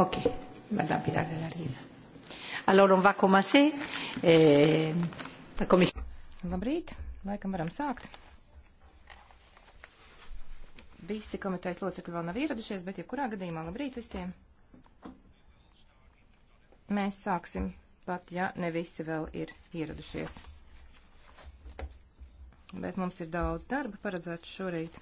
Ok, Madame Pilar de la Riva. Alors, on va commencer. Eh, la commission... Labrīt, laikam varam sākt. Visi komitejas locekļi vēl nav ieradušies, bet jebkurā gadījumā labrīt visiem. Mēs sāksim pat, ja ne visi vēl ir ieradušies. Bet mums ir daudz darba paredzēts šorīt.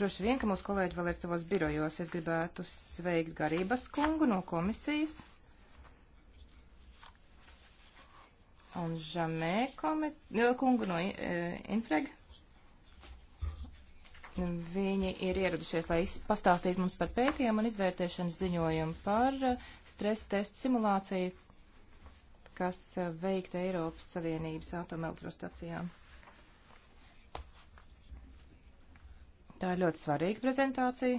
Droši vien, ka mūsu kolēģi vēl ir savos birojos. Es gribētu sveikt Garības kungu no komisijas un Žamē komi... Nu, kungu no e, Infreg. Viņi ir ieradušies, lai pastāstītu mums par pētījumu un izvērtēšanas ziņojumu par e, stresa testu simulāciju, kas e, veikta Eiropas Savienības atomelektrostacijām. Tā ir ļoti svarīga prezentācija.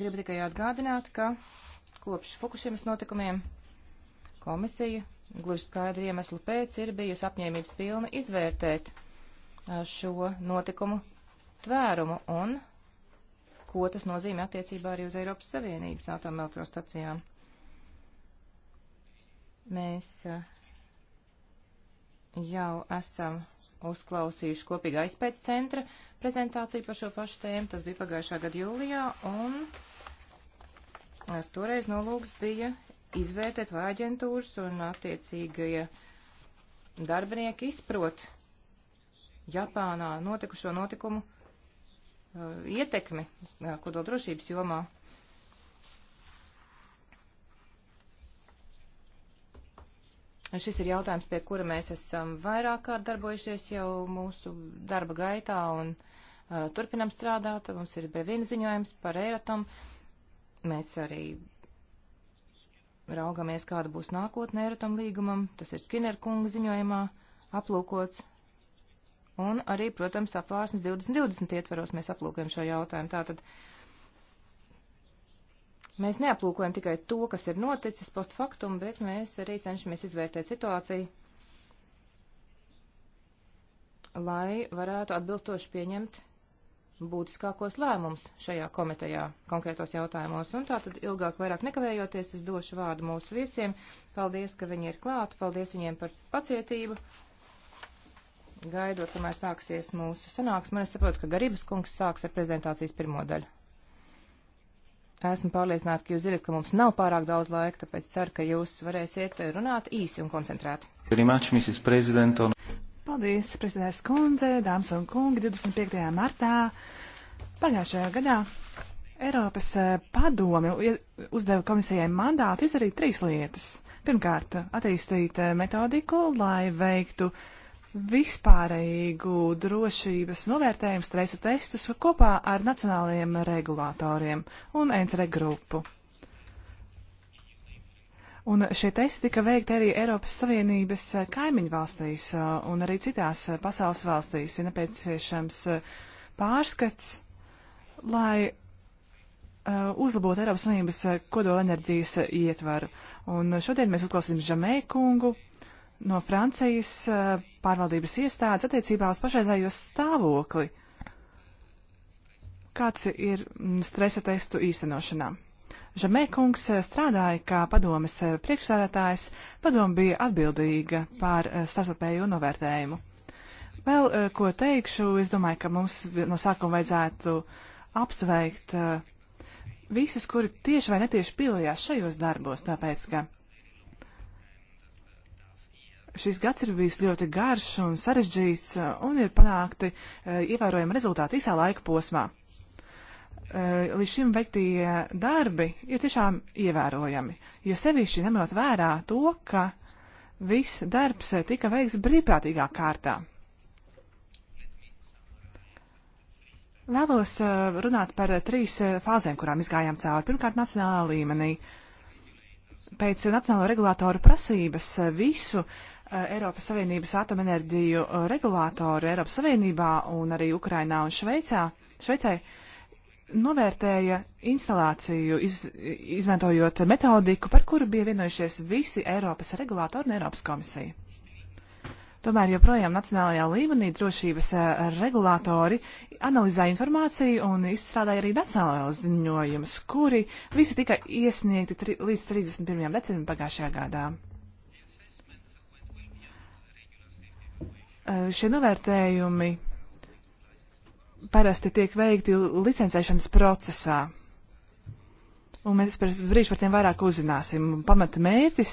Gribu tikai atgādināt, ka kopš Fukušiemas notikumiem komisija gluži skaidru iemeslu pēc ir bijusi apņēmības pilna izvērtēt šo notikumu tvērumu un ko tas nozīmē attiecībā arī uz Eiropas Savienības atomelektrostacijām. Mēs jau esam uzklausījuši kopīgi aizpēc centra prezentāciju par šo pašu tēmu. Tas bija pagājušā gada jūlijā, un eh, toreiz nolūks bija izvērtēt, vai aģentūras un attiecīgie darbinieki izprot Japānā notikušo notikumu uh, ietekmi uh, eh, kodoldrošības jomā. Šis ir jautājums, pie kura mēs esam vairāk kārt darbojušies jau mūsu darba gaitā un uh, turpinam strādāt. Mums ir brevina ziņojums par Eiratom. Mēs arī raugamies, kāda būs nākotnē Eiratom līgumam. Tas ir Skinner kunga ziņojumā aplūkots. Un arī, protams, apvārsnes 2020 ietveros mēs aplūkojam šo jautājumu. Tātad, uh, Mēs neaplūkojam tikai to, kas ir noticis post faktum, bet mēs arī cenšamies izvērtēt situāciju, lai varētu atbilstoši pieņemt būtiskākos lēmumus šajā komitejā konkrētos jautājumos. Un tā tad ilgāk vairāk nekavējoties, es došu vārdu mūsu viesiem. Paldies, ka viņi ir klāt, paldies viņiem par pacietību. Gaidot, kamēr sāksies mūsu sanāksme, es saprotu, ka Garības kungs sāks ar prezentācijas pirmo daļu. Esmu pārliecināta, ka jūs zināt, ka mums nav pārāk daudz laika, tāpēc ceru, ka jūs varēsiet runāt īsi un koncentrēti. Paldies, prezidents Kundze, dāmas un kungi, 25. martā pagājušajā gadā Eiropas eh, padome uzdeva komisijai mandātu izdarīt trīs lietas. Pirmkārt, attīstīt eh, metodiku, lai veiktu uh, vispārēju drošības novērtējumu stresa testus kopā ar nacionālajiem regulātoriem un ENCRE grupu. Un šie testi tika veikti arī Eiropas Savienības kaimiņu valstīs uh, un arī citās uh, pasaules valstīs. Ir nepieciešams uh, pārskats, lai uzlabotu Eiropas Savienības kodolenerģijas ietvaru. Un šodien mēs uzklausīsim Žamē kungu no Francijas pārvaldības iestādes attiecībā uz pašreizējo stāvokli, kāds ir mm, stresa testu īstenošanā. Žamē kungs eh, strādāja kā padomes eh, priekšsādātājs, padoma bija atbildīga par eh, starptautēju novērtējumu. Vēl ko teikšu, es domāju, ka mums no sākuma vajadzētu apsveikt visus, kuri tieši vai netieši pielījās šajos darbos, tāpēc, ka Šis gads ir bijis ļoti garš un sarežģīts, eh, un ir panākti e, ievērojami rezultāti visā laika posmā. E, līdz šim veiktie darbi ir tiešām ievērojami, jo sevišķi nemanot vērā to, ka viss darbs tika veikts brīvprātīgā kārtā. Vēlos runāt par trīs fāzēm, kurām izgājām cauri. Pirmkārt, nacionālā līmenī. Pēc nacionālo regulātoru prasības visu uh, Eh, Eiropas Savienības atomenerģiju eh, regulātori Eiropas Savienībā un arī Ukrainā un Šveicā, Šveicē novērtēja instalāciju, iz, izmantojot metodiku, par kuru bija vienojušies visi Eiropas regulātori un Eiropas komisija. Tomēr joprojām nacionālajā līmenī drošības eh, regulātori analizēja informāciju un izstrādāja arī nacionālajos ziņojumus, kuri visi tika iesniegti tri, līdz 31. decembrim pagājušajā gadā. Šie novērtējumi parasti tiek veikti licencēšanas procesā. Un mēs pēc brīža par tiem vairāk uzzināsim. Pamata mērķis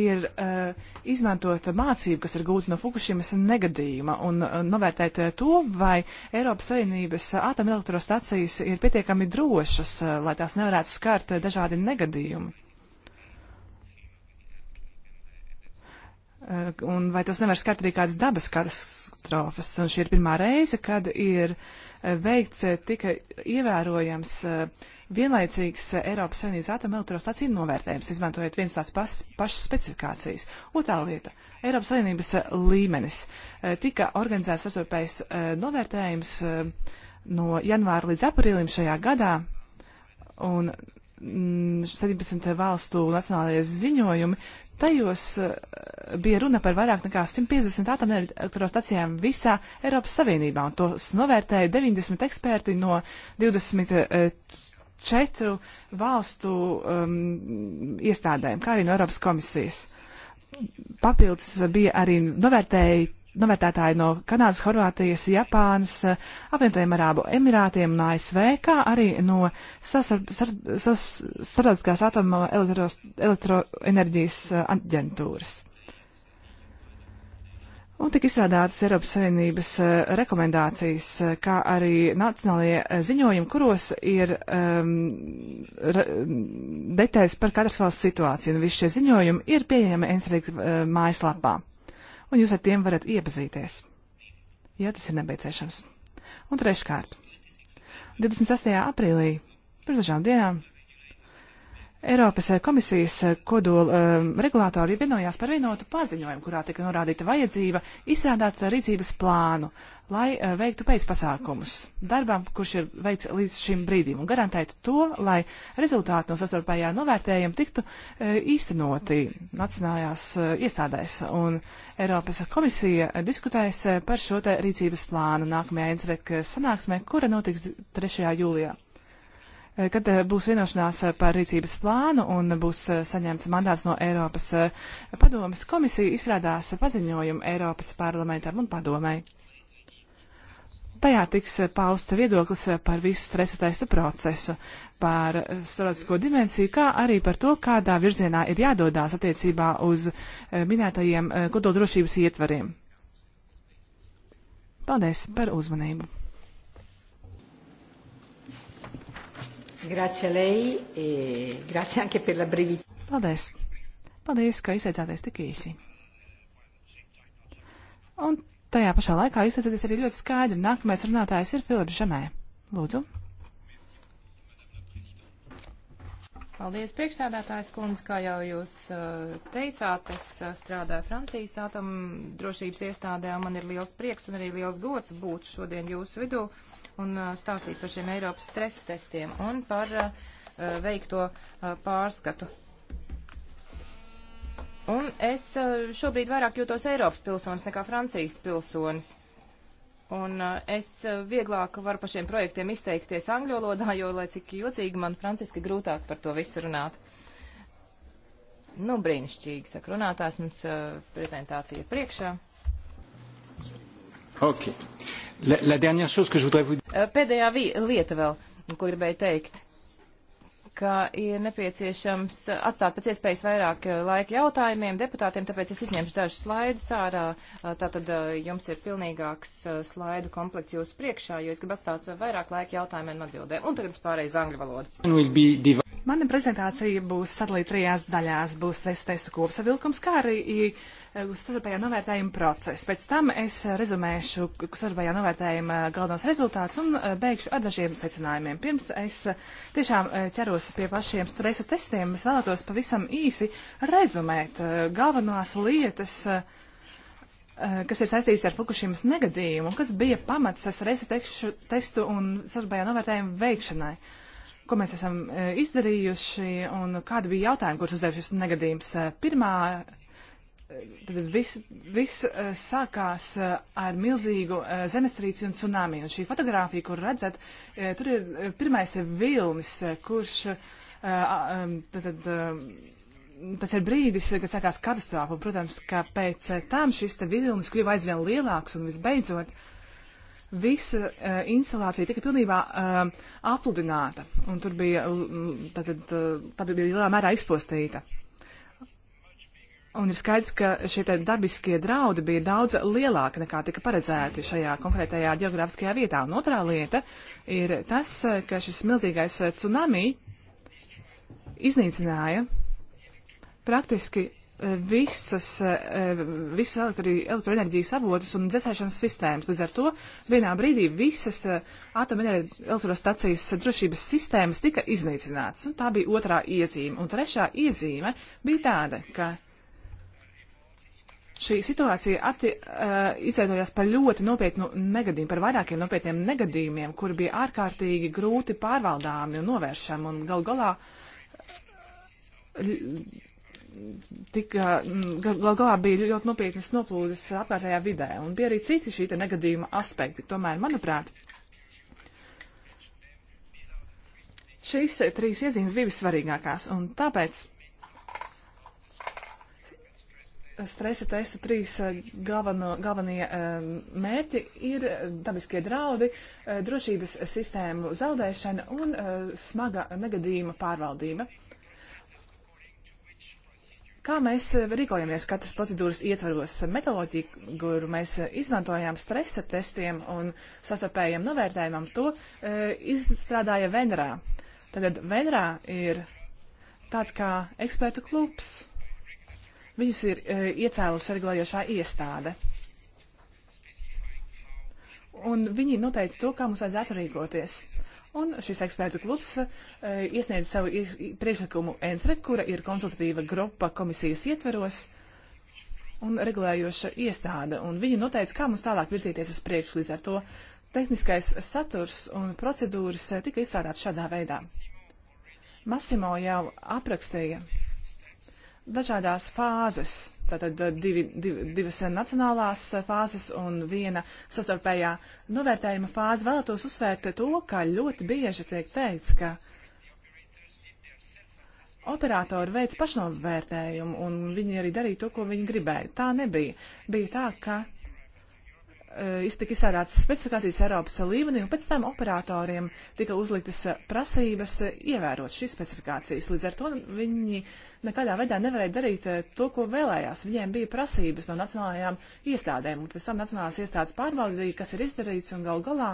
ir uh, izmantot mācību, kas ir gūta no Fukushimas negadījuma, un uh, novērtēt to, vai Eiropas Savienības atomelektrostacijas ir pietiekami drošas, uh, lai tās nevarētu skart dažādi negadījumi. Eh, un vai tas nevar skart arī kādas dabas katastrofas. Un šī ir pirmā reize, kad ir eh, veikts eh, tika ievērojams vienlaicīgs Eiropas Savienības atomelektrostaciju novērtējums, izmantojot viens tās pas, pašas specifikācijas. Otrā lieta - Eiropas Savienības līmenis. Tika organizēts sastarpējs novērtējums no janvāra līdz aprīlim šajā gadā. Un 17 mm, valstu nacionālajie ziņojumi Tajos eh, bija runa par vairāk nekā 150 atomelektrostacijām visā Eiropas Savienībā, un tos novērtēja 90 eksperti no 24 eh, valstu um, iestādēm, kā arī no Eiropas komisijas. Papildus bija arī novērtēji novērtētāji no Kanādas, Horvātijas, Japānas, eh, apvienotajiem Arābu Emirātiem un ASV, kā arī no starptautiskās atoma elektroenerģijas eh, aģentūras. Un tika izstrādātas Eiropas Savienības eh, rekomendācijas, kā arī nacionālajie ziņojumi, kuros ir um, detaļas par katras valsts situāciju. Un visi šie ziņojumi ir pieejami Enstrīgas uh, mājaslapā un jūs ar tiem varat iepazīties, ja tas ir nepieciešams. Un treškārt, 26. aprīlī, pirms dažām dienām, Eiropas eh, komisijas eh, kodola um, eh, regulātori vienojās par vienotu paziņojumu, kurā tika norādīta vajadzība izstrādāt rīcības plānu, lai uh, veiktu pēcpasākumus darbam, kurš ir veikts līdz šim brīdim, un garantēt to, lai rezultāti no sastarpējā novērtējuma tiktu uh, īstenoti nacionālajās uh, iestādēs. Un Eiropas komisija diskutēs par šo te rīcības plānu nākamajā Inzrek sanāksmē, kura notiks 3. jūlijā. Eh, kad eh, būs vienošanās eh, par rīcības plānu un būs saņemts mandāts no Eiropas padomas, komisija izrādās paziņojumu Eiropas parlamentam un padomai. Tajā tiks pausts viedoklis par visu stresa testa procesu, par starptautisko dimensiju, kā arī par to, kādā virzienā ir jādodās attiecībā uz minētajiem kodoldrošības ietvariem. Paldies par uzmanību! Grazie lei, e grazie anche per la brevità. Paldies. Paldies, ka izteicāties tik īsi. Un tajā pašā laikā izteicāties arī ļoti skaidri. Nākamais runātājs ir Filips Žemē. Lūdzu. Paldies, priekšsēdētājs kundze, kā jau jūs uh, teicāt, es uh, strādāju Francijas atomdrošības iestādē, un man ir liels prieks un arī liels gods būt šodien jūsu vidū. Uh, un uh, stāstīt par šiem Eiropas stresa testiem un par uh, uh, veikto uh, pārskatu. Un es uh, šobrīd vairāk jūtos Eiropas pilsonis nekā Francijas pilsonis. Un uh, es vieglāk varu par šiem projektiem izteikties angļu valodā, jo, lai cik jocīgi, man franciski grūtāk par to visu runāt. Nu, brīnišķīgi, saka runātājs, mums prezentācija priekšā. Okay. La, la dernière chose, ka je voudrais vous... Eh, pēdējā lieta vēl, ko gribēju teikt, ka ir nepieciešams atstāt pēc iespējas vairāk eh, laika jautājumiem deputātiem, tāpēc es izņemšu dažus slaidus ārā. Eh, tātad jums ir pilnīgāks slaidu komplekts jūsu priekšā, jo es gribu atstāt vairāk laika jautājumiem atbildēm. Un tagad es pārēju uz angļu valodu. Mana prezentācija būs sadalīta trijās daļās. Būs stresa testa kopsavilkums, kā arī Eh, savstarpējā novērtējuma procesu. Pēc tam es eh, rezumēšu savstarpējā novērtējuma eh, galvenos rezultātus un beigšu ar dažiem secinājumiem. Pirms es tiešām ķeros pie pašiem stresa testiem, es vēlētos pavisam īsi rezumēt galvenās lietas kas ir saistīts ar Fukushimas negadījumu, kas bija pamats stresa testu un savstarpējā novērtējuma veikšanai. Uh, ko mēs esam izdarījuši un kādi bija jautājumi, kurus uzdevis šis negadījums. Pirmā Tad viss, viss eh, sākās eh, ar milzīgu eh, zemestrīci un tsunami. Un šī fotografija, kur redzat, tur ir pirmais vilnis, kurš um, tad, tad, um, tas ir brīdis, kad sākās katastrofa. Un, protams, ka pēc tam šis vilnis kļuva aizvien lielāks un visbeidzot visa uh, instalācija tika pilnībā uh, apludināta, un tur bija, tātad, tā bija lielā mērā izpostīta. Un ir skaidrs, ka šie dabiskie draudi bija daudz lielāki nekā tika paredzēti šajā konkrētajā geogrāfiskajā vietā. Un otrā lieta ir tas, ka šis milzīgais tsunami iznīcināja praktiski e, visas, e, visus elektri, elektroenerģijas avotus un dzēsēšanas sistēmas. Līdz ar to vienā brīdī visas e, atomenerģijas drošības sistēmas tika iznīcināts. Un tā bija otrā iezīme. Un trešā iezīme bija tāda, ka Šī situācija atti, uh, izveidojās par ļoti nopietnu negadījumu, par vairākiem nopietniem negadījumiem, kuri bija ārkārtīgi grūti pārvaldāmi un novēršami. Un gal galā tika, eh, gal galā bija ļoti nopietnas noplūdes apkārtējā vidē. Un bija arī citi šī negadījuma aspekti. Tomēr, manuprāt, šīs trīs iezīmes bija vissvarīgākās. Un tāpēc stresa testa trīs eh, galveno, galvenie eh, mērķi ir eh, dabiskie draudi, drošības sistēmu zaudēšana un smaga negadījuma pārvaldība. Kā mēs rīkojamies katras procedūras ietvaros? Metoloģiju, kuru mēs izmantojām stresa testiem un sastapējiem novērtējumam, to izstrādāja Venrā. Tātad Venrā ir tāds kā ekspertu klubs Viņus ir uh, iecēlusi regulējošā iestāde. Un viņi noteica to, kā mums vajadzētu rīkoties. Un šis ekspertu klubs uh, iesniedz savu ies, priekšlikumu ENSRE, kura ir konsultatīva grupa komisijas ietveros un regulējoša iestāde. Un viņi noteica, kā mums tālāk virzīties uz priekšu līdz ar to. Tehniskais saturs un procedūras e, tika izstrādāts šādā veidā. Masimo jau aprakstīja dažādās fāzes. Tātad eh, divi, divi, divas nacionālās eh, fāzes un viena sastarpējā novērtējuma fāze vēlētos uzsvērt to, ka ļoti bieži tiek teikts, ka operatori veic pašnovērtējumu un viņi arī darīja to, ko viņi gribēja. Tā nebija. Bija tā, ka Eh, tika izstrādātas specifikācijas Eiropas līmenī, un pēc tam operatoriem tika uzliktas eh, prasības eh, ievērot šīs specifikācijas. Līdz ar to viņi nekādā veidā nevarēja darīt to, ko vēlējās. Viņiem bija prasības no nacionālajām iestādēm, un pēc tam nacionālās iestādes pārbaudīja, kas ir izdarīts, un gal galā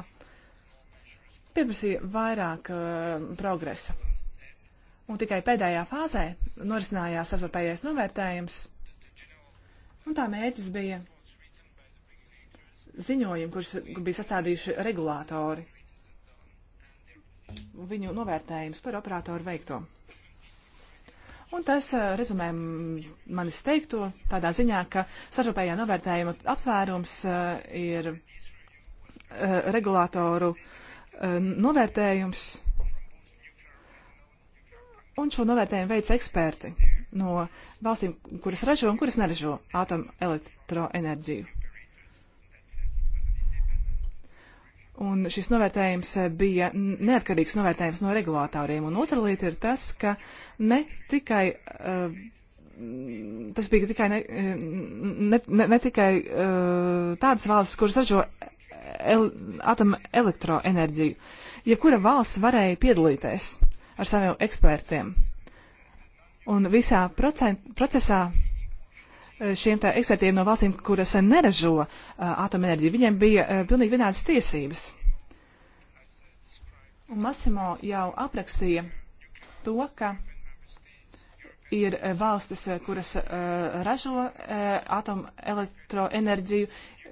pieprasīja vairāk uh, progresa. Un tikai pēdējā fāzē norisinājās savstarpējais novērtējums, un tā mērķis bija ziņojumu, kurus bija sastādījuši regulātori. Viņu novērtējums par operatoru veikto. Un tas eh, rezumē manis teikto tādā ziņā, ka sažopējā novērtējuma aptvērums eh, ir eh, regulātoru novērtējums, un šo novērtējumu veids eksperti no valstīm, kuras ražo un kuras neražo atomelektroenerģiju. Un šis novērtējums bija neatkarīgs novērtējums no regulātoriem. Un otra lieta ir tas, ka ne tikai. Uh, Tas bija tikai ne, ne, ne, ne tikai uh, tādas valsts, kuras ražo el, atomelektroenerģiju. Jebkura valsts varēja piedalīties ar saviem ekspertiem. Un visā procent, procesā šiem ekspertiem no valstīm, kuras neražo uh, atomenerģiju. Viņiem bija uh, pilnīgi vienādas tiesības. Un Masimo jau aprakstīja to, ka ir uh, valstis, kuras ražo atomelektroenerģiju.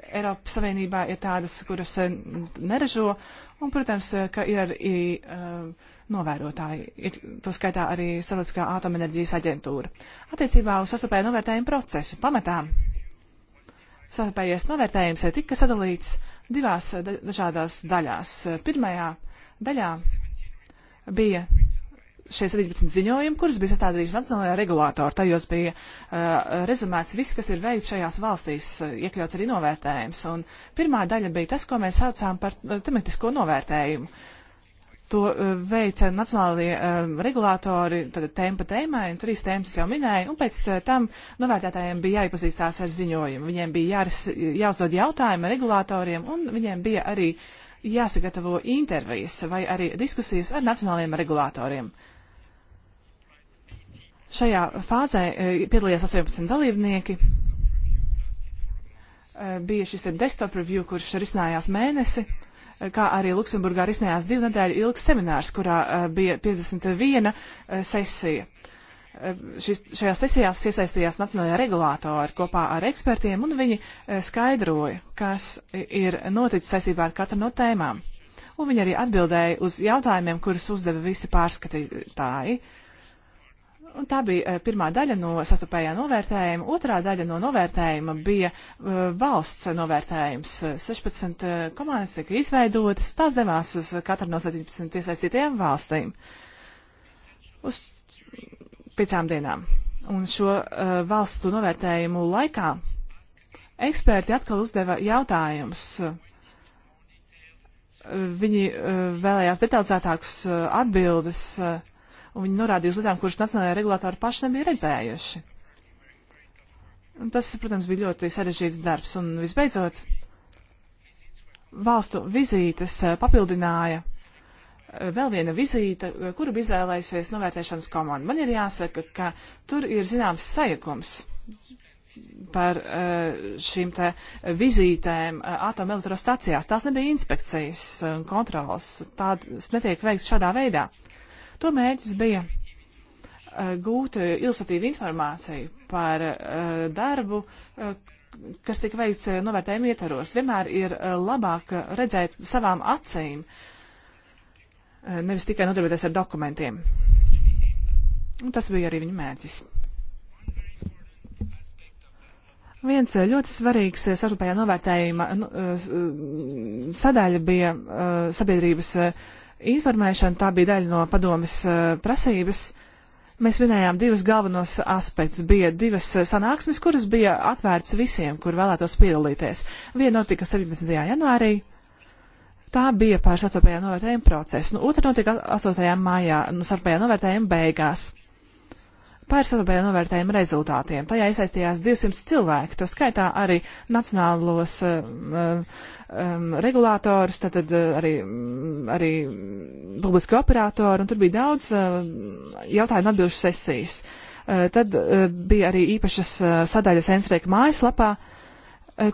Eiropas Savienībā ir tādas, kuras neražo. Un, protams, ka ir arī uh, novērotāji, ir to skaitā arī Starptautiskā atomenerģijas aģentūra. Attiecībā uz sastopēju novērtējumu procesu pamatām sastopējies novērtējums tika sadalīts divās dažādās daļās. Pirmajā daļā bija šie 17 ziņojumi, kurus bija sastādījuši nacionālajā regulātori. Tajos bija uh, rezumēts viss, kas ir veikts šajās valstīs, uh, iekļauts arī novērtējums. Un pirmā daļa bija tas, ko mēs saucām par tematisko novērtējumu to eh, veica nacionālie um, regulātori, tāda tempa tēmai, un trīs tēmas jau minēja, un pēc eh, tam novērtētājiem bija jāiepazīstās ar ziņojumu. Viņiem bija jāris, jāuzdod jautājumi regulātoriem, un viņiem bija arī jāsagatavo intervijas vai arī diskusijas ar nacionāliem regulātoriem. Šajā fāzē piedalījās 18 dalībnieki. Bija šis desktop review, kurš risinājās mēnesi kā arī Luksemburgā risinājās divu nedēļu ilgs seminārs, kurā eh, bija 51 eh, sesija. Eh, šis, šajā sesijā iesaistījās nacionālajā regulātori kopā ar ekspertiem, un viņi skaidroja, kas ir noticis saistībā ar katru no tēmām. Un viņi arī atbildēja uz jautājumiem, kurus uzdeva visi pārskatītāji. Uh, Un tā bija eh, pirmā daļa no sastapējā novērtējuma. Otrā daļa no novērtējuma bija eh, valsts novērtējums. 16 eh, komandas tika izveidotas, tās devās uz katru no 17 iesaistītajām valstīm. Uz piecām dienām. Un šo uh, valstu novērtējumu laikā eksperti atkal uzdeva jautājumus. Viņi uh, vēlējās detalizētākus uh, atbildes. Uh, un viņi norādīja uz lietām, kuras nacionālajā regulātori paši nebija redzējuši. Un tas, protams, bija ļoti sarežģīts darbs, un visbeidzot, valstu vizītes eh, papildināja eh, vēl viena vizīte, eh, kuru bija izvēlējusies novērtēšanas komanda. Man ir jāsaka, ka tur ir zināms sajukums par šīm te vizītēm atomelektrostacijās. Tās nebija inspekcijas un kontrolas. Tādas netiek veikts šādā veidā. Uh, To mērķis bija eh, gūt eh, ilustratīvu informāciju par eh, darbu, kas tika veikts novērtējuma ietvaros. Vienmēr ir labāk redzēt savām acīm, nevis tikai nodarboties ar dokumentiem. Un tas bija arī viņa mērķis. Viens ļoti svarīgs savstarpējā novērtējuma nu, sadaļa bija sabiedrības informēšanu, tā bija daļa no padomes eh, prasības. Mēs minējām divus galvenos aspektus. Bija divas eh, sanāksmes, kuras bija atvērtas visiem, kur vēlētos piedalīties. Viena notika 17. janvārī, tā bija pār starptautējā novērtējuma procesu. Nu, otra notika 8. maijā, nu, starptautējā novērtējuma beigās par sadarbēju novērtējumu rezultātiem. Tajā iesaistījās 200 cilvēki, to skaitā arī nacionālos eh, eh, um, um, regulātorus, tad eh, arī, arī publiski operātori, un tur bija daudz um, jautājumu atbilžu sesijas. Uh, tad uh, bija arī īpašas uh, sadaļas Enstrēka mājaslapā,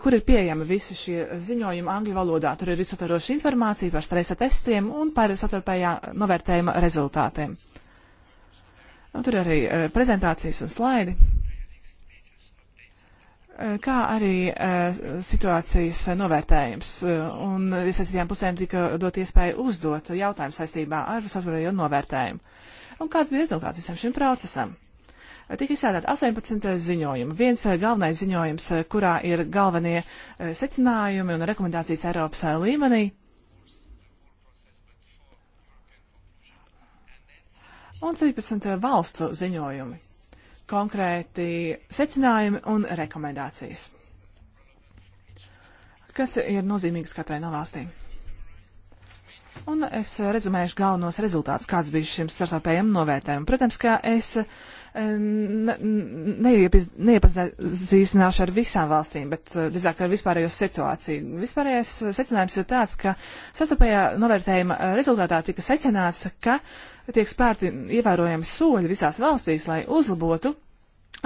kur ir pieejami visi šie ziņojumi angļu valodā. Tur ir izsataroša informācija par stresa testiem un par satarpējā novērtējuma rezultātiem. Uh, Nu, tur arī eh, prezentācijas un slaidi eh, kā arī uh, situācijas novērtējums. Un iesaistītām pusēm tika dot iespēju uzdot jautājumu saistībā ar satvarējo novērtējumu. Un kāds bija rezultāts visam šim procesam? Tika izsēdēt 18 ziņojumi. Viens galvenais ziņojums, kurā ir galvenie secinājumi un rekomendācijas Eiropas līmenī. un 17 eh, valstu ziņojumi, konkrēti secinājumi un rekomendācijas, kas ir nozīmīgas katrai no valstīm. Un es rezumēšu galvenos rezultātus, kāds bija šim starptautējiem novērtējumam. Protams, ka es neiepazīstināšu ar visām valstīm, bet eh, drīzāk ar vispārējo situāciju. Vispārējais eh, secinājums ir tāds, ka sastapējā novērtējuma eh, rezultātā tika secināts, ka tiek spērti ievērojami soļi visās valstīs, lai uzlabotu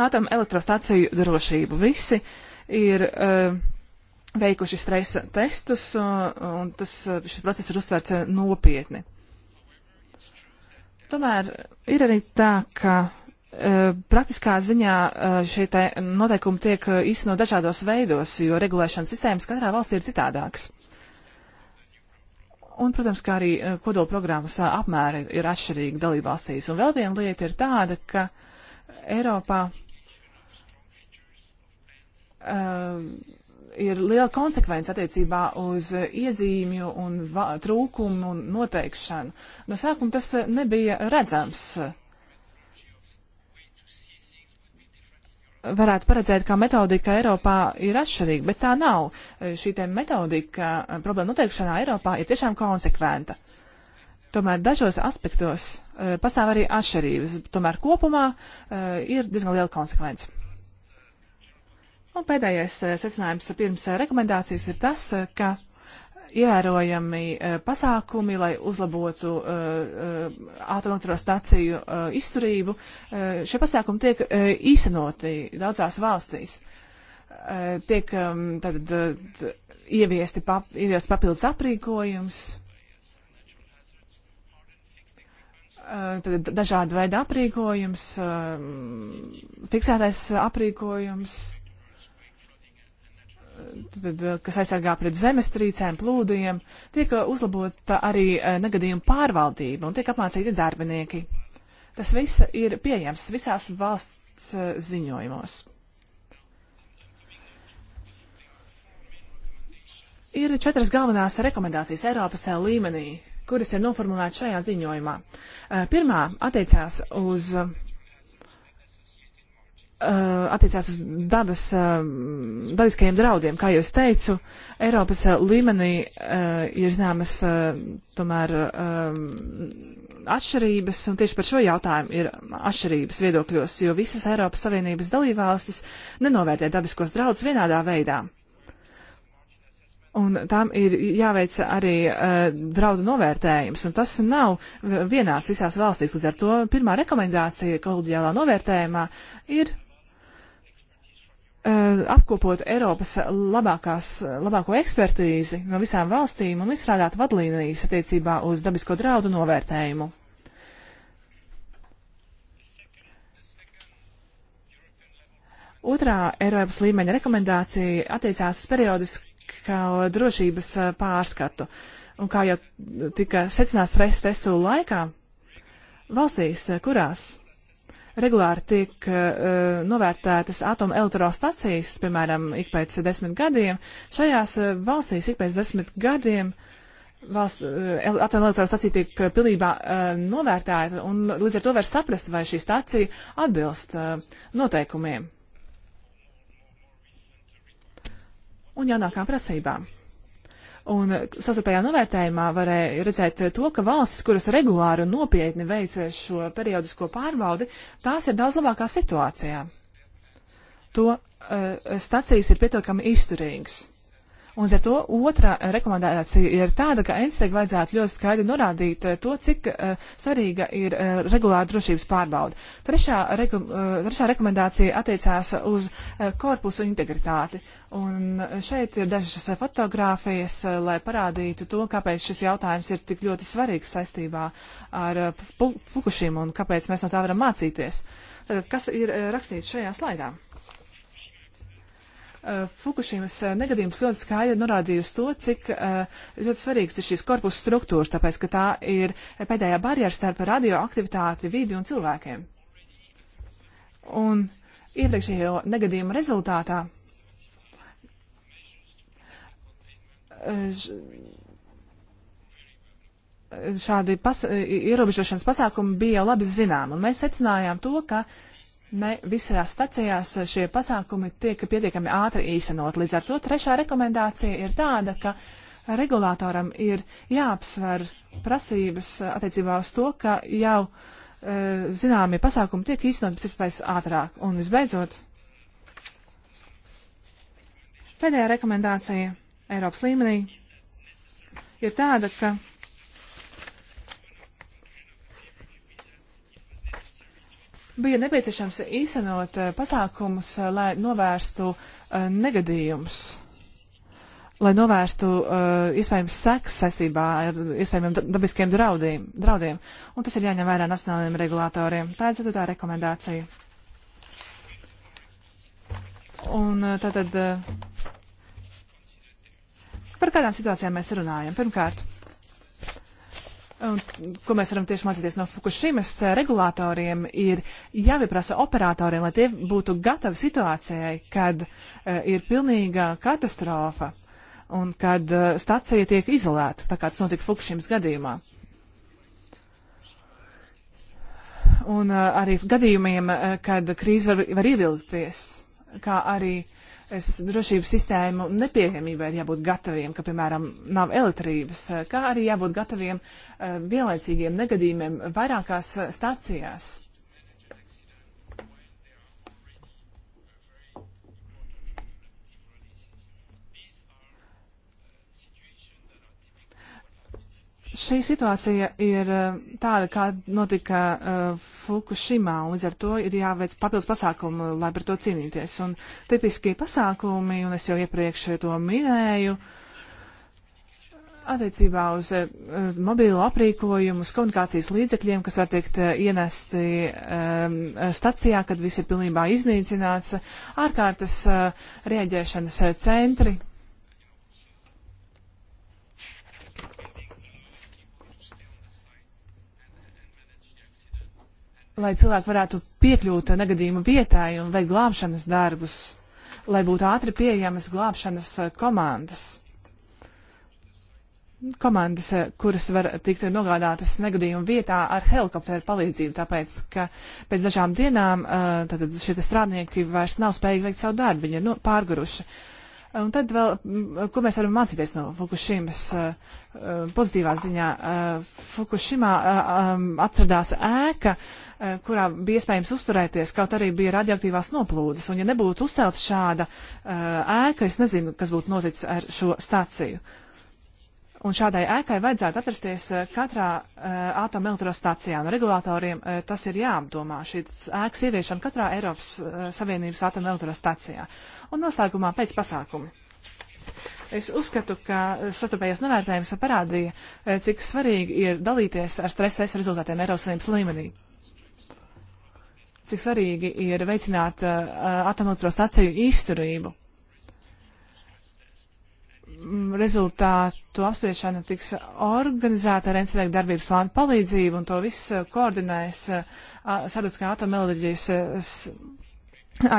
atomu elektrostaciju drošību. Visi ir uh, veikuši stresa testus, un, un tas, šis process ir uzsvērts nopietni. Tomēr ir arī tā, ka Eh, praktiskā ziņā eh, šie noteikumi tiek eh, īstenot dažādos veidos, jo regulēšanas sistēmas katrā valstī ir citādākas. Un, protams, kā arī kodola programmas apmēri ir atšķirīgi dalībvalstīs. Un vēl viena lieta ir tāda, ka Eiropā uh, ir liela konsekvence attiecībā uz iezīmju un trūkumu un noteikšanu. No sākuma tas nebija redzams. Uh, varētu paredzēt, kā metodika Eiropā ir atšķirīga, bet tā nav. E, šī metodika e, problēma noteikšanā Eiropā ir tiešām konsekventa. Tomēr dažos aspektos uh, pastāv arī atšķirības, tomēr kopumā uh, ir diezgan liela konsekvence. Un pēdējais uh, secinājums pirms rekomendācijas ir tas, ka ievērojami eh, pasākumi, lai uzlabotu eh, eh, automobilstaciju izturību. Šie pasākumi tiek īstenoti daudzās valstīs. Tiek mm, tad ieviesti pap, ieviest papildus aprīkojums. Tad dažāda veida aprīkojums, fiksētais aprīkojums, tad, eh, kas aizsargā pret zemestrīcēm, plūdiem, tiek eh, uzlabota arī eh, negadījuma pārvaldība un tiek apmācīti darbinieki. Tas viss ir pieejams visās valsts ziņojumos. Ir četras galvenās rekomendācijas Eiropas līmenī, kuras ir noformulētas šajā ziņojumā. Pirmā attiecās uz Uh, attiecās uz dabas, uh, dabiskajiem draudiem. Kā jau es teicu, Eiropas uh, līmenī ir zināmas tomēr atšķirības, un tieši par šo jautājumu ir atšķirības viedokļos, jo visas Eiropas Savienības dalībvalstis nenovērtē dabiskos draudus vienādā veidā. Un tam ir jāveic arī uh, draudu novērtējums, un tas nav vienāds visās valstīs. Līdz ar to pirmā rekomendācija kolģiālā novērtējumā ir Eh, apkopot Eiropas labākās, labāko ekspertīzi no visām valstīm un izstrādāt vadlīnijas attiecībā uz dabisko draudu novērtējumu. Otrā Eiropas līmeņa rekomendācija attiecās uz periodiskā drošības eh, pārskatu. Un kā jau tika secināts stresa testu laikā, valstīs, eh, kurās regulāri tiek uh, novērtētas atomelektrostacijas, piemēram, ik pēc desmit gadiem. Šajās uh, valstīs ik pēc desmit gadiem valsts uh, atomelektrostacija tiek pilnībā novērtēta, un līdz ar to var saprast, vai šī stacija atbilst noteikumiem un jaunākām prasībām. Un sastarpējā novērtējumā varēja redzēt to, ka valstis, kuras regulāri un nopietni veic šo periodisko pārbaudi, tās ir daudz labākā situācijā. To uh, eh, stacijas ir pietiekami izturīgas. Un ar to otrā rekomendācija ir tāda, ka NSREG vajadzētu ļoti skaidri norādīt eh, to, cik uh, svarīga ir uh, regulāra drošības pārbauda. Trešā, reku, uh, trešā rekomendācija attiecās uz uh, korpusu integritāti. Un šeit ir dažas fotogrāfijas, uh, lai parādītu to, kāpēc šis jautājums ir tik ļoti svarīgs saistībā ar uh, Fukushima un kāpēc mēs no tā varam mācīties. Tad, kas ir uh, rakstīts šajā slaidā? Eh, Fukušīmas eh, negadījums ļoti skaidri norādīja uz to, cik eh, ļoti svarīgs ir šīs korpusa struktūras, tāpēc, ka tā ir pēdējā barjera starp radioaktivitāti, vidi un cilvēkiem. Un iepriekšējo negadījumu rezultātā šādi pas ierobežošanas pasākumi bija jau labi zinām, un mēs secinājām to, ka uh, ne visās stacijās šie pasākumi tiek pietiekami ātri īstenot. Līdz ar to trešā rekomendācija ir tāda, ka regulātoram ir jāapsver prasības attiecībā uz to, ka jau e, zināmie pasākumi tiek īstenot pēc iespējas ātrāk. Un visbeidzot, pēdējā rekomendācija Eiropas līmenī ir tāda, ka bija nepieciešams īstenot eh, pasākumus, eh, lai novērstu eh, negadījumus lai novērstu uh, iespējams seks saistībā ar iespējamiem dabiskiem draudiem, draudiem. Un tas ir jāņem vērā nacionālajiem regulātoriem. Tā ir ceturtā rekomendācija. Un uh, tātad uh, par kādām situācijām mēs runājam? Pirmkārt, Un, ko mēs varam tieši mācīties no Fukushimas regulātoriem, ir jāpieprasa operatoriem, lai tie būtu gatavi situācijai, kad uh, ir pilnīga katastrofa un kad uh, stacija tiek izolēta, tā kā tas notika Fukushimas gadījumā. Un uh, arī gadījumiem, uh, kad krīze var, var ievilkties, kā arī uh, drošības sistēmu nepieejamībai ir jābūt gataviem, ka, piemēram, nav elektrības, kā arī jābūt gataviem eh, vienlaicīgiem negadījumiem vairākās eh, stacijās. Šī situācija ir eh, tāda, kā notika uh, Fukushimā, un līdz ar to ir jāveic papildus pasākumi, lai par to cīnīties. Un tipiski pasākumi, un es jau iepriekš to minēju, attiecībā uz uh, eh, mobīlo aprīkojumu, uz komunikācijas līdzekļiem, kas var tikt uh, ienesti um, stacijā, kad viss ir pilnībā iznīcināts, ārkārtas uh, rieģēšanas centri lai cilvēki varētu piekļūt negadījuma vietai un veikt glābšanas darbus, lai būtu ātri pieejamas glābšanas eh, komandas. Komandas, eh, kuras var tikt nogādātas negadījuma vietā ar helikopteru palīdzību, tāpēc, ka pēc dažām dienām eh, šie strādnieki vairs nav spējīgi veikt savu darbu, viņi ir nu, pārguruši. Uh, Un tad vēl, mm, ko mēs varam mācīties no Fukushimas eh, eh, pozitīvā ziņā. Eh, Fukushimā atradās ēka, kurā bija iespējams uzturēties, kaut arī bija radioaktīvās noplūdes. Un ja nebūtu uzcelta šāda ēka, es nezinu, kas būtu noticis ar šo staciju. Uh, Un šādai ēkai vajadzētu atrasties eh, katrā uh, atomelektrostacijā, un regulātoriem uh, tas ir jāapdomā, šīs ēkas ieviešana katrā Eiropas uh, Savienības atomelektrostacijā. Un noslēgumā pēc pasākumu. Es uzskatu, ka sastopējies novērtējums parādīja, cik svarīgi ir dalīties ar stresa rezultātiem Eiropas Savienības līmenī cik svarīgi ir veicināt uh, atomelektrostaciju izturību rezultātu apspriešana tiks organizēta ar NCD darbības plānu palīdzību, un to viss uh, koordinēs uh, Sarduskā atomelodiģijas uh,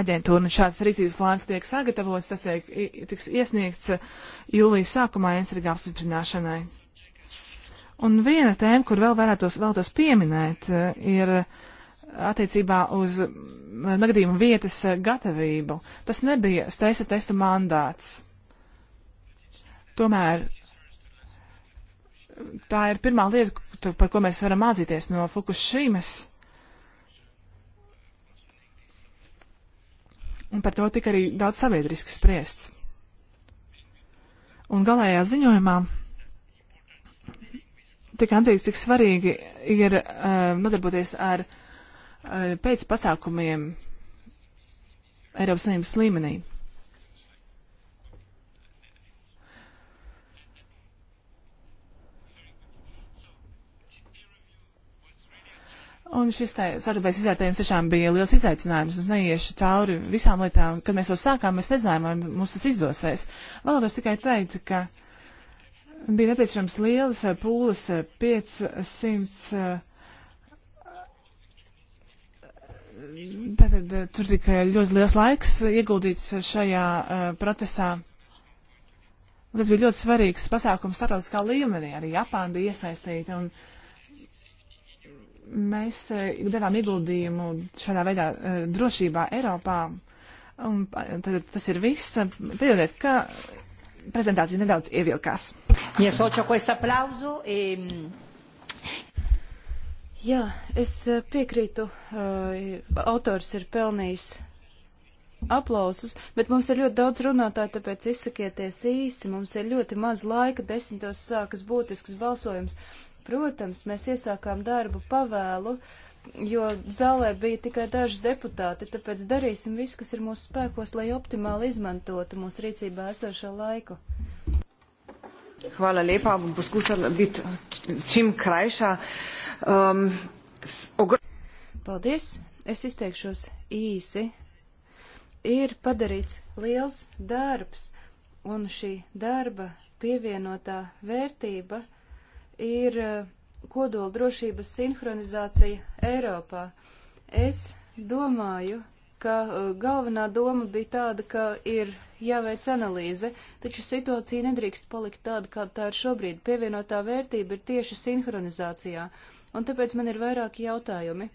aģentūra. Un šāds rīcības plāns tiek sagatavots, tas tiek, tiks iesniegts jūlijas sākumā NCD apspriešanai. Un viena tēma, kur vēl varētos, vēlētos pieminēt, ir attiecībā uz negadījumu vietas gatavību. Tas nebija steisa testu mandāts Tomēr tā ir pirmā lieta, par ko mēs varam mācīties no Fukushimas. Un par to tika arī daudz sabiedriski spriests. Un galējā ziņojumā tika atzīts, cik svarīgi ir uh, nodarboties ar uh, eh, pēcpasākumiem Eiropas Savienības līmenī. Un šis sarūpējis izvērtējums tiešām bija liels izaicinājums. Es neiešu cauri visām lietām. Kad mēs to sākām, mēs nezinājām, vai mums tas izdosies. Vēlētos tikai teikt, ka bija nepieciešams lielas eh, pūles 500. Eh, eh, tātad tur tika ļoti liels laiks ieguldīts šajā uh, procesā. Tas bija ļoti svarīgs pasākums starptautiskā līmenī. Arī Japāna bija iesaistīta. Un, uh, mēs e, devām ieguldījumu šādā veidā e, drošībā Eiropā. Un, e, tad, tas ir viss. Piedodiet, ka prezentācija nedaudz ievilkās. Jā, es piekrītu, autors ir pelnījis aplausus, bet mums ir ļoti daudz runātāju, tāpēc izsakieties īsi. Mums ir ļoti maz laika, desmitos sākas būtisks balsojums. Protams, mēs iesākām darbu pavēlu, jo zālē bija tikai daži deputāti, tāpēc darīsim visu, kas ir mūsu spēkos, lai optimāli izmantotu mūsu rīcībā esošo laiku. Hvala lepa, bom poskusila biti čim krajša. Um, ogr... Paldies, es izteikšos īsi. Ir padarīts liels darbs, un šī darba pievienotā vērtība ir eh, kodola drošības sinhronizācija Eiropā. Es domāju, ka eh, galvenā doma bija tāda, ka ir jāveic analīze, taču situācija nedrīkst palikt tāda, kā tā ir šobrīd. Pievienotā vērtība ir tieši sinhronizācijā, un tāpēc man ir vairāki jautājumi.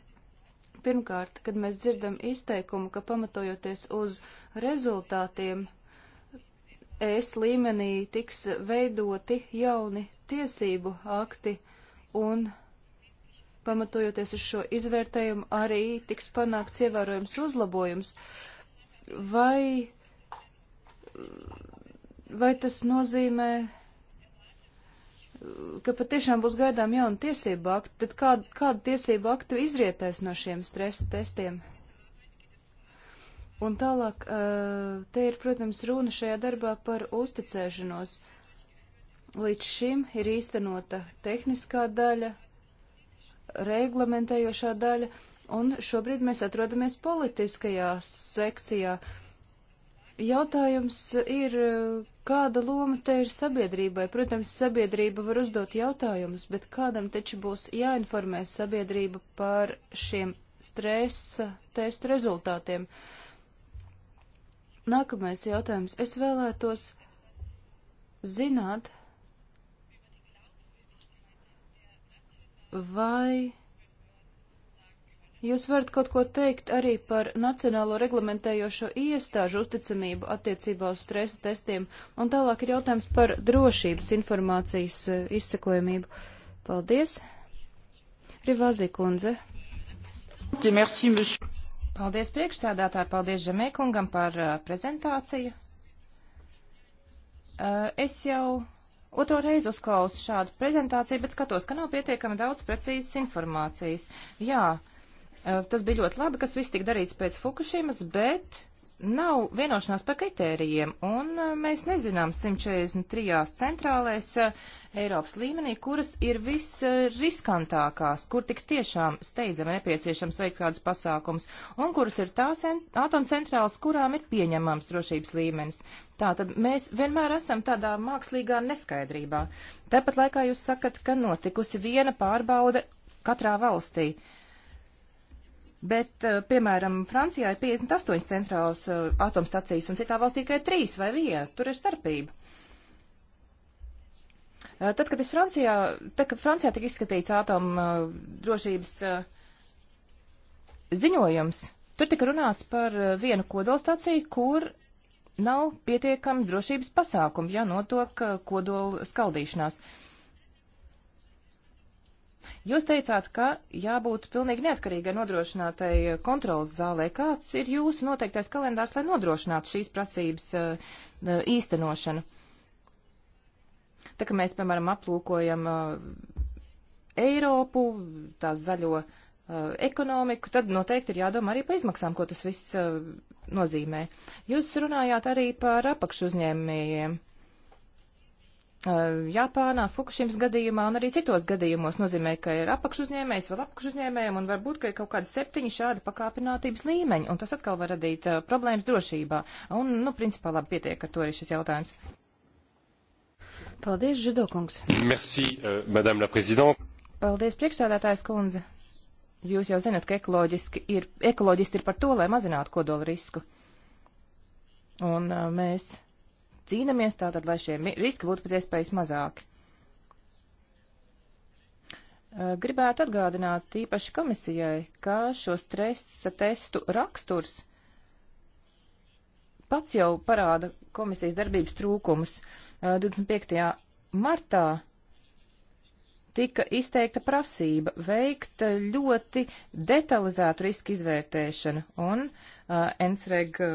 Pirmkārt, kad mēs dzirdam izteikumu, ka pamatojoties uz rezultātiem, ES līmenī tiks veidoti jauni tiesību akti, un pamatojoties uz šo izvērtējumu arī tiks panākts ievērojams uzlabojums. Vai, vai tas nozīmē, ka patiešām būs gaidām jauna tiesība akta, tad kāda, kāda tiesība akta izrietēs no šiem stresa testiem? Un tālāk, eh, te ir, protams, runa šajā darbā par uzticēšanos. Uh, Līdz šim ir īstenota tehniskā daļa, reglamentējošā daļa, un šobrīd mēs atrodamies politiskajā sekcijā. Jautājums ir, kāda loma te ir sabiedrībai? Protams, sabiedrība var uzdot jautājumus, bet kādam taču būs jāinformē sabiedrība par šiem stresa testu rezultātiem. Nākamais jautājums. Es vēlētos zināt, Vai jūs varat kaut ko teikt arī par Nacionālo reglamentējošo iestāžu uzticamību attiecībā uz stresa testiem? Un tālāk ir jautājums par drošības informācijas eh, izsekojamību. Paldies! Rivāzi kundze. Paldies priekšsēdētāji, paldies Žemēkungam par uh, prezentāciju. Uh, es jau Otro reizi uzklausu šādu prezentāciju, bet skatos, ka nav pietiekami daudz precīzas informācijas. Jā, eh, tas bija ļoti labi, kas viss tika darīts pēc Fukushimas, bet nav vienošanās par kritērijiem, un uh, mēs nezinām 143 centrālēs uh, Eiropas līmenī, kuras ir visriskantākās, uh, kur tik tiešām steidzami nepieciešams veikt kādus pasākums, un kuras ir tās atomcentrāls, kurām ir pieņemams drošības līmenis. Tātad mēs vienmēr esam tādā mākslīgā neskaidrībā. Tāpat laikā jūs sakat, ka notikusi viena pārbaude katrā valstī. Uh, Bet, eh, piemēram, Francijā ir 58 centrālas eh, atomstacijas un citā valstī tikai 3 vai 1. Tur ir starpība. Eh, tad, kad es Francijā, tad, kad Francijā tika izskatīts ātoma drošības ziņojums, tur tika runāts par vienu kodolstaciju, kur nav pietiekami drošības pasākumi, ja notiek kodola skaldīšanās. Uh, Jūs teicāt, ka jābūt pilnīgi neatkarīgai nodrošinātai kontrolas zālē. Kāds ir jūsu noteiktais kalendārs, lai nodrošinātu šīs prasības uh, īstenošanu? Tā kā mēs, piemēram, aplūkojam uh, Eiropu, tās zaļo uh, ekonomiku, tad noteikti ir jādomā arī par izmaksām, ko tas viss uh, nozīmē. Jūs runājāt arī par apakšu uzņēmējiem. Uh, Japānā, Fukushimas gadījumā un arī citos gadījumos nozīmē, ka ir apakšuzņēmējs, vēl apakšuzņēmējiem un varbūt, ka ir kaut kādi septiņi šādi pakāpinātības līmeņi, un tas atkal var radīt uh, problēmas drošībā. Un, nu, principā labi pietiek ar to arī šis jautājums. Paldies, Židokungs. Merci, uh, madame la présidente. Paldies, priekšsēdētājs kundze. Jūs jau zinat, ka ekoloģiski ir, ekoloģisti ir par to, lai mazinātu kodola risku. Un uh, mēs cīnamies tātad, lai šie riski būtu pēc iespējas mazāki. Gribētu atgādināt īpaši komisijai, ka šo stresa testu raksturs pats jau parāda komisijas darbības trūkumus. 25. martā tika izteikta prasība veikt ļoti detalizētu risku izvērtēšanu, un uh, NSREG uh,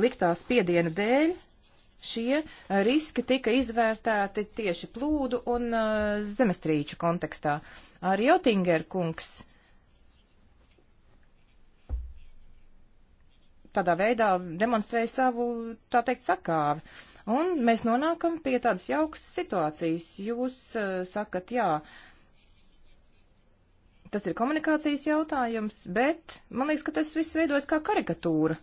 liktā spiediena dēļ šie eh, riski tika izvērtēti tieši plūdu un uh, zemestrīču kontekstā. Arī Jotinger kungs tādā veidā demonstrēja savu, tā teikt, sakāvi. Un mēs nonākam pie tādas jaukas situācijas. Jūs uh, sakat, jā, tas ir komunikācijas jautājums, bet man liekas, ka tas viss veidojas kā karikatūra.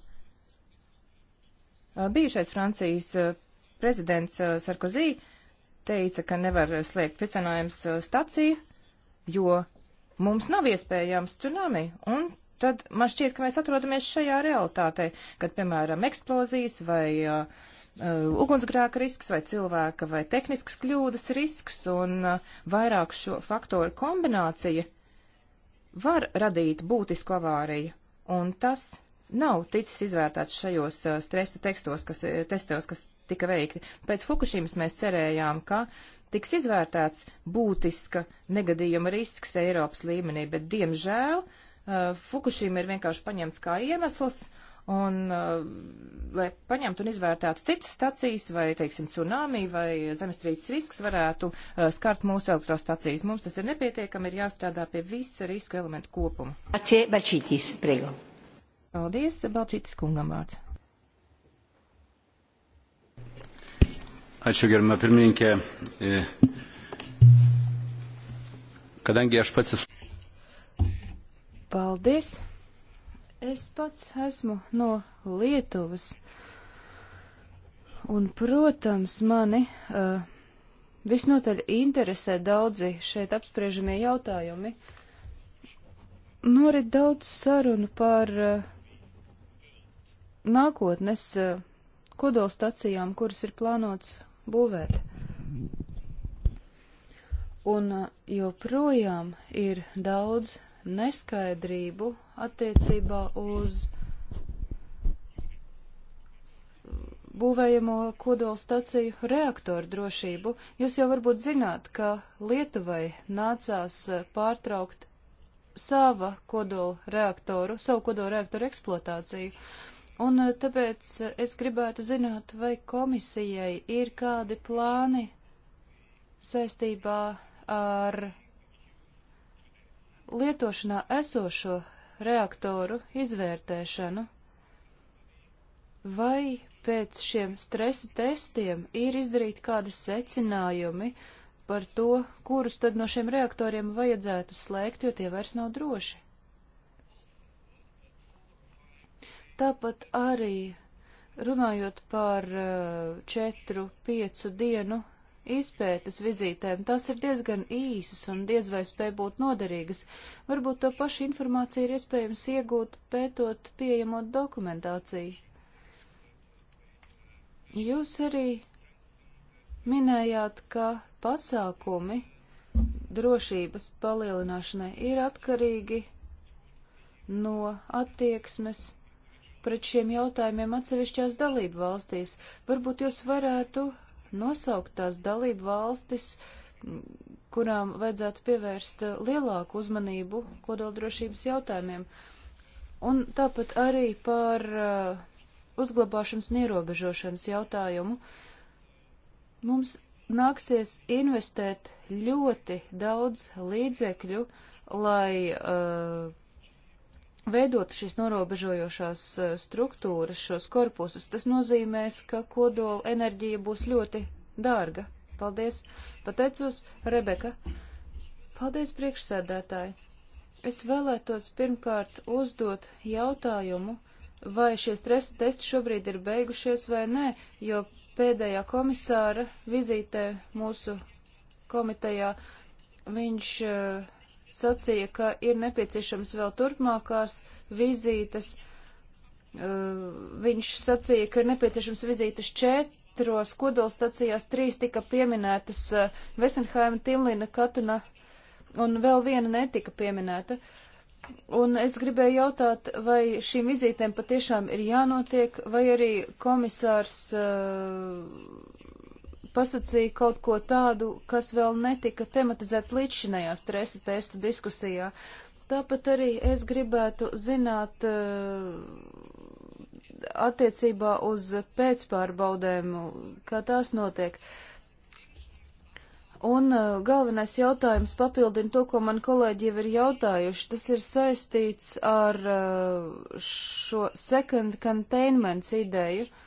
Bijušais Francijas prezidents Sarkozī teica, ka nevar slēgt vicinājums staciju, jo mums nav iespējams tsunami. Un tad man šķiet, ka mēs atrodamies šajā realitātē, kad, piemēram, eksplozijas vai uh, ugunsgrēka risks vai cilvēka vai tehniskas kļūdas risks un uh, vairāk šo faktoru kombinācija var radīt būtisku avāriju. Un tas nav ticis izvērtāts šajos eh, stresa tekstos, kas, eh, testos, kas tika veikti. Pēc Fukušīmas mēs cerējām, ka tiks izvērtēts būtiska negadījuma risks Eiropas līmenī, bet diemžēl eh, Fukušīma ir vienkārši paņemts kā iemesls un, uh, lai paņemtu un izvērtētu citas stacijas, vai, teiksim, tsunami vai zemestrīces risks varētu uh, skart mūsu elektrostacijas. Mums tas ir nepietiekami, ir jāstrādā pie visa risku elementu kopuma. Atsie Balčītis, priegu. Paldies, Balčītis kungam vārds. Ačiū, gerbama pirmininkė. E, kadangi aš pats esu. Paldies. Es pats esmu no Lietuvas. Un, protams, mani uh, visnotaļ interesē daudzi šeit apspriežamie jautājumi. Norit daudz sarunu par uh, nākotnes eh, kodolstacijām, kuras ir plānots būvēt. Un eh, joprojām ir daudz neskaidrību attiecībā uz būvējamo kodolstaciju reaktoru drošību. Jūs jau varbūt zināt, ka Lietuvai nācās eh, pārtraukt sava kodola reaktoru, savu kodola reaktoru eksploatāciju. Uh, Un eh, tāpēc eh, es gribētu zināt, vai komisijai ir kādi plāni saistībā ar lietošanā esošo reaktoru izvērtēšanu, vai pēc šiem stresa testiem ir izdarīti kādi secinājumi par to, kurus tad no šiem reaktoriem vajadzētu slēgt, jo tie vairs nav droši. Tāpat arī runājot par eh, četru, piecu dienu izpētes vizītēm, tās ir diezgan īsas un diez vai spēj būt noderīgas. Varbūt to pašu informāciju ir iespējams iegūt pētot pieejamo dokumentāciju. Jūs arī minējāt, ka pasākumi drošības palielināšanai ir atkarīgi no attieksmes pret šiem jautājumiem atsevišķās dalību valstīs. Varbūt jūs varētu nosaukt tās dalību valstis, kurām vajadzētu pievērst eh, lielāku uzmanību kodoldrošības jautājumiem. Un tāpat arī par uh, uzglabāšanas un ierobežošanas jautājumu. Mums nāksies investēt ļoti daudz līdzekļu, lai uh, veidot šīs norobežojošās eh, struktūras, šos korpusus, tas nozīmēs, ka kodola enerģija būs ļoti dārga. Paldies! Pateicos, Rebeka! Paldies, priekšsēdētāji! Es vēlētos pirmkārt uzdot jautājumu, vai šie stresa testi šobrīd ir beigušies vai nē, jo pēdējā komisāra vizītē mūsu komitejā viņš uh, sacīja, ka ir nepieciešams vēl turpmākās vizītes. Uh, viņš sacīja, ka ir nepieciešams vizītes četros kodolstacijās, trīs tika pieminētas uh, Vesenhaima, Timlina, Katuna un vēl viena netika pieminēta. Un es gribēju jautāt, vai šīm vizītēm patiešām ir jānotiek, vai arī komisārs uh, pasacīja kaut ko tādu, kas vēl netika tematizēts līdzšinējā stresa testa diskusijā. Tāpat arī es gribētu zināt eh, attiecībā uz pēcpārbaudēm, kā tās notiek. Un eh, galvenais jautājums papildina to, ko man kolēģi jau ir jautājuši. Tas ir saistīts ar eh, šo second containment ideju. Uh,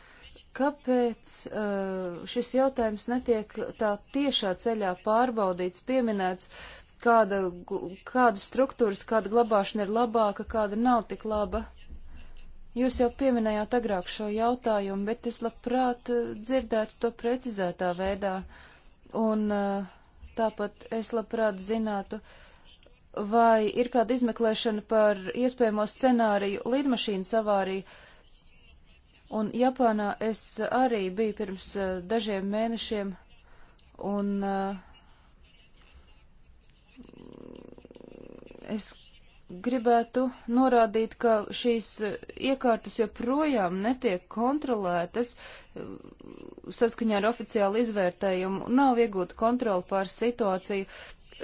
Kāpēc uh, šis jautājums netiek tā tiešā ceļā pārbaudīts, pieminēts, kāda, kāda struktūras, kāda glabāšana ir labāka, kāda nav tik laba? Jūs jau pieminējāt agrāk šo jautājumu, bet es labprāt eh, dzirdētu to precizētā veidā. Un uh, tāpat es labprāt zinātu, vai ir kāda izmeklēšana par iespējamo scenāriju lidmašīnas avāriju Un Japānā es arī biju pirms eh, dažiem mēnešiem, un eh, es gribētu norādīt, ka šīs eh, iekārtas joprojām netiek kontrolētas saskaņā ar oficiālu izvērtējumu, nav iegūta kontrola pār situāciju.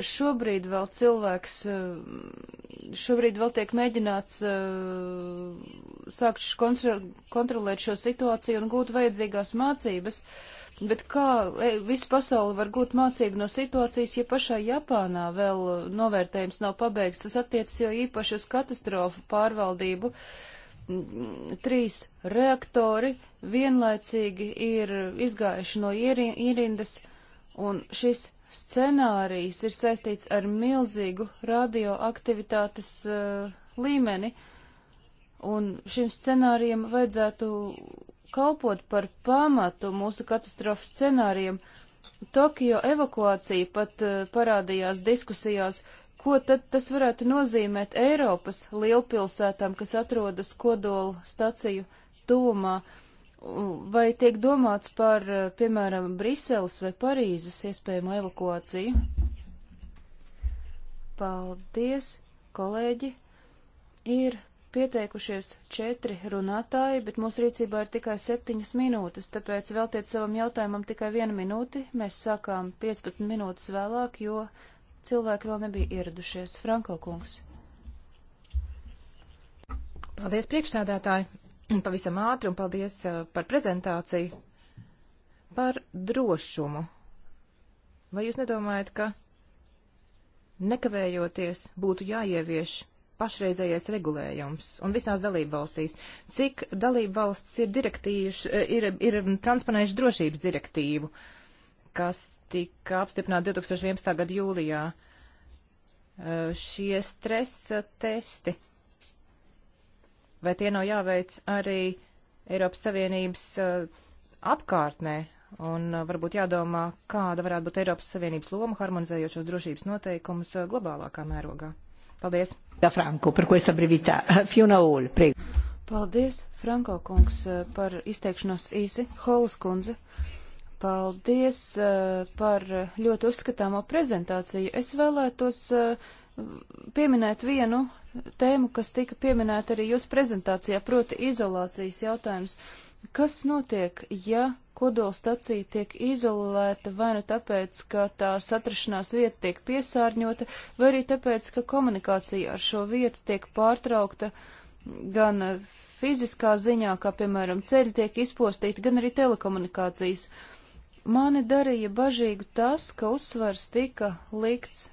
Šobrīd vēl cilvēks, eh, šobrīd vēl tiek mēģināts eh, sākt kontro, kontrolēt šo situāciju un gūt vajadzīgās mācības, bet kā e, visa pasaule var gūt mācību no situācijas, ja pašā Japānā vēl eh, novērtējums nav pabeigts, tas attiecas jau īpaši uz katastrofu pārvaldību mm, mm, trīs reaktori vienlaicīgi ir izgājuši no ierindas, un šis scenārijs ir saistīts ar milzīgu radioaktivitātes uh, līmeni, un šim scenārijam vajadzētu kalpot par pamatu mūsu katastrofu scenārijam. Tokio evakuācija pat uh, parādījās diskusijās, ko tad tas varētu nozīmēt Eiropas lielpilsētām, kas atrodas kodola staciju tūmā. Uh, vai tiek domāts par, piemēram, Briseles vai Parīzes iespējamo evakuāciju? Paldies, kolēģi! Ir pieteikušies četri runātāji, bet mūsu rīcībā ir tikai septiņas minūtes, tāpēc veltiet savam jautājumam tikai vienu minūti. Mēs sākām 15 minūtes vēlāk, jo cilvēki vēl nebija ieradušies. Franko kungs. Paldies, priekšsādātāji! pavisam ātri un paldies eh, par prezentāciju par drošumu. Vai jūs nedomājat, ka nekavējoties būtu jāievieš pašreizējais regulējums un visās dalībvalstīs. Cik dalībvalsts ir direktīvuši, eh, ir, ir transponējuši drošības direktīvu, kas tika apstiprināta 2011. gada jūlijā? Eh, šie stresa testi vai tie nav jāveic arī Eiropas Savienības uh, apkārtnē, un uh, varbūt jādomā, kāda varētu būt Eiropas Savienības loma harmonizējot šos drošības noteikumus uh, globālākā mērogā. Paldies! Da Franco, par questa brevità. Fiona Hall, prego. Paldies, Franko kungs, par izteikšanos īsi. Holas kundze, paldies par ļoti uzskatāmo prezentāciju. Es vēlētos pieminēt vienu tēmu, kas tika pieminēta arī jūsu prezentācijā, proti izolācijas jautājums. Kas notiek, ja kodolstacija tiek izolēta vai nu tāpēc, ka tā satrašanās vieta tiek piesārņota, vai arī tāpēc, ka komunikācija ar šo vietu tiek pārtraukta gan fiziskā ziņā, kā piemēram ceļi tiek izpostīti, gan arī telekomunikācijas. Mani darīja bažīgu tas, ka uzsvars tika likts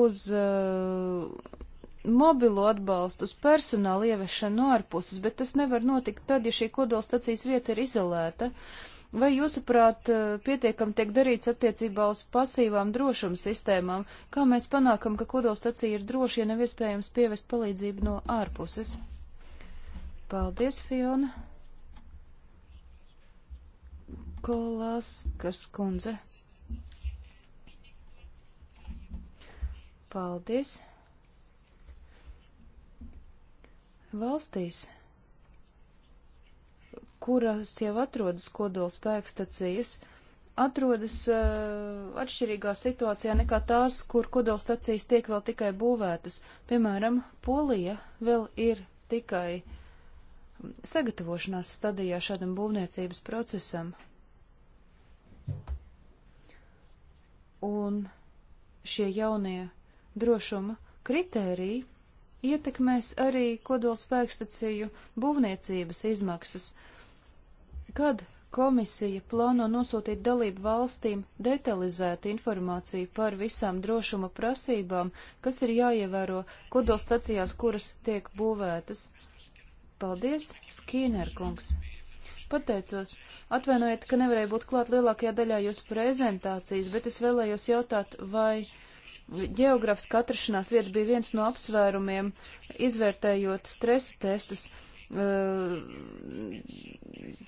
uz uh, mobilo atbalstu, uz personāla ievešanu no ārpuses, bet tas nevar notikt tad, ja šī kodolstacijas vieta ir izolēta. Vai jūsuprāt, eh, pietiekam tiek darīts attiecībā uz pasīvām drošuma sistēmām? Kā mēs panākam, ka kodolstacija ir droša, ja nav iespējams pievest palīdzību no ārpuses? Paldies, Fiona. Kolaskas kundze. Paldies. Valstīs, kurās jau atrodas kodols spēkstacijas, atrodas uh, atšķirīgā situācijā nekā tās, kur kodolstacijas tiek vēl tikai būvētas. Piemēram, Polija vēl ir tikai sagatavošanās stadijā šādam būvniecības procesam. Un šie jaunie drošuma kritēriji ietekmēs arī kodolspēkstaciju būvniecības izmaksas. Kad komisija plāno nosūtīt dalību valstīm detalizētu informāciju par visām drošuma prasībām, kas ir jāievēro kodolstacijās, kuras tiek būvētas. Paldies, Skīnerkungs! Pateicos, atvainojiet, ka nevarēju būt klāt lielākajā daļā jūsu prezentācijas, bet es vēlējos jautāt, vai Geogrāfiska atrašanās vieta bija viens no apsvērumiem, izvērtējot stresa testus. Uh,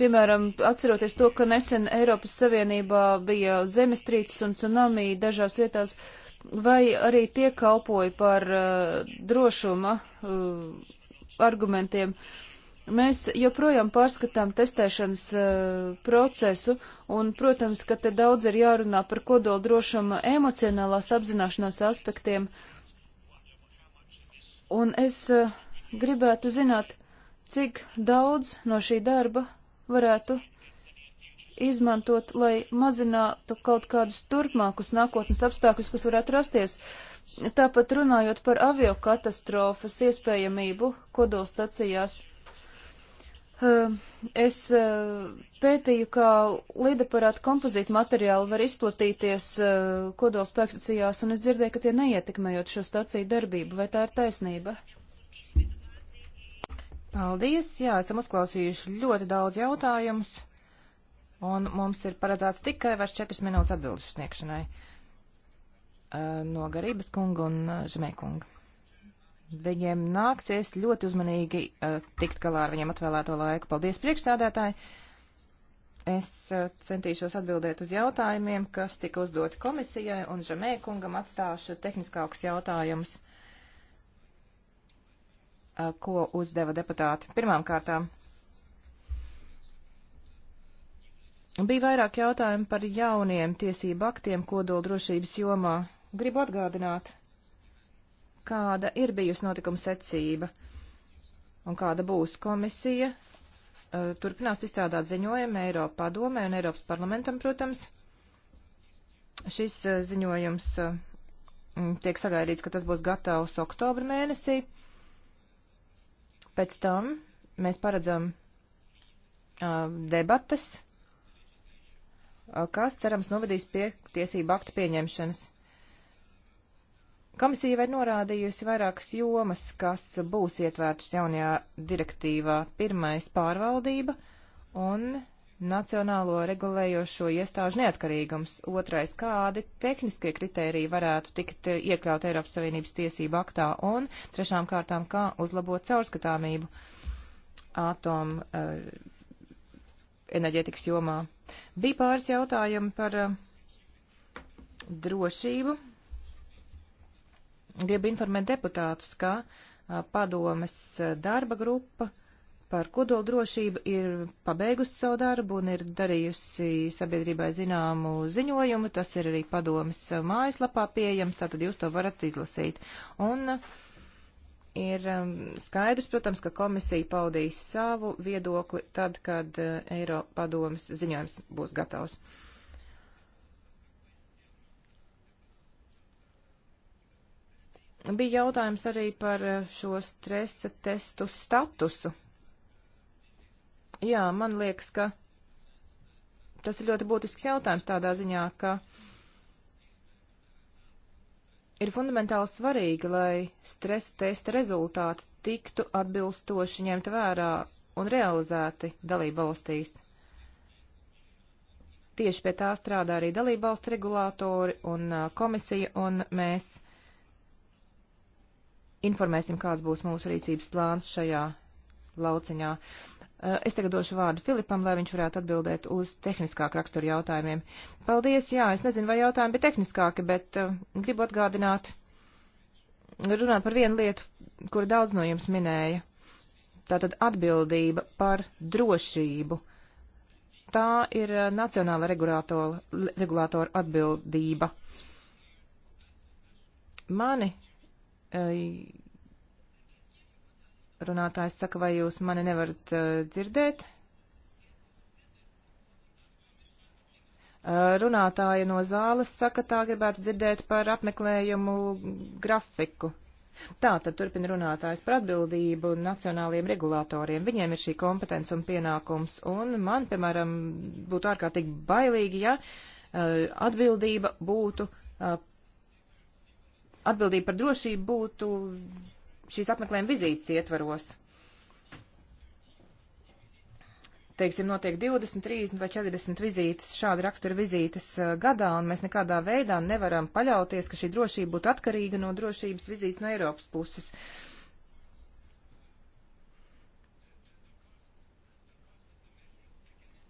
piemēram, atceroties to, ka nesen Eiropas Savienībā bija zemestrīces un tsunami dažās vietās, vai arī tie kalpoja par uh, drošuma uh, argumentiem. Uh, Mēs joprojām pārskatām testēšanas uh, procesu, un, protams, ka te daudz ir jārunā par kodola drošuma emocionālās apzināšanās aspektiem. Un es uh, gribētu zināt, cik daudz no šī darba varētu izmantot, lai mazinātu kaut kādus turpmākus nākotnes apstākļus, kas varētu rasties. Tāpat runājot par avio katastrofas iespējamību kodolstacijās. stacijās Hm, es hm, pētīju, ka lidaparāta kompozīta materiāli var izplatīties hm, kodolspēkstacijās, un es dzirdēju, ka tie neietekmējot šo staciju darbību. Vai tā ir taisnība? Paldies! Jā, esam uzklausījuši ļoti daudz jautājumus, un mums ir paredzēts tikai vairs četras minūtes atbildes sniegšanai no Garības kunga un Žmē kunga. Viņiem nāksies ļoti uzmanīgi uh, tikt galā ar viņiem atvēlēto laiku. Paldies, priekšsādātāji! Es uh, centīšos atbildēt uz jautājumiem, kas tika uzdoti komisijai, un Žemē kungam atstāšu tehniskākus jautājumus, uh, ko uzdeva deputāti. Pirmām kārtām bija vairāk jautājumu par jauniem tiesību aktiem kodoldrošības jomā. Gribu atgādināt kāda ir bijusi notikuma secība un kāda būs komisija. E, turpinās izstrādāt ziņojumu Eiropā domē un Eiropas parlamentam, protams. Šis e, ziņojums e, tiek sagaidīts, ka tas būs gatavs oktobra mēnesī. Pēc tam mēs paredzam debatas, kas cerams novedīs pie tiesību aktu pieņemšanas. Komisija vai norādījusi vairākas jomas, kas būs ietvērtas jaunajā direktīvā. Pirmais - pārvaldība un nacionālo regulējošo iestāžu neatkarīgums. Otrais - kādi tehniskie kritēriji varētu tikt iekļaut Eiropas Savienības tiesību aktā. Un trešām kārtām - kā uzlabot caurskatāmību atomu uh, enerģētikas jomā. Bija pāris jautājumi par uh, drošību Gribu informēt deputātus, ka a, padomes darba grupa par kodoldrošību ir pabeigusi savu darbu un ir darījusi sabiedrībai zināmu ziņojumu. Tas ir arī padomes mājaslapā pieejams, tātad jūs to varat izlasīt. Un ir skaidrs, protams, ka komisija paudīs savu viedokli tad, kad Eiropadomes ziņojums būs gatavs. Bija jautājums arī par eh, šo stresa testu statusu. Jā, man liekas, ka tas ir ļoti būtisks jautājums tādā ziņā, ka ir fundamentāli svarīgi, lai stresa testa rezultāti tiktu atbilstoši ņemt vērā un realizēti dalību valstīs. Tieši pie tā strādā arī dalībvalstu regulātori un eh, komisija, un mēs informēsim, kāds būs mūsu rīcības plāns šajā lauciņā. Eh, es tagad došu vārdu Filipam, lai viņš varētu atbildēt uz tehniskāku raksturu jautājumiem. Paldies, jā, es nezinu, vai jautājumi bija tehniskāki, bet uh, gribu atgādināt, runāt par vienu lietu, kuru daudz no jums minēja. Tātad atbildība par drošību. Tā ir uh, nacionāla regulātora atbildība. Mani Runātājs saka, vai jūs mani nevarat dzirdēt? Runātāja no zāles saka, tā gribētu dzirdēt par apmeklējumu grafiku. Tā tad turpina runātājs par atbildību nacionāliem regulātoriem. Viņiem ir šī kompetence un pienākums, un man, piemēram, būtu ārkārtīgi bailīgi, ja atbildība būtu atbildība par drošību būtu šīs apmeklējuma vizītes ietvaros. Teiksim, notiek 20, 30 vai 40 vizītes, šāda rakstura vizītes eh, gadā, un mēs nekādā veidā nevaram paļauties, ka šī drošība būtu atkarīga no drošības vizītes no Eiropas puses.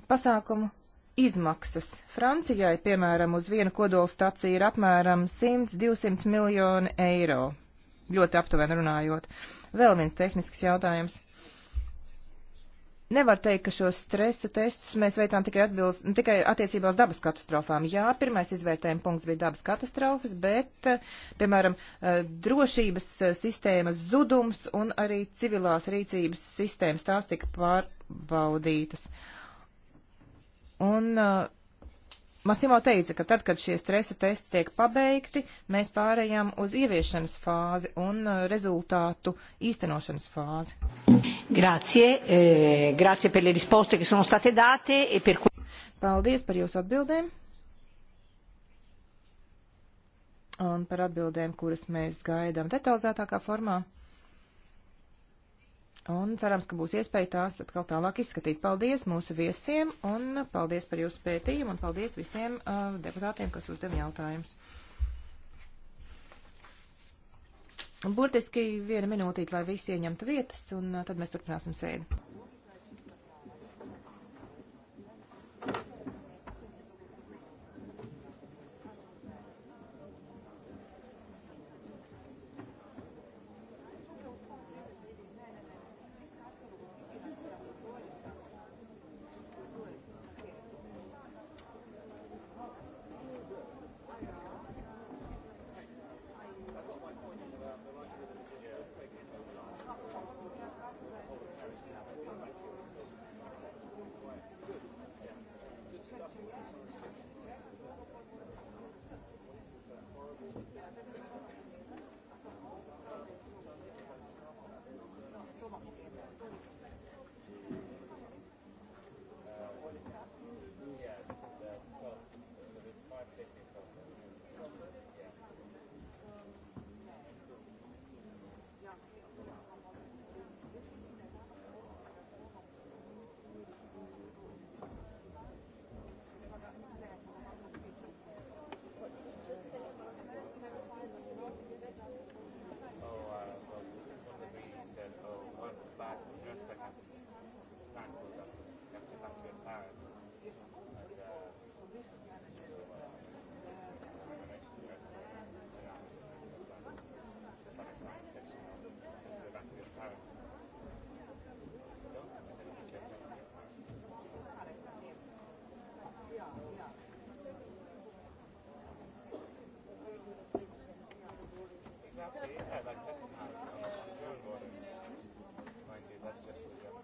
Pasākumu izmaksas. Francijai, piemēram, uz vienu kodolu staciju ir apmēram 100-200 miljoni eiro. Ļoti aptuveni runājot. Vēl viens tehnisks jautājums. Nevar teikt, ka šos stresa testus mēs veicām tikai, atbilst, tikai attiecībā uz dabas katastrofām. Jā, pirmais izvērtējuma punkts bija dabas katastrofas, bet, piemēram, drošības sistēmas zudums un arī civilās rīcības sistēmas tās tika pārbaudītas. Uh, Un uh, Masimo teica, ka tad, kad šie stresa testi tiek pabeigti, mēs pārējām uz ieviešanas fāzi un uh, rezultātu īstenošanas fāzi. Grazie, eh, grazie per le risposte, kas sono state date. E per... Paldies par jūsu atbildēm. Un par atbildēm, kuras mēs gaidām detalizētākā formā. Un cerams, ka būs iespēja tās atkal tālāk izskatīt. Paldies mūsu viesiem un paldies par jūsu pētījumu un paldies visiem uh, deputātiem, kas uzdeva jautājumus. Burtiski viena minūtīt, lai visi ieņemtu vietas, un uh, tad mēs turpināsim sēdi. Yeah, like that's, uh, that's just for example.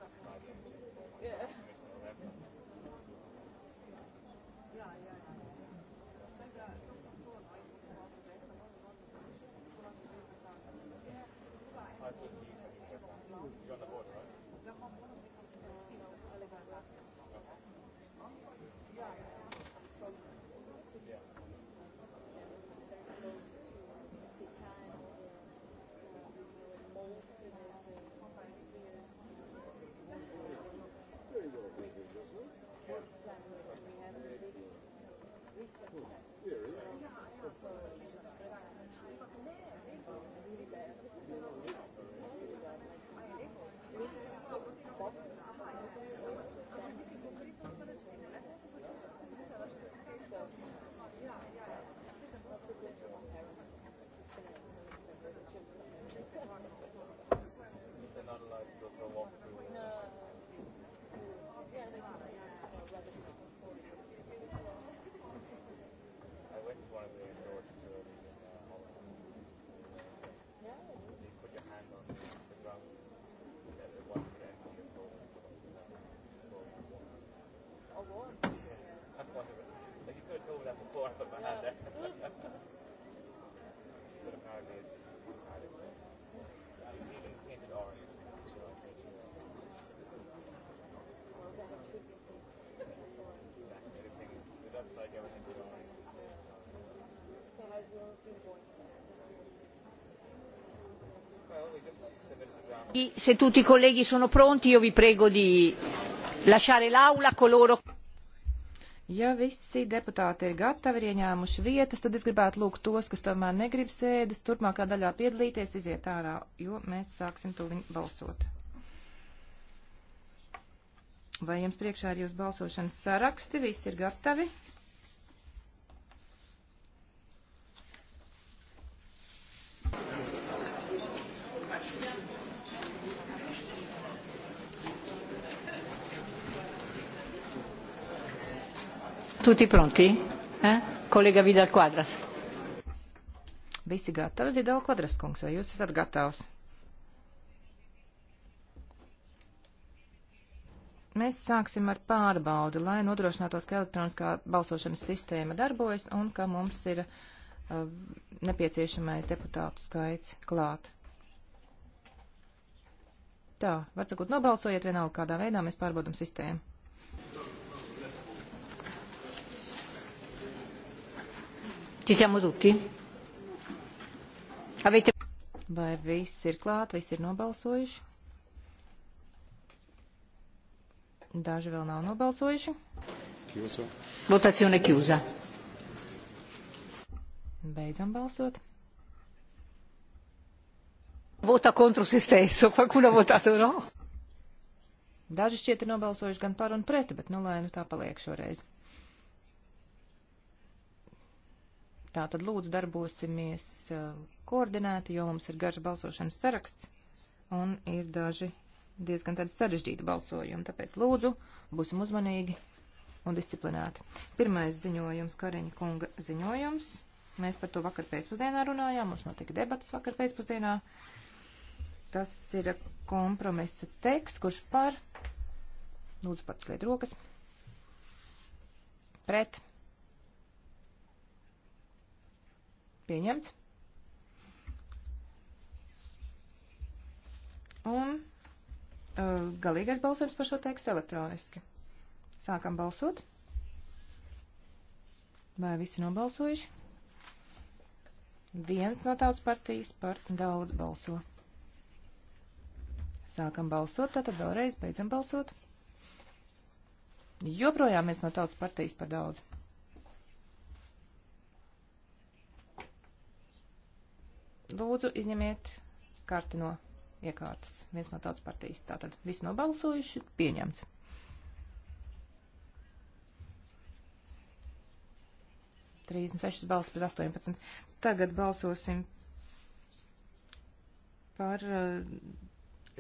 Se tutti i colleghi sono pronti io vi prego di lasciare l'aula coloro. Ja visi deputāti ir gatavi, ir ieņēmuši vietas, tad es gribētu lūgt tos, kas tomēr negrib sēdes, turpmākā daļā piedalīties, iziet ārā, jo mēs sāksim tūliņ balsot. Vai jums priekšā ir jūs balsošanas saraksti? Visi ir gatavi? Tutti pronti? Eh? Kolega Vidal Quadras. Visi gatavi, Vidal Quadras kungs, vai jūs esat gatavs? Mēs sāksim ar pārbaudi, lai nodrošinātos, ka elektroniskā balsošanas sistēma darbojas un ka mums ir uh, nepieciešamais deputātu skaits klāt. Tā, var sakot, nobalsojiet vienalga kādā veidā, mēs pārbaudam sistēmu. Ci siamo tutti? Avete... Vai viss ir klāt, viss ir nobalsojuši? Daži vēl nav nobalsojuši. Chiuso. Votazione chiusa. Beidzam balsot. Vota contro se stesso, qualcuno ha votato no? Daži šķiet ir nobalsojuši gan par un pret, bet nu lai nu tā paliek šoreiz. Tā tad lūdzu darbosimies uh, koordinēti, jo mums ir garš balsošanas saraksts un ir daži diezgan tādi sarežģīti balsojumi. Tāpēc lūdzu, būsim uzmanīgi un disciplinēti. Pirmais ziņojums, Kariņa kunga ziņojums. Mēs par to vakar pēcpusdienā runājām, mums notika debatas vakar pēcpusdienā. Tas ir kompromisa teksts, kurš par. Lūdzu, pats liet rokas. Pret Pieņemts. Un uh, galīgais balsojums par šo tekstu elektroniski. Sākam balsot. Vai visi nobalsojuši? Viens no tautas partijas par daudz balso. Sākam balsot, tātad vēlreiz beidzam balsot. Joprojām mēs no tautas partijas par daudz. Lūdzu, izņemiet karti no iekārtas. Viens no tautas partijas. Tātad visi nobalsojuši, pieņemts. Trīsdesmit sešas balsis pret astoņpadsmit. Tagad balsosim par uh,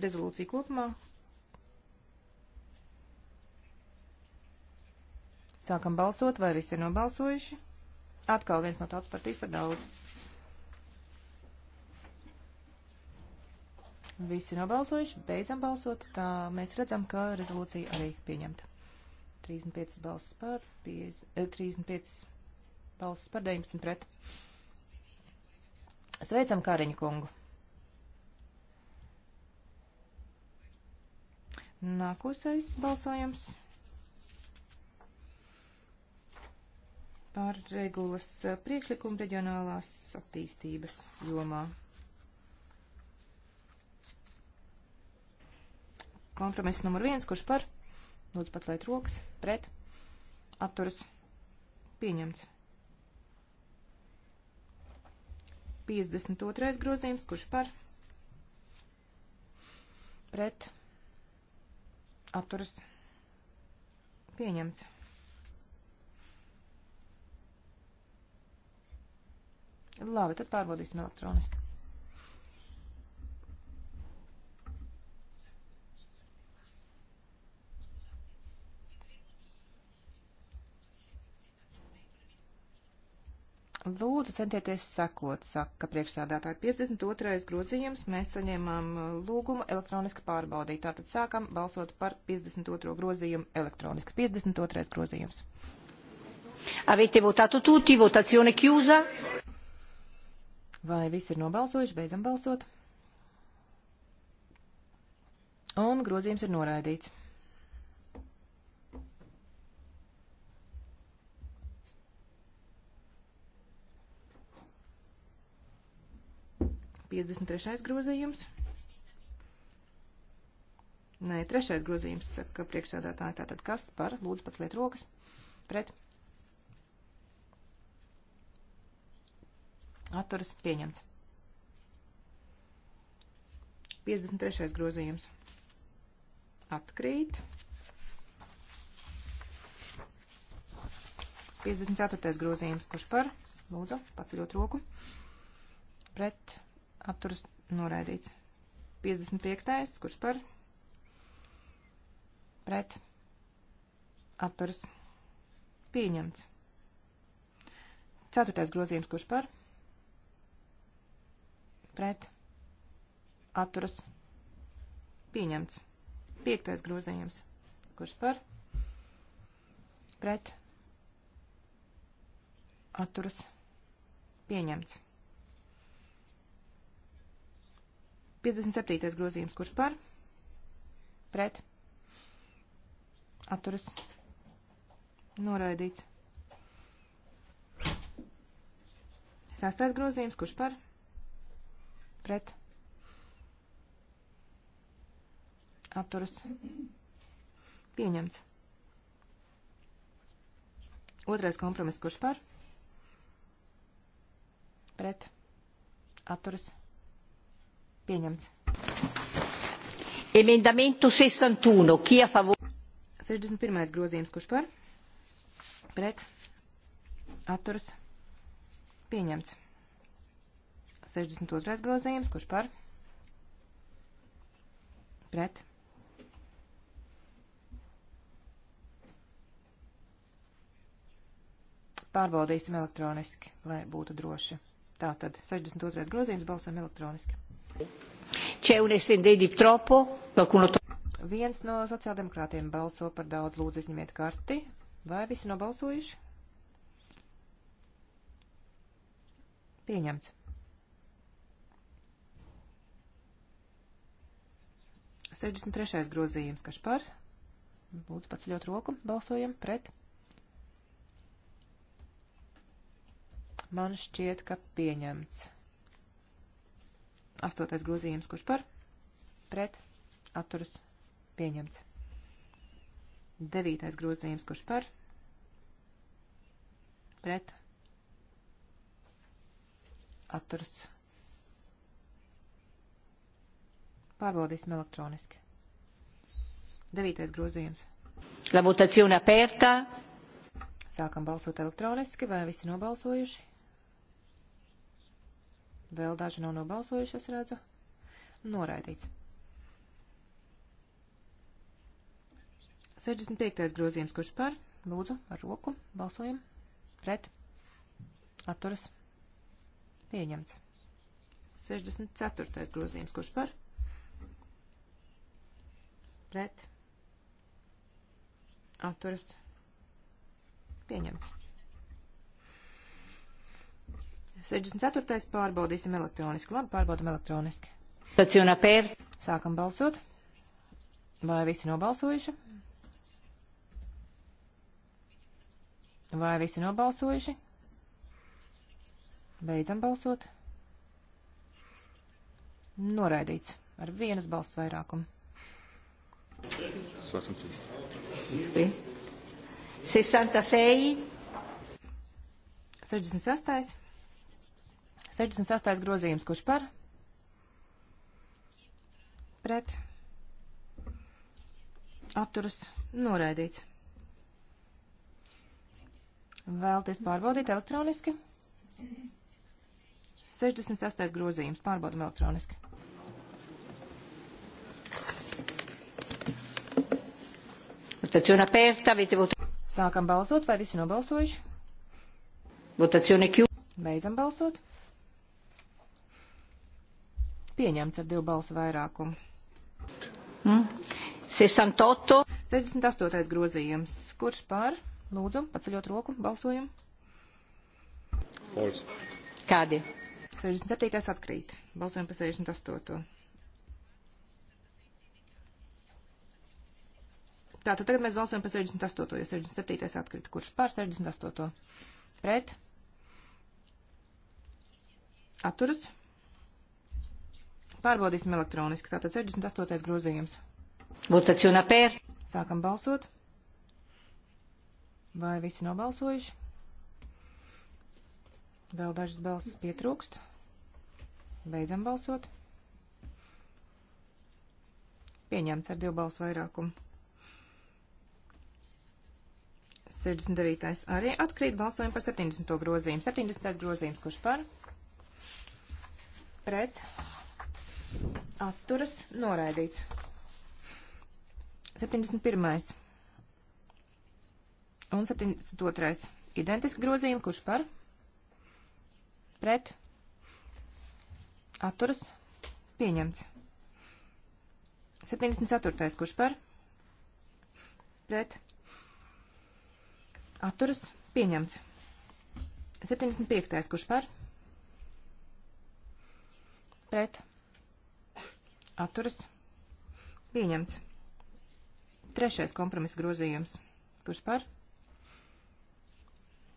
rezolūciju kopumā. Sākam balsot, vai visi ir nobalsojuši? Atkal viens no tautas partijas par daudz. Visi nobalsojuši, beidzam balsot, tā mēs redzam, ka rezolūcija arī pieņemta. 35 balsis par, 5, 35 eh, balsis par, 19 pret. Sveicam Kāriņu kungu. Nākošais balsojums par regulas eh, priekšlikumu reģionālās attīstības jomā. Kompromiss numur viens, kurš par? Lūdzu, paceliet rokas. Pret. Atturas. Pieņemts. 52. grozījums, kurš par? Pret. Atturas. Pieņemts. Labi, tad pārbaudīsim elektroniski. Lūdzu, centieties sekot, saka priekšsādātāji. 52. grozījums mēs saņēmām uh, lūgumu elektroniski pārbaudīt. Tātad sākam balsot par 52. grozījumu elektroniski. 52. grozījums. Avete votato tutti, votazione chiusa. Vai visi ir nobalsojuši, beidzam balsot? Un grozījums ir noraidīts. 53. grozījums. Nē, trešais grozījums, saka priekšsēdētāji. Tātad kas par? Lūdzu, pats liet rokas. Pret. Atturas pieņemts. 53. grozījums. Atkrīt. 54. grozījums, kurš par? Lūdzu, paceļot roku. Pret atturas noraidīts. 55. kurš par pret atturas pieņemts. 4. grozījums, kurš par pret atturas pieņemts. 5. grozījums, kurš par pret atturas pieņemts. 57. grozījums, kurš par? Pret. Atturas. Noraidīts. Sastais grozījums, kurš par? Pret. Atturas. Pieņemts. Otrais kompromiss, kurš par? Pret. Atturas. Pieņemts. Emendamentu 61. Kia favor? 61. grozījums. Kurš par? Pret. Atturs. Pieņemts. 62. grozījums. Kurš par? Pret. Pārbaudīsim elektroniski, lai būtu droši. Tātad 62. grozījums balsojam elektroniski. C'è un SND di troppo? Qualcuno to... Viens no sociāldemokrātiem balso par daudz, lūdzu izņemiet karti. Vai visi nobalsojuši? Pieņemts. Sešdesmit trešais grozījums, kas par? Lūdzu, paceļot roku, balsojam pret. Man šķiet, ka pieņemts. Astotais grozījums, kurš par pret atturas pieņemts. Devītais grozījums, kurš par pret atturas. Pārbaudīsim elektroniski. Devītais grozījums. La votazione aperta. Sākam balsot elektroniski, vai visi nobalsojuši? Vēl daži nav nobalsojuši, es redzu. Noraidīts. 65. grozījums, kurš par? Lūdzu, ar roku. Balsojam. Pret. Atturas. Pieņemts. 64. grozījums, kurš par? Pret. Atturas. Pieņemts. 64. pārbaudīsim elektroniski. Labi, pārbaudam elektroniski. Staciona pēr. Sākam balsot. Vai visi nobalsojuši? Vai visi nobalsojuši? Beidzam balsot. Noraidīts ar vienas balss vairākumu. 66. 66. 66. 68. grozījums, kurš par? Pret. Apturas noraidīts. Vēlties pārbaudīt elektroniski? 68. grozījums. Pārbaudam elektroniski. Votazione aperta, avete votato. Sākam balsot, vai visi nobalsojuši? Votazione chiusa. Beidzam balsot pieņemts ar divu balsu vairākumu. Mm. 68. 68. grozījums. Kurš pār? Lūdzu, paceļot roku, balsojam. Fals. Kādi? 67. atkrīt. Balsojam par 68. Tātad tagad mēs balsojam par 68. jo 67. atkrīt. Kurš pār 68. Pret? Atturas? Pārbaudīsim elektroniski. Tātad 68. grozījums. Votaciona pēr. Sākam balsot. Vai visi nobalsojuši? Vēl dažas balsis pietrūkst. Beidzam balsot. Pieņemts ar divu balsu vairākumu. 69. arī atkrīt balsojumu par 70. grozījumu. 70. grozījums, kurš par? Pret atturas noraidīts. 71. un 72. identiski grozījumi, kurš par pret atturas pieņemts. 74. kurš par pret atturas pieņemts. 75. kurš par pret Atturas. Pieņemts. Trešais kompromisa grozījums. Kurš par?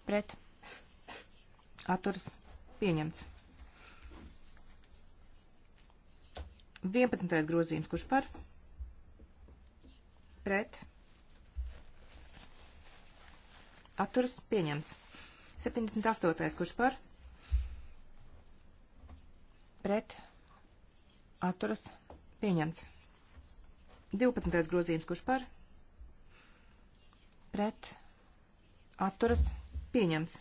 Pret. Atturas. Pieņemts. 11. grozījums. Kurš par? Pret. Atturas. Pieņemts. 78. Kurš par? Pret. Atturas. Pieņemts Pieņemts. 12. grozījums, kurš par? Pret. Atturas. Pieņemts.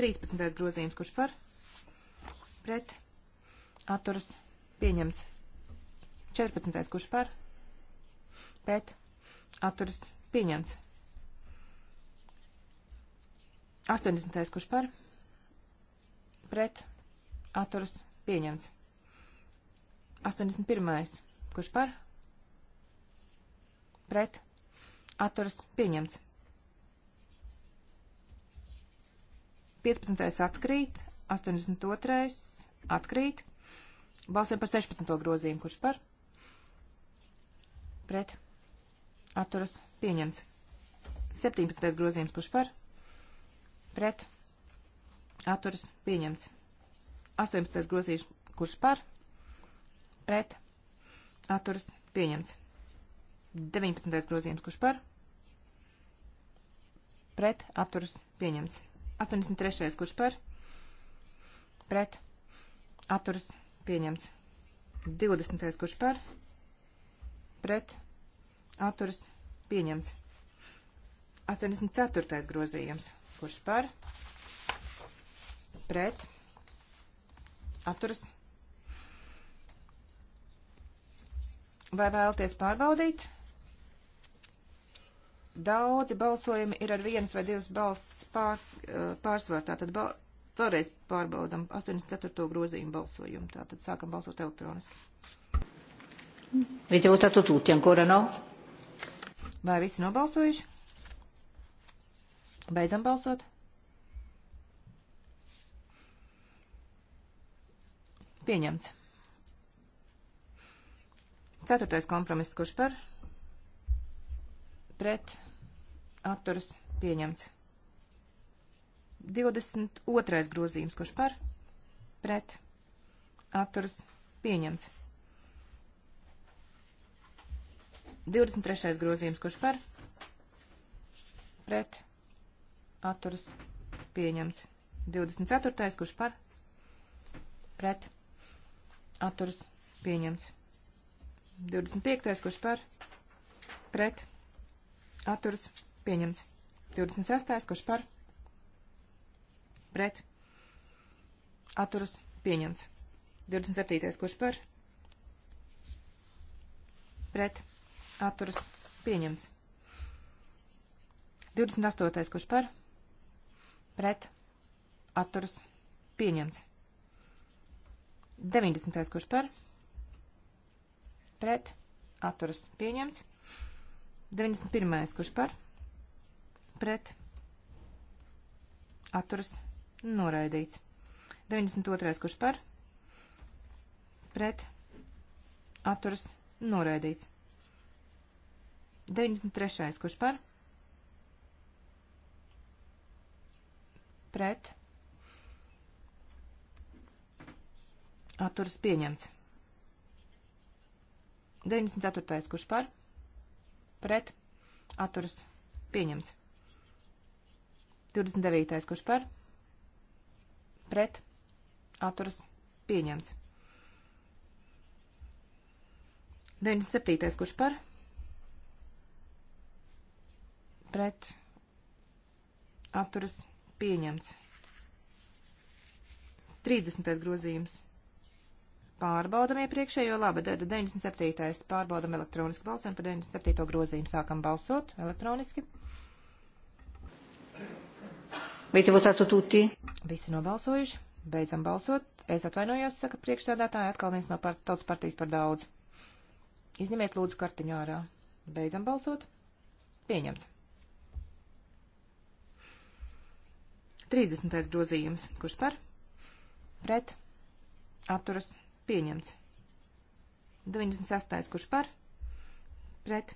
13. grozījums, kurš par? Pret. Atturas. Pieņemts. 14. kurš par? Pret. Atturas. Pieņemts. 80. kurš par? Pret. Atturas. Pieņemts. 81. Kurš par? Pret. Atturas pieņemts. 15. atkrīt, 82. atkrīt. Balsojam par 16. grozījumu. Kurš par? Pret. Atturas pieņemts. 17. grozījums. Kurš par? Pret. Atturas pieņemts. 18. grozījums. Kurš par? Pret atturas pieņemts. 19. grozījums, kurš par? Pret atturas pieņemts. 83. kurš par? Pret atturas pieņemts. 20. kurš par? Pret atturas pieņemts. 84. grozījums, kurš par? Pret atturas pieņemts. Vai vēlaties pārbaudīt? Daudzi balsojumi ir ar vienas vai divas balss pār, eh, pārsvarā. Tātad bal vēlreiz pārbaudam 84. grozījumu balsojumu. Tātad sākam balsot elektroniski. Avete votato tutti ancora no? Vai visi nobalsojuši? Beidzam balsot. Pieņemts. Ceturtais kompromiss, kurš par pret atturas pieņemts. 22. grozījums, kurš par pret atturas pieņemts. 23. grozījums, kurš par pret atturas pieņemts. 24. kurš par pret atturas pieņemts. 25. kurš par pret atturas pieņemts. 26. kurš par pret atturas pieņemts. 27. kurš par pret atturas pieņemts. 28. kurš par pret atturas pieņemts. 90. kurš par pret pret atturas pieņemts. 91. kurš par pret atturas noraidīts. 92. kurš par pret atturas noraidīts. 93. kurš par pret atturas pieņemts. 94. kurš par? Pret. Atturas. Pieņemts. 29. kurš par? Pret. Atturas. Pieņemts. 97. kurš par? Pret. Atturas. Pieņemts. 30. grozījums. Pārbaudam iepriekšējo labi, 97. pārbaudam elektroniski balsojumu par 97. grozījumu. Sākam balsot elektroniski. Vīti votātu tuti. Visi nobalsojuši. Beidzam balsot. Es atvainojos, saka priekšsēdētāji, atkal viens no par, tautas partijas par daudz. Izņemiet lūdzu kartiņu ārā. Beidzam balsot. Pieņemts. 30. grozījums. Kurš par? Pret. Atturas pieņemts. 98. kurš par, pret,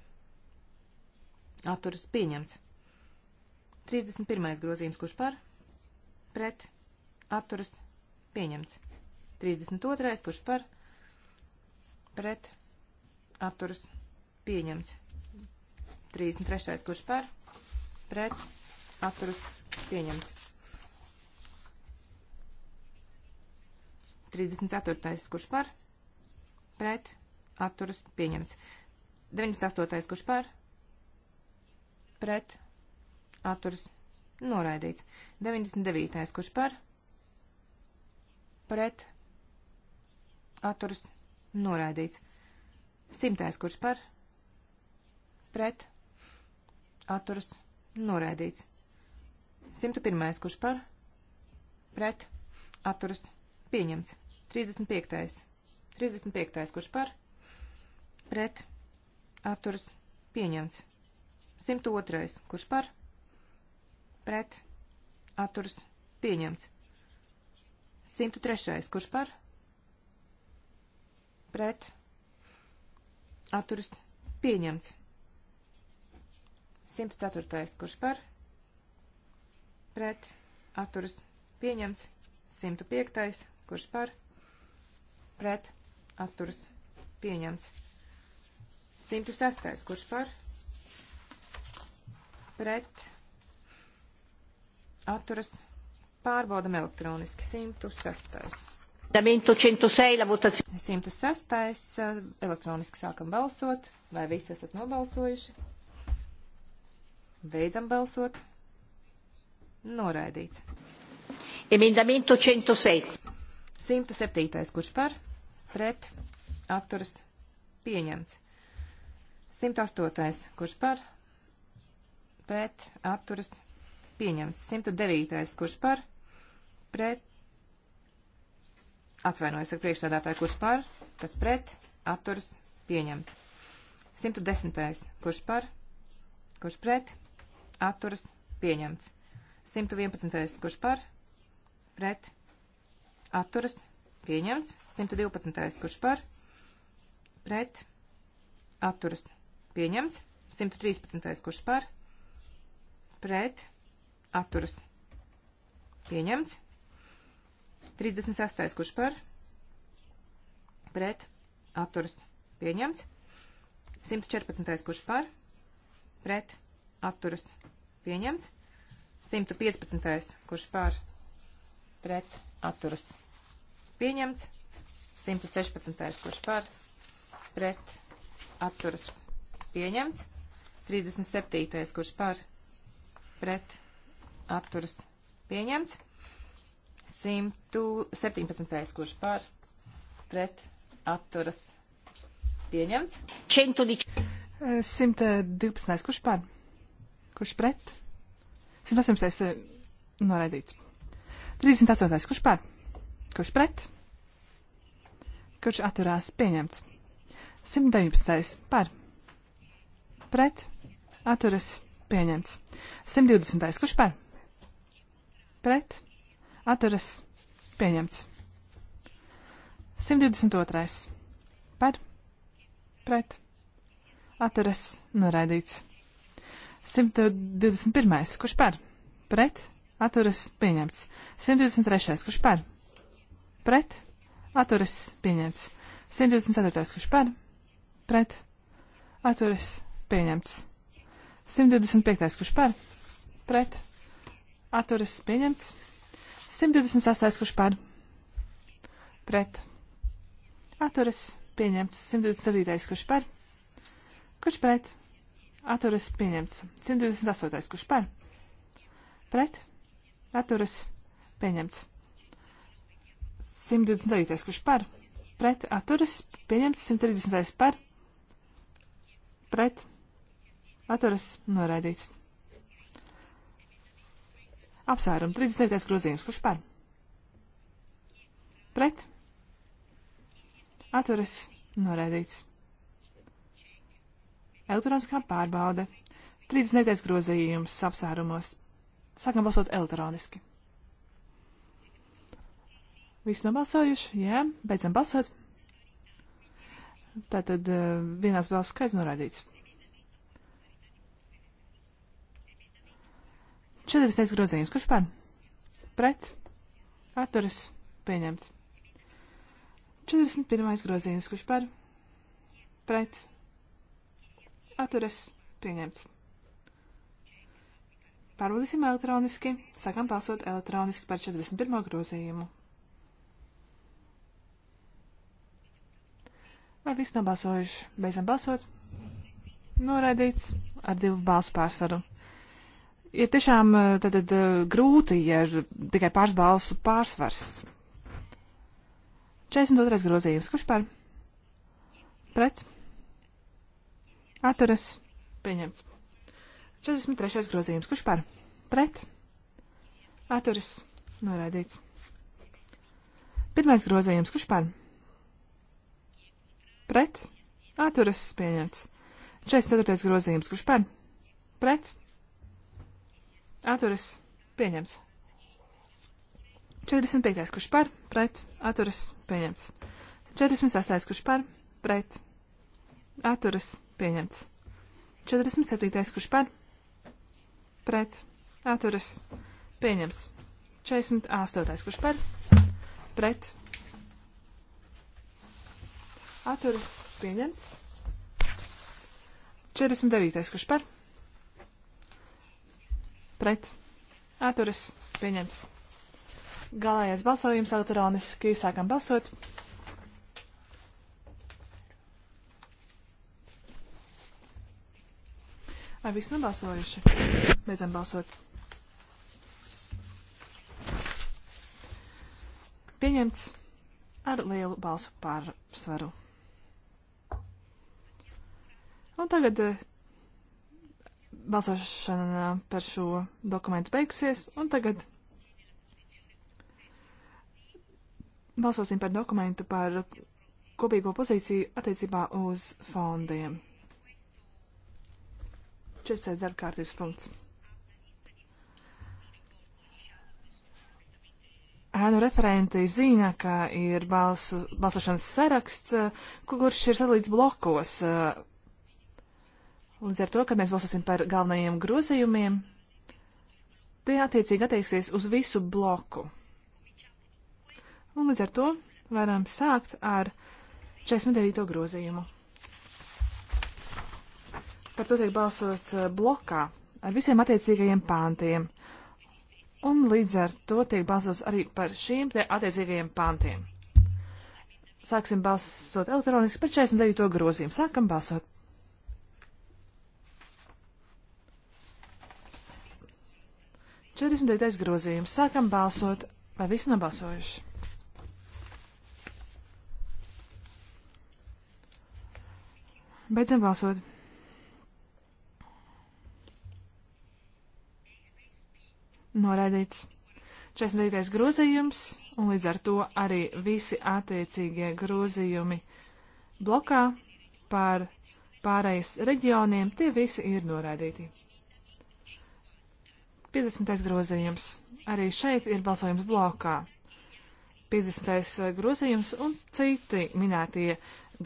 atturas pieņemts. 31. grozījums, kurš par, pret, atturas pieņemts. 32. kurš par, pret, atturas pieņemts. 33. kurš par, pret, atturas pieņemts. 34. kurš par, pret, atturas pieņemts. 98. kurš par, pret, atturas noraidīts. 99. kurš par, pret, atturas noraidīts. 100. kurš par, pret, atturas noraidīts. 101. kurš par, pret, atturas pieņemts. 35. 35. Kurš par? Pret. Atturas. Pieņemts. 102. Kurš par? Pret. Atturas. Pieņemts. 103. Kurš par? Pret. Atturas. Pieņemts. 104. Kurš par? Pret. Atturas. Pieņemts. 105. Kurš par? pret atturas pieņemts. 106. kurš par pret atturas pārbaudam elektroniski. 106. Emendamento 106, la votazione. 106. Elektroniski sākam balsot. Vai visi esat nobalsojuši? Beidzam balsot. Noraidīts. Emendamento 107. 107. Kurš par? pret atturas pieņemts. 108. kurš par pret atturas pieņemts. 109. kurš par pret atvainojas ar priekšsēdētāju, kurš par, kas pret atturas pieņemts. 110. kurš par, kurš pret atturas pieņemts. 111. kurš par pret atturas pieņemts pieņemts. 112. kurš par pret atturas pieņemts. 113. kurš par pret atturas pieņemts. 36. kurš par pret atturas pieņemts. 114. kurš par pret atturas pieņemts. 115. kurš par pret atturas pieņemts pieņemts. 116. kurš par pret atturas pieņemts. 37. kurš par pret atturas pieņemts. 117. kurš par pret atturas pieņemts. 112. kurš par? Kurš pret? 118. Eh, noraidīts. 38. kurš par? Kurš pret? Kurš atturās? Pieņemts. 119. par. Pret. Atturas. Pieņemts. 120. Kurš par? Pret. Atturas. Pieņemts. 122. Par. Pret. Atturas. Noraidīts. 121. Kurš par? Pret. Atturas. Pieņemts. 123. Kurš par? pret, atturas pieņemts. 124. kurš par, pret, atturas pieņemts. 125. kurš par, pret, atturas pieņemts. 128. kurš par, pret, atturas pieņemts. 127. kurš par, kurš pret, atturas pieņemts. 128. kurš par, pret, atturas pieņemts. 129. kurš par pret atturas pieņemts 130. par pret atturas noraidīts. Apsvērumu 39. grozījums. Kurš par? Pret atturas noraidīts. Elektroniskā pārbaude. 39. grozījums apsvērumos. Sākam balsot elektroniski. Visi nobalsojuši? Jā, beidzam balsot. Tātad eh, vienās balss skaits norādīts. 40. grozījums. Kurš par? Pret? Atturas? Pieņemts. 41. grozījums. Kurš par? Pret? Atturas? Pieņemts. Pārbaudīsim elektroniski. Sākam balsot elektroniski par 41. grozījumu. Vai viss nobalsojuši? Beidzam balsot. Noraidīts ar divu balsu pārsvaru. Ir tiešām eh, tad, tad, eh, grūti, ja ir tikai pāris balsu pārsvars. 42. grozījums. Kurš par? Pret? Atturas. Pieņemts. 43. grozījums. Kurš par? Pret? Atturas. Noraidīts. Pirmais grozījums. Kurš par? pret, atturas pieņemts. 44. grozījums, kurš par, pret, atturas pieņemts. 45. kurš par, pret, atturas pieņemts. 46. kurš par, pret, atturas pieņemts. 47. kurš par, pret, atturas pieņemts. 48. kurš par, pret, atturas pieņemts. 49. kurš par? Pret. Atturas pieņemts. Galējais balsojums elektroniski sākam balsot. Vai viss nobalsojuši? Beidzam balsot. Pieņemts ar lielu balsu pārsvaru. Un tagad eh, balsošana par šo dokumentu beigusies, un tagad balsosim par dokumentu par kopīgo pozīciju attiecībā uz fondiem. 14. darbkārtības punkts. Ēnu referenti zina, ka ir balsu, balsošanas saraksts, eh, kurš ir sadalīts blokos eh, Līdz ar to, kad mēs balsosim par galvenajiem grozījumiem, tie attiecīgi attieksies uz visu bloku. Un līdz ar to varam sākt ar 49. grozījumu. Par to tiek balsots eh, blokā ar visiem attiecīgajiem pāntiem. Un līdz ar to tiek balsots arī par šīm te attiecīgajiem pāntiem. Sāksim balsot elektroniski par 49. grozījumu. Sākam balsot. 49. grozījums. Sākam balsot. Vai visi nobalsojuši? Beidzam balsot. Noraidīts. 49. grozījums, un līdz ar to arī visi attiecīgie grozījumi blokā par pārējais reģioniem, tie visi ir noraidīti. 50. grozījums. Arī šeit ir balsojums blokā. 50. Eh, grozījums un citi minētie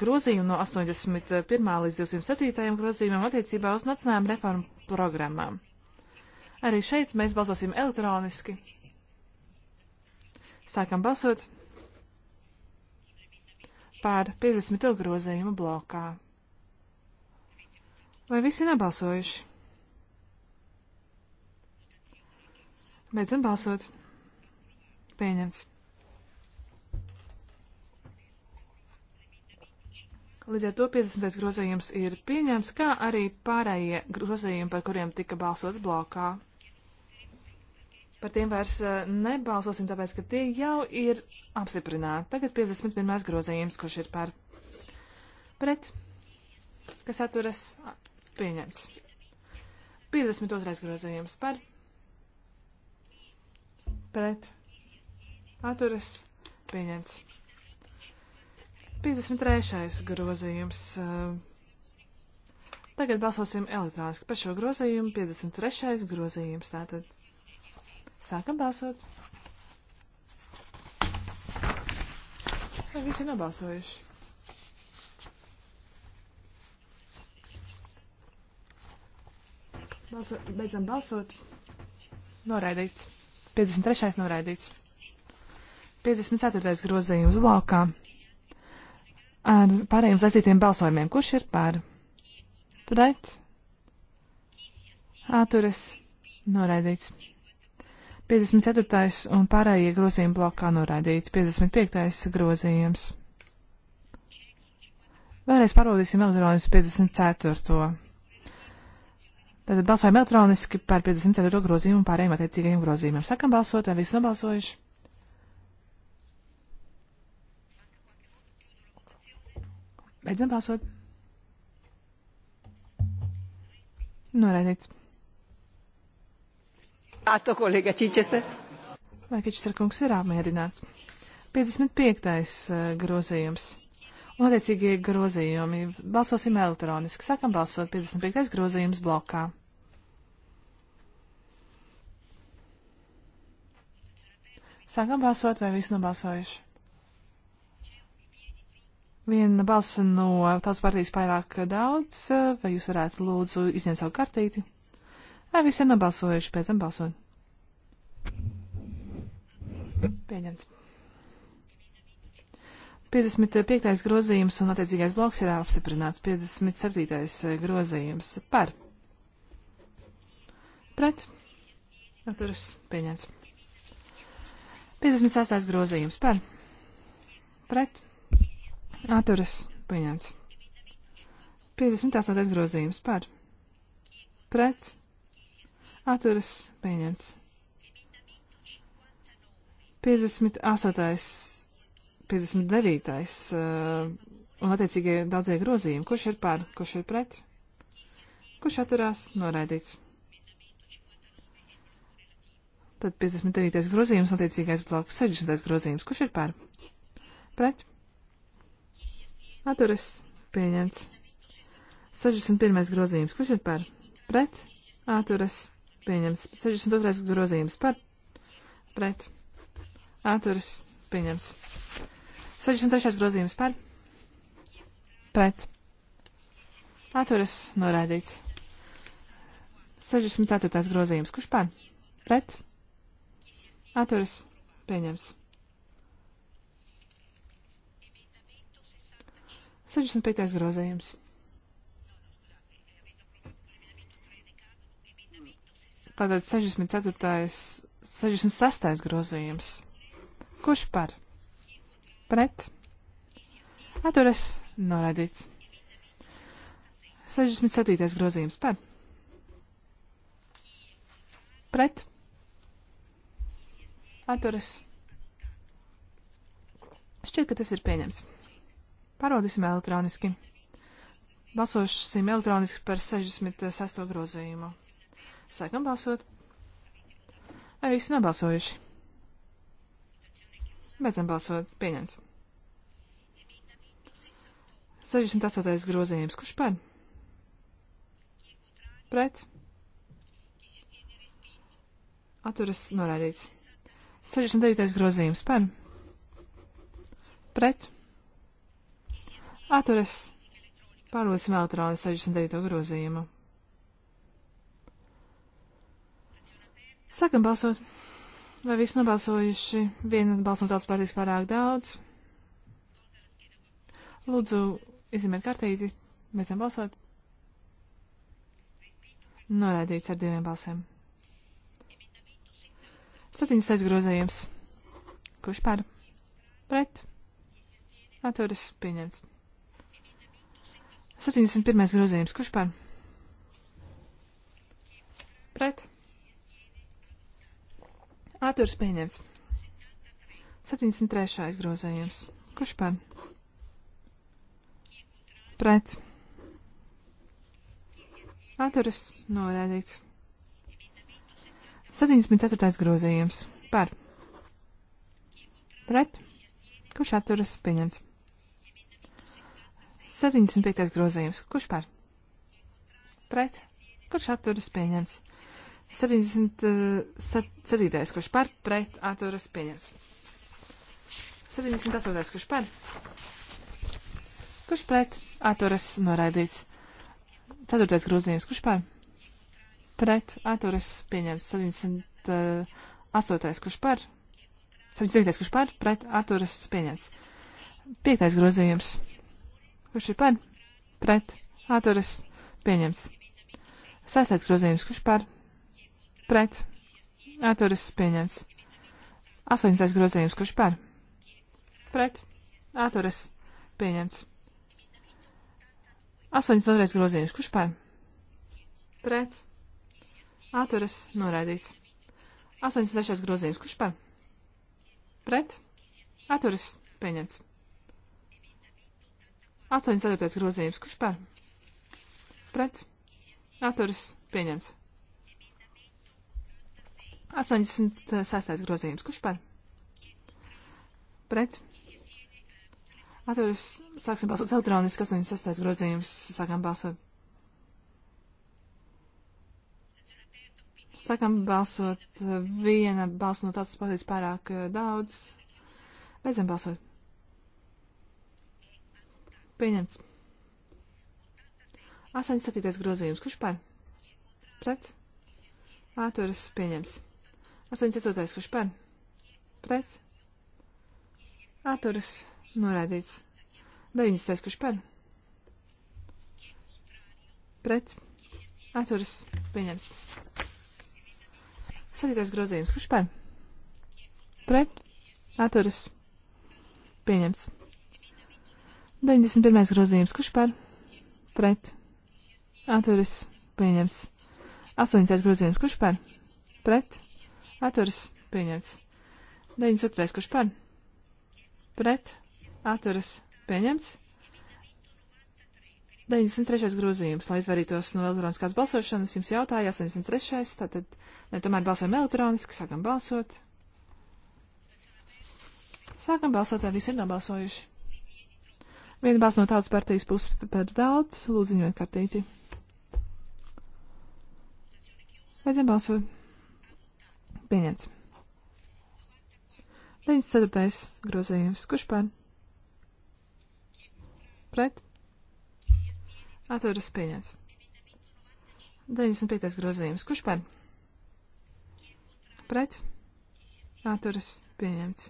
grozījumi no 81. līdz 207. grozījumam attiecībā uz nacionālajām reformu programmām. Arī šeit mēs balsosim elektroniski. Sākam balsot pār 50. grozījumu blokā. Vai visi nobalsojuši? Beidzam balsot. Pieņemts. Līdz ar to 50. grozījums ir pieņemts, kā arī pārējie grozījumi, par kuriem tika balsots blokā. Par tiem vairs eh, nebalsosim, tāpēc, ka tie jau ir apstiprināti. Tagad 51. grozījums, kurš ir par pret, kas atturas pieņemts. 52. grozījums par pret pret atturas pieņemts. 53. grozījums. Eh, tagad balsosim elektroniski par šo grozījumu. 53. grozījums. Tātad sākam balsot. Vai visi nobalsojuši? Balso, beidzam balsot. Noraidīts. 53. noraidīts. 54. grozījums blokā ar pārējiem saistītiem balsojumiem. Kurš ir pār? Pret? Atturis. Noraidīts. 54. un pārējie grozījumi blokā noraidīts. 55. grozījums. Vēlreiz pārbaudīsim elektronisku 54. Tātad balsojam elektroniski par 54. grozījumu un pārējiem attiecīgajiem grozījumiem. Sakam balsot, vai visi nobalsojuši? Beidzam balsot. Noraidīts. Ato kolēģa Čičester. Vai Čičester kungs ir apmierināts? 55. Eh, grozījums un attiecīgie grozījumi. Balsosim elektroniski. Sākam balsot 55. grozījums blokā. Sākam balsot, vai viss nobalsojuši? Viena balsa no tās partijas pārāk daudz, vai jūs varētu lūdzu izņemt savu kartīti? Vai visi ir nobalsojuši, pēc tam balsot? Pieņemts. 55. grozījums un attiecīgais bloks ir apstiprināts. 57. Eh, grozījums par. Pret. Atturas pieņemts. 58. grozījums par. Pret. Atturas pieņemts. 58. grozījums par. Pret. Atturas pieņemts. 58. 59. Eh, un attiecīgie daudzie grozījumi. Kurš ir pār, kurš ir pret? Kurš atturās? Noraidīts. Tad 59. grozījums, attiecīgais bloks, 60. grozījums. Kurš ir pār? Pret? Atturas. Pieņemts. 61. grozījums. Kurš ir pār? Pret? Atturas. Pieņemts. 62. grozījums. Par? Pret? Atturas. Pieņemts. 63. grozījums par pret. Atturas noraidīts. 64. grozījums. Kurš par? Pret. Atturas pieņems. 65. grozījums. Tātad 64. 66. grozījums. Kurš par? pret, atturas, noraidīts. 67. grozījums par, pret, atturas. Šķiet, ka tas ir pieņemts. Parodīsim elektroniski. Balsosim elektroniski par 66. grozījumu. Sākam balsot. Vai visi nobalsojuši? Beidzam balsot. Pieņemts. 68. grozījums. Kurš par? Pret. Atturas norādīts. 69. grozījums. Par. Pret. Atturas. Pārlūsim elektroni 69. grozījumu. Sākam balsot. Vai viss nobalsojuši? Viena balss no tautas partijas pārāk daudz. Lūdzu, izņemiet kartīti. Beidzam balsot. Noraidīts ar diviem balsēm. 7. grozējums. Kurš par? Pret. Atturis pieņemts. 71. grozējums. Kurš par? Pret. Atturs pieņemts. 73. grozējums. Kurš par? Pret. Atturas norādīts. 74. grozījums. Par. Pret. Kurš atturas pieņemts? 75. grozījums. Kurš par? Pret. Kurš atturas pieņemts? 77. Eh, kurš par pret atturas pieņems. 78. kurš par. Kurš pret atturas noraidīts. 4. grozījums. Kurš par? Pret atturas pieņems. 78. Eh, kurš par. 79. kurš par. Pret atturas pieņems. 5. grozījums. Kurš ir par? Pret atturas pieņems. 6. grozījums. Kurš par? pret atturas pieņemts. 80. grozījums, kurš par pret atturas pieņemts. 82. grozījums, kurš par pret atturas noraidīts. 83. grozījums, kurš par pret atturas pieņemts. 84. grozījums, kurš par pret atturas pieņemts. 86. grozījums. Kurš par? Pret. Atveras. Sāksim balsot elektroniski. 86. grozījums. Sākam balsot. Sākam balsot. Viena balsa no tādas pateic pārāk eh, daudz. Beidzam balsot. Pieņemts. 87. grozījums. Kurš par? Pret? Āturis pieņems. 88. kurš par? Pret? Atturas norādīts. 90. kurš par? Pret? Atturas pieņems. 7. grozījums. Kurš par? Pret? Atturas pieņems. 91. grozījums. Kurš par? Pret? Atturas pieņems. 8. grozījums. Kurš par? Pret? Atturas pieņemts. 92. Kurš par? Pret. Atturas pieņemts. 93. grozījums, lai izvairītos no elektroniskās balsošanas, jums jautāja 83. Tātad, ne tomēr balsojam elektroniski, sākam balsot. Sākam balsot, vai visi ir nobalsojuši. Viena balss no tādas partijas puses par daudz, lūdzu ziņot kartīti. Beidzam balsot. Pieņemts. 94. grozījums. Kurš pār? Pret? Atturas pieņemts. 95. grozījums. Kurš pār? Pret? Atturas pieņemts.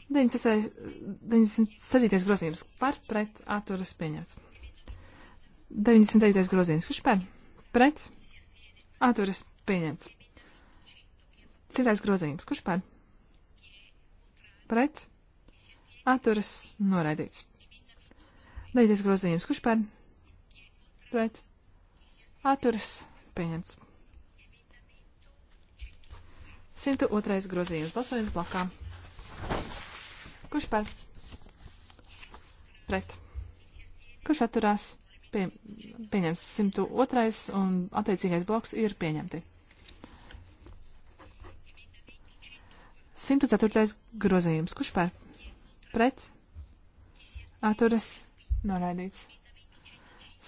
96, 97. grozījums. Par? Pret? Atturas pieņemts. 99. grozījums. Kurš pār? Pret? Atturas pieņemts. Citais grozījums. Kurš par? Pret. Atturas noraidīts. Daļies grozījums. Kurš par? Pret. Atturas pieņemts. 102. grozījums. Balsojums blakā. Kurš par? Pret. Kurš atturās? Pie, pieņems 102. un attiecīgais bloks ir pieņemti. 104. grozījums. Kurš par? Pret? Atturas? Noraidīts.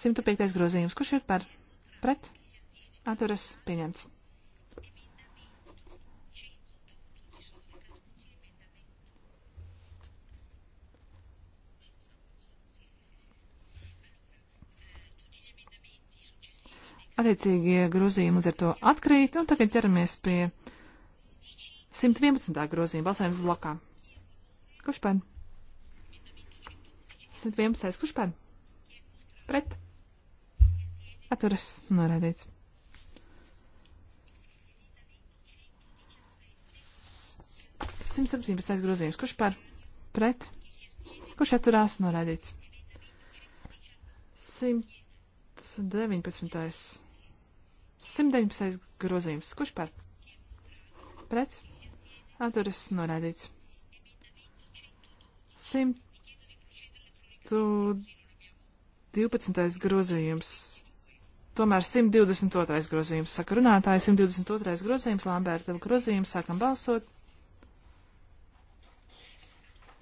105. grozījums. Kurš ir par? Pret? Atturas? Pieņemts. Attiecīgie grozījumi līdz ar to atkrīt, un tagad ķeramies pie 111. grozījuma balsojums blokā. Kurš pēn? 111. Kurš pēn? Pret. Atturas norādīts. Simt septiņpadsmitais grozījums. Kurš par? Pret. Kurš atturās norādīts? Simt 19. 119. grozījums. Kurš par? Pret? atturas norādīts. 112. grozījums. Tomēr 122. grozījums saka runātāji, 122. grozījums, Lamberta grozījums, sākam balsot.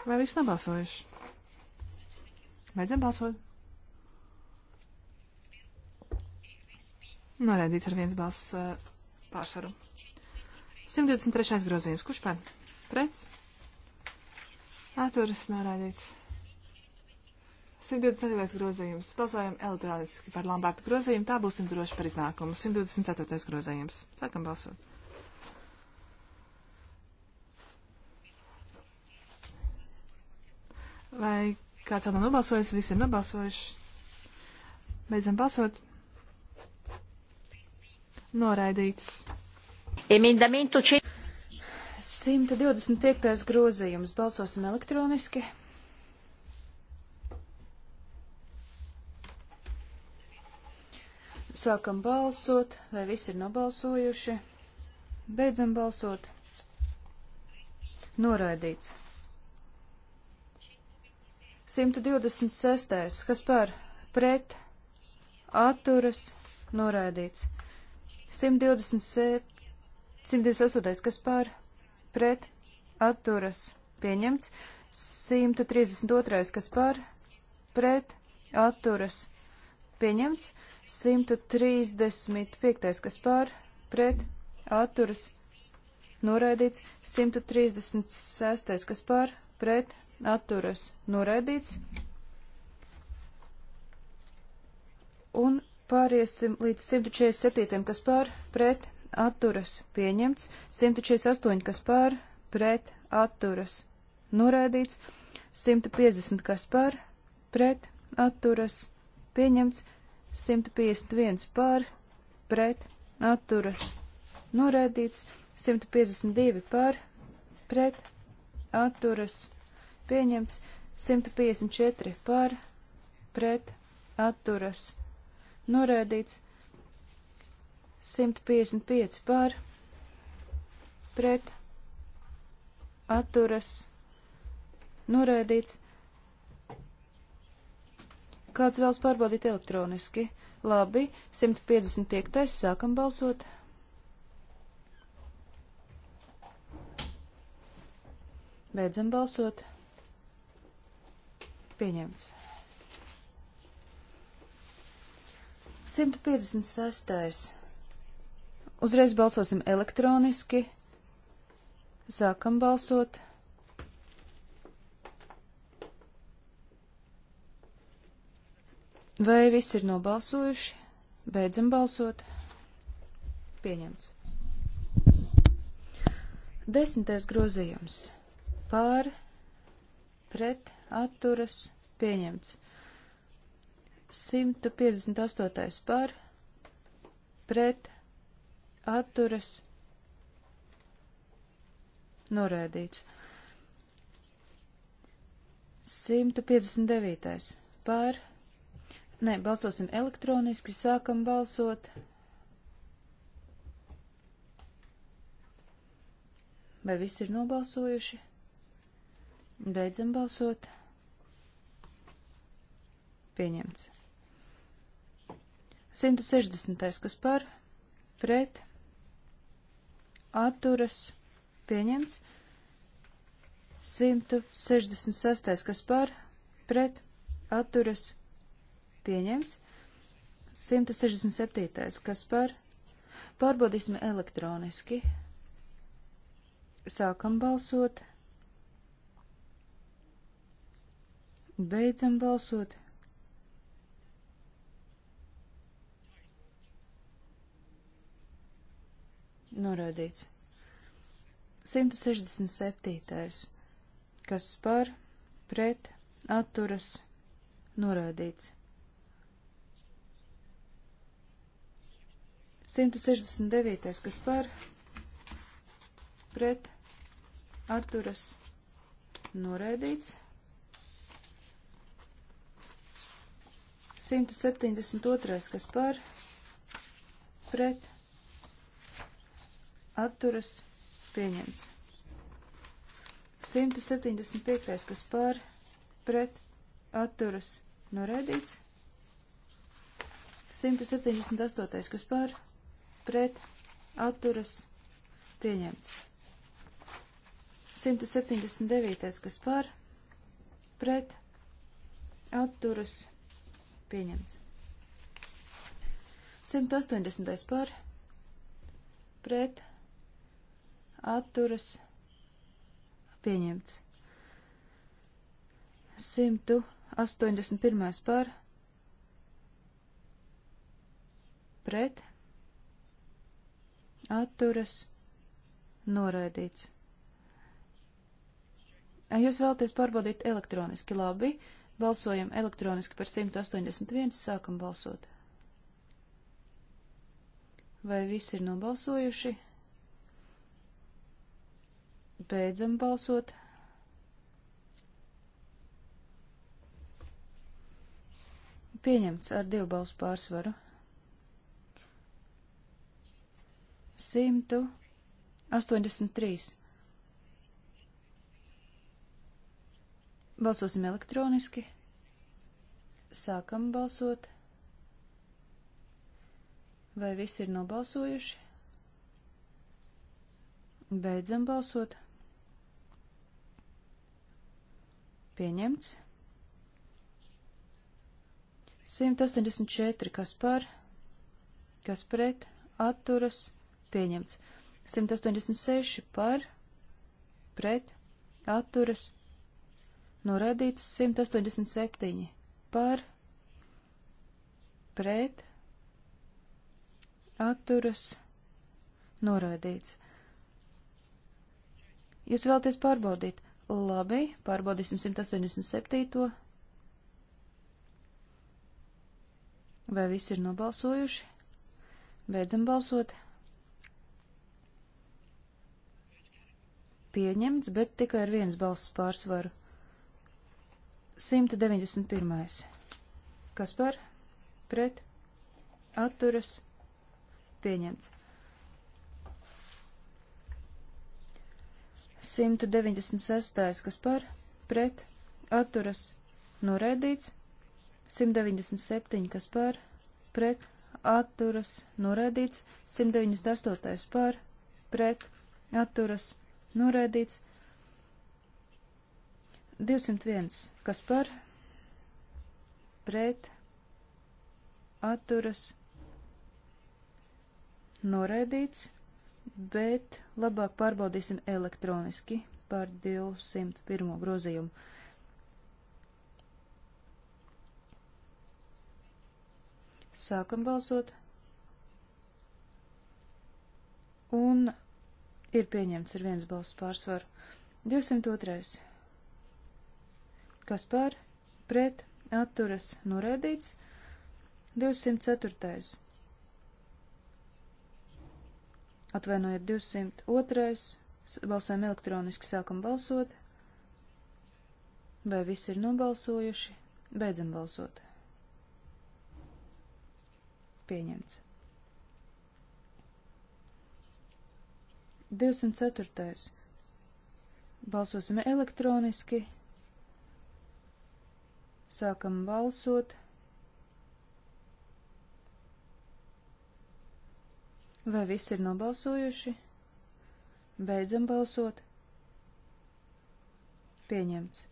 Vai viss nobalsojuši? Beidzam balsot. Noraidīts ar viens balss uh, pārsvaru. 123. grozījums. Kurš par? Pret? Atturas norādīts. 124. grozījums. Balsojam elektroniski par Lamberta grozījumu. Tā būsim droši par iznākumu. 124. grozījums. Sākam balsot. Vai kāds vēl nav nobalsojis? Visi ir nobalsojuši. Beidzam balsot. Noraidīts. Emendamento 125. grozījums. Balsosim elektroniski. Sākam balsot, vai visi ir nobalsojuši. Beidzam balsot. Noraidīts. 126. Kas par? Pret. Atturas. Noraidīts. 127. 128. kas par pret atturas pieņemts. 132. kas par pret atturas pieņemts. 135. kas par pret atturas noraidīts. 136. kas par pret atturas noraidīts. Un pāriesim līdz 147. kas par pret atturas pieņemts, 148 kas par, pret atturas noraidīts, 150 kas par, pret atturas pieņemts, 151 par, pret atturas noraidīts, 152 par, pret atturas pieņemts, 154 par, pret atturas noraidīts, 155 par pret atturas noraidīts. Kāds vēlas pārbaudīt elektroniski? Labi, 155. sākam balsot. Beidzam balsot. Pieņemts. 156. Uzreiz balsosim elektroniski. Sākam balsot. Vai visi ir nobalsojuši? Beidzam balsot. Pieņemts. Desmitais grozījums. Pār, pret, atturas, pieņemts. 158. pār, pret, atturas norēdīts. 159. pār. Nē, balsosim elektroniski, sākam balsot. Vai visi ir nobalsojuši? Beidzam balsot. Pieņemts. 160. kas par, pret, atturas pieņemts. 166. kas par pret atturas pieņemts. 167. kas par pārbaudīsim elektroniski. Sākam balsot. Beidzam balsot. Norādīts. 167. Kas par, pret, atturas, norādīts. 169. kas par pret atturas noraidīts. 172. kas par pret atturas pieņemts. 175. kas par pret atturas norēdīts. 178. kas par pret atturas pieņemts. 179. kas par pret atturas pieņemts. 180. par pret atturas pieņemts. 181. par pret atturas noraidīts. Jūs vēlaties pārbaudīt elektroniski labi. Balsojam elektroniski par 181, sākam balsot. Vai visi ir nobalsojuši? Beidzam balsot. Pieņemts ar divu balsu pārsvaru. 183. Balsosim elektroniski. Sākam balsot. Vai visi ir nobalsojuši? Beidzam balsot. Pieņemts. 184, kas par, kas pret, atturas, pieņemts. 186 par, pret, atturas, noraidīts 187 par, pret, atturas, noraidīts. Jūs vēlaties pārbaudīt? Labi, pārbaudīsim 187. Vai visi ir nobalsojuši? Beidzam balsot. Pieņemts, bet tikai ar vienas balss pārsvaru. 191. Kas par? Pret? Atturas? Pieņemts. 196. kas par pret atturas noraidīts. 197. kas par pret atturas noraidīts. 198. par pret atturas noraidīts. 201. kas par pret atturas noraidīts bet labāk pārbaudīsim elektroniski par 201. grozījumu. Sākam balsot. Un ir pieņemts ar viens balss pārsvaru. 202. Kas par? Pret? Atturas? Norēdīts? 204. Atvainojiet 202. Balsojam elektroniski, sākam balsot. Vai visi ir nobalsojuši? Beidzam balsot. Pieņemts. 204. Balsosim elektroniski. Sākam balsot. Vai visi ir nobalsojuši? Beidzam balsot. Pieņemts.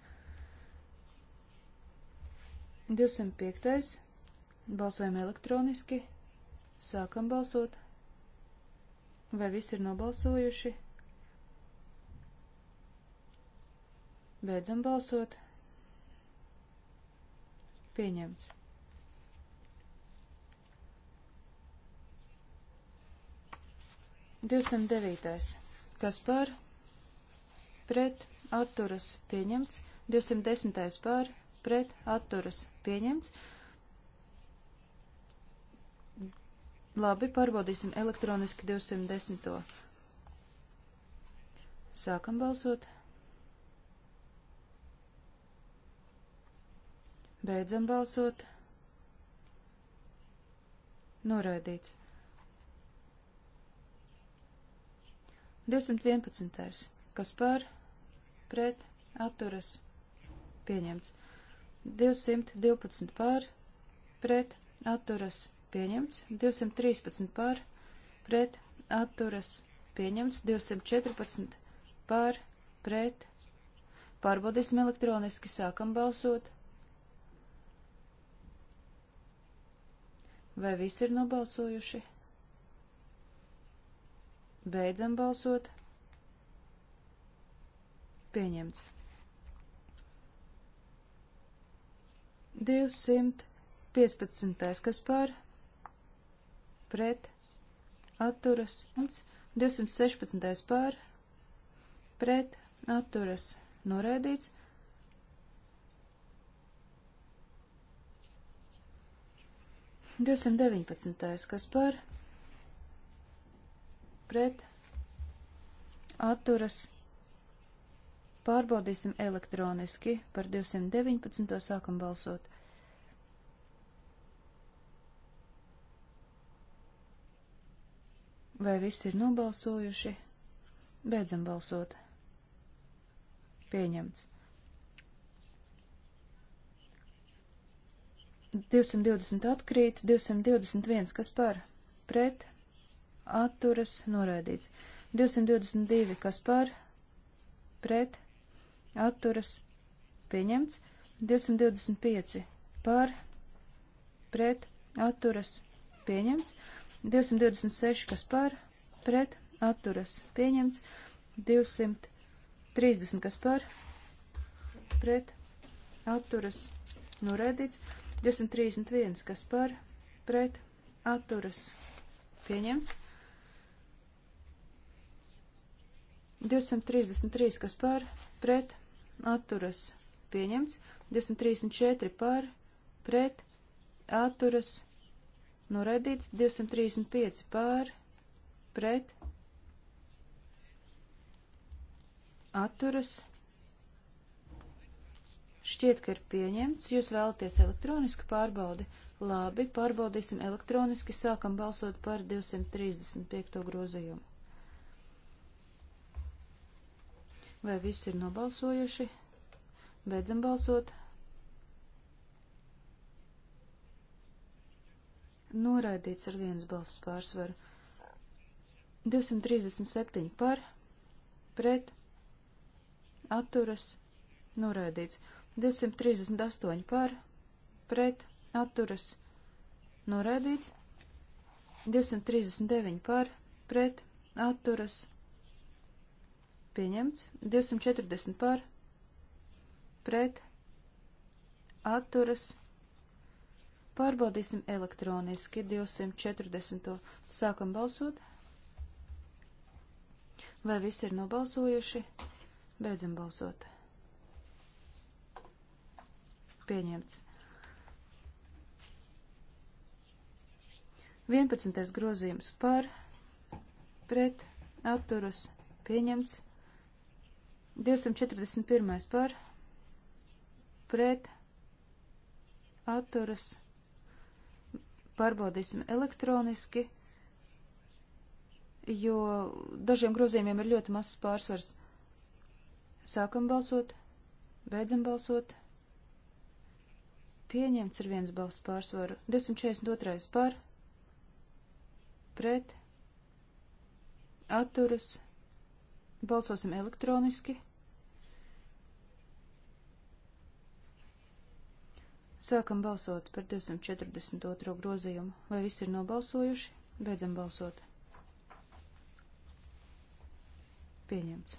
205. Balsojam elektroniski. Sākam balsot. Vai visi ir nobalsojuši? Beidzam balsot. Pieņemts. 209. Kas par? Pret atturas pieņemts. 210. par? Pret atturas pieņemts. Labi, pārbaudīsim elektroniski 210. Sākam balsot. Beidzam balsot. Noraidīts. 211. Kas par? Pret. Atturas. Pieņemts. 212 par. Pret. Atturas. Pieņemts. 213 par. Pret. Atturas. Pieņemts. 214 par. Pret. Pārbaudīsim elektroniski. Sākam balsot. Vai visi ir nobalsojuši? Beidzam balsot. Pieņemts. 215. kas pār pret atturas un 216. pār pret atturas norēdīts. Divsimt deviņpadsmitais, kas par pret atturas pārbaudīsim elektroniski par 219. sākam balsot. Vai visi ir nobalsojuši? Beidzam balsot. Pieņemts. 220 atkrīt, 221 kas par? Pret atturas noraidīts. 222, kas par, pret, atturas pieņemts. 225 par, pret, atturas pieņemts. 226, kas par, pret, atturas pieņemts. 230, kas par, pret, atturas noraidīts. 231, kas par, pret, atturas pieņemts. 233, kas par, pret, atturas, pieņemts. 234 par, pret, atturas, noraidīts. 235 par, pret, atturas. Šķiet, ka ir pieņemts. Jūs vēlaties elektroniski pārbaudi. Labi, pārbaudīsim elektroniski. Sākam balsot par 235. grozījumu. Vai viss ir nobalsojuši? Beidzam balsot. Noraidīts ar vienas balss pārsvaru. 237 par, pret, atturas, noraidīts. 238 par, pret, atturas, noraidīts. 239 par, pret, atturas, Pieņemts. 240 par. Pret. Atturas. Pārbaudīsim elektroniski 240. Sākam balsot. Vai visi ir nobalsojuši? Beidzam balsot. Pieņemts. 11. grozījums par, pret, atturas, pieņemts. 241. par pret atturas pārbaudīsim elektroniski, jo dažiem grozījumiem ir ļoti mazs pārsvars. Sākam balsot, beidzam balsot. Pieņemts ir viens balss pārsvaru. 242. par pret atturas. Balsosim elektroniski. Sākam balsot par 242. grozījumu. Vai visi ir nobalsojuši? Beidzam balsot. Pieņemts.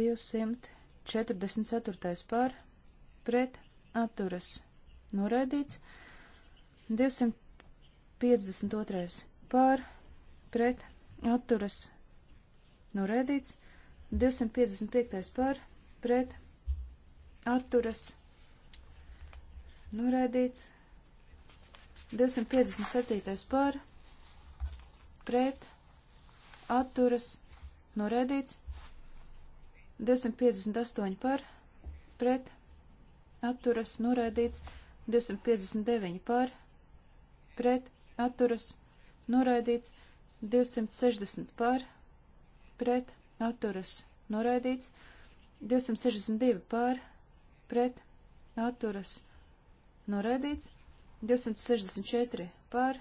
Divsimt četrdesmit ceturtais pār, pret, atturas, noraidīts. Divsimt piecdesmit otrais pār, pret, atturas, noraidīts. 255. par pret atturas noraidīts. 257. par pret atturas noraidīts. 258 par pret atturas noraidīts. 259 par pret atturas noraidīts. 260 par pret atturas noraidīts, 262 pār pret atturas noraidīts, 264 pār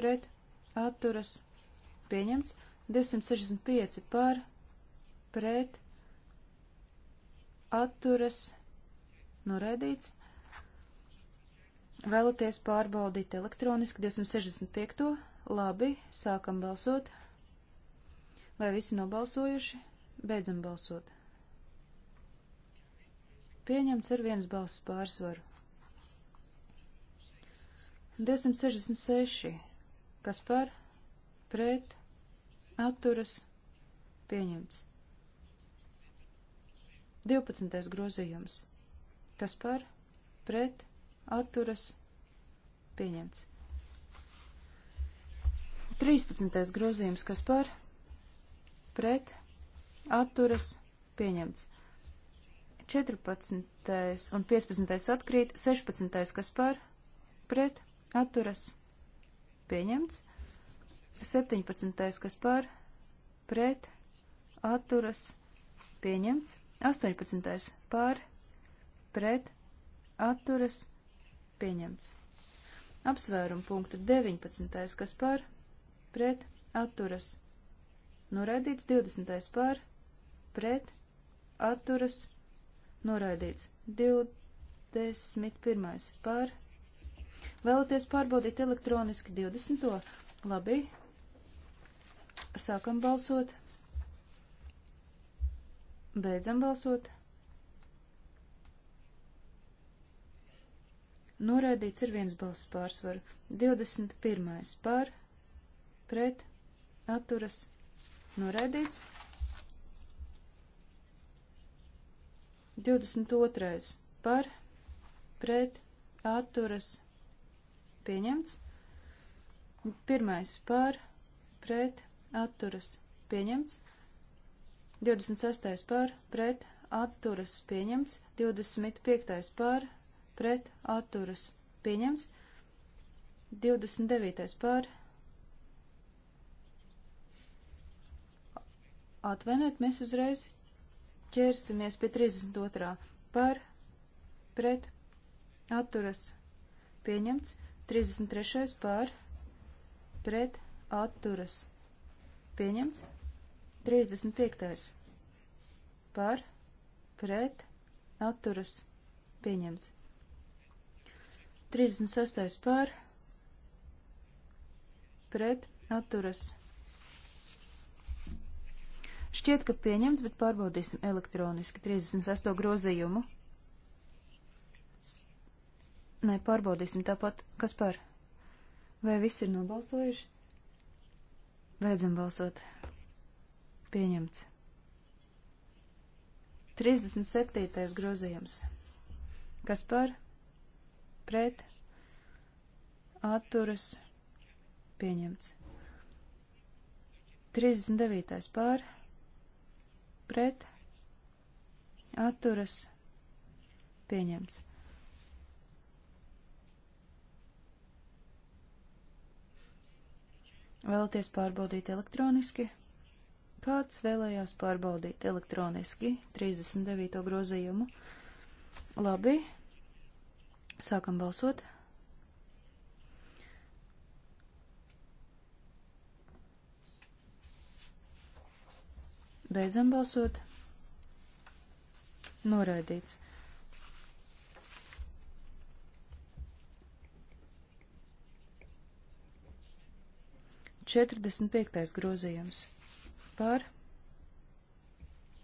pret atturas pieņemts, 265 pār pret atturas noraidīts. Vēlaties pārbaudīt elektroniski 265. Labi, sākam balsot. Vai visi nobalsojuši? Beidzam balsot. Pieņemts ar viens balss pārsvaru. 266. Kas par? Pret? Atturas? Pieņemts. 12. grozījums. Kas par? Pret? Atturas? Pieņemts. 13. grozījums. Kas par? Pret? pret, atturas, pieņemts. 14. un 15. atkrīt, 16. kas par, pret, atturas, pieņemts. 17. kas par, pret, atturas, pieņemts. 18. par, pret, atturas, pieņemts. Apsvērumu punktu 19. kas par, pret, atturas, pieņemts noraidīts, 20. par, pret, atturas, noraidīts, 21. par. Vēlaties pārbaudīt elektroniski 20. Labi. Sākam balsot. Beidzam balsot. Noraidīts ir viens balss pārsvaru. 21. par, pret, atturas, Noraidīts. 22. par pret atturas pieņemts. 1. par pret atturas pieņemts. 26. par pret atturas pieņemts. 25. par pret atturas pieņemts. 29. par Atvainojiet, mēs uzreiz ķersimies pie 32. par pret atturas pieņemts, 33. par pret atturas pieņemts, 35. par pret atturas pieņemts, 36. par pret atturas pieņemts Šķiet, ka pieņems, bet pārbaudīsim elektroniski 38. grozījumu. Nē, pārbaudīsim tāpat. Kas par? Vai viss ir nobalsojuši? Beidzam balsot. Pieņemts. 37. grozījums. Kas par? Pret? Atturas? Pieņemts. 39. pār? pret atturas pieņemts. Vēlaties pārbaudīt elektroniski? Kāds vēlējās pārbaudīt elektroniski 39. grozījumu? Labi, sākam balsot. Beidzam balsot. Noraidīts. Četrdesmit piektais grozījums. Par.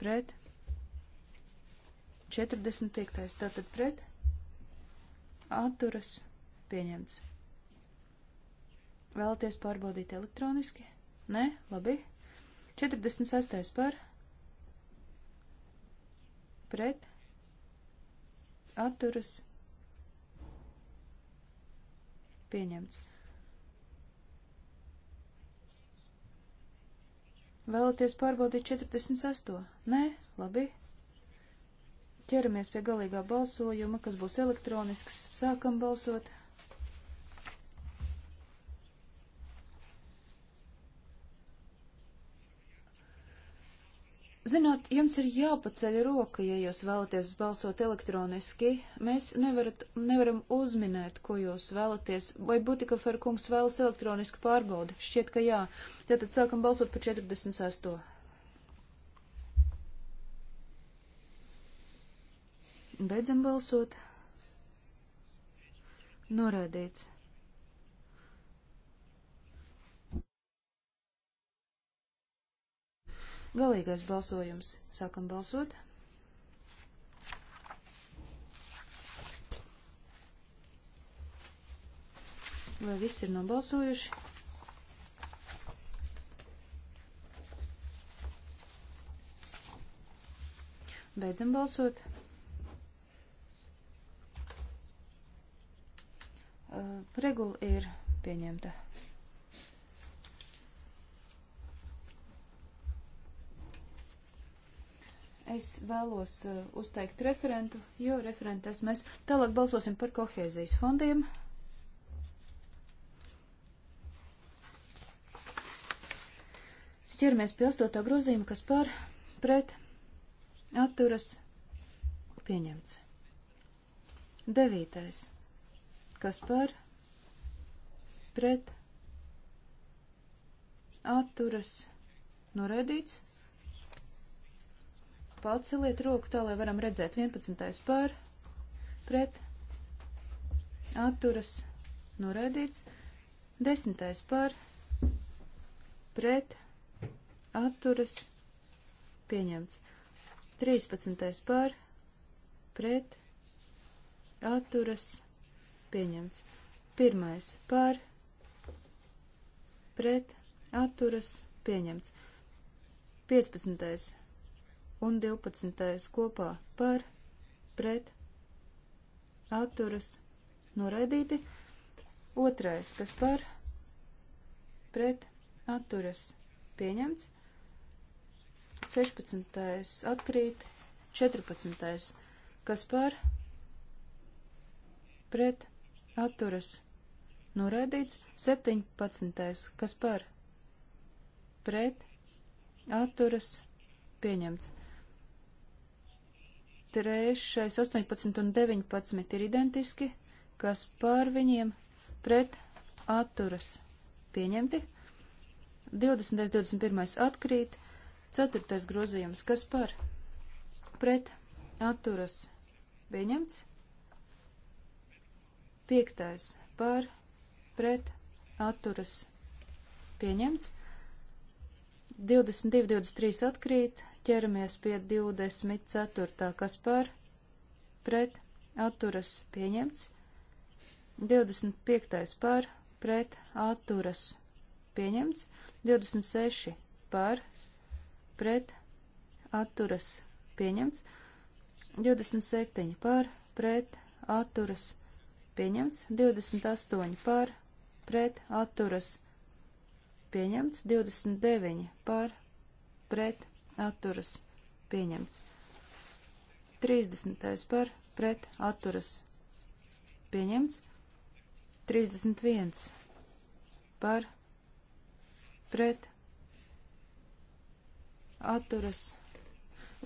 Pret. Četrdesmit piektais. Tātad pret. Atturas. Pieņemts. Vēlaties pārbaudīt elektroniski? Nē, labi. 46. par pret atturas pieņemts. Vēlaties pārbaudīt 48? Nē, labi. Ķeramies pie galīgā balsojuma, kas būs elektronisks. Sākam balsot. Zinot, jums ir jāpaceļ roka, ja jūs vēlaties balsot elektroniski. Mēs nevarat, nevaram uzminēt, ko jūs vēlaties. Vai Butika Ferkungs vēlas elektronisku pārbaudi? Šķiet, ka jā. Tātad sākam balsot par 46. Beidzam balsot. Norādīts. Galīgais balsojums. Sākam balsot. Vai viss ir nobalsojuši? Beidzam balsot. Uh, regula ir pieņemta. es vēlos uh, uzteikt referentu, jo referenta esmu es. Tālāk balsosim par kohēzijas fondiem. Ķeramies pie astotā grozījuma, kas par pret atturas pieņemts. Devītais, kas par pret atturas noraidīts. Paceliet roku tā, lai varam redzēt 11. par, pret, atturas, noraidīts, 10. par, pret, atturas, pieņemts, 13. par, pret, atturas, pieņemts, 1. par, pret, atturas, pieņemts, 15 un 12. kopā par pret atturas noraidīti, otrais, kas par pret atturas pieņemts, 16. atkrīt, 14. kas par pret atturas noraidīts, 17. kas par pret atturas pieņemts. Trešais, 18 un 19 ir identiski, kas pār viņiem pret atturas pieņemti. 20. 21. atkrīt, 4. grozījums, kas par pret atturas pieņemts. 5. par pret atturas pieņemts. 22, 23 atkrīt, ķeramies pie 24. kas par pret atturas pieņemts, 25. par pret atturas pieņemts, 26. par pret atturas pieņemts, 27. par pret atturas pieņemts, 28. par pret atturas pieņemts, 29. par pret atturas pieņemts. 30. par pret atturas pieņemts. 31. par pret atturas.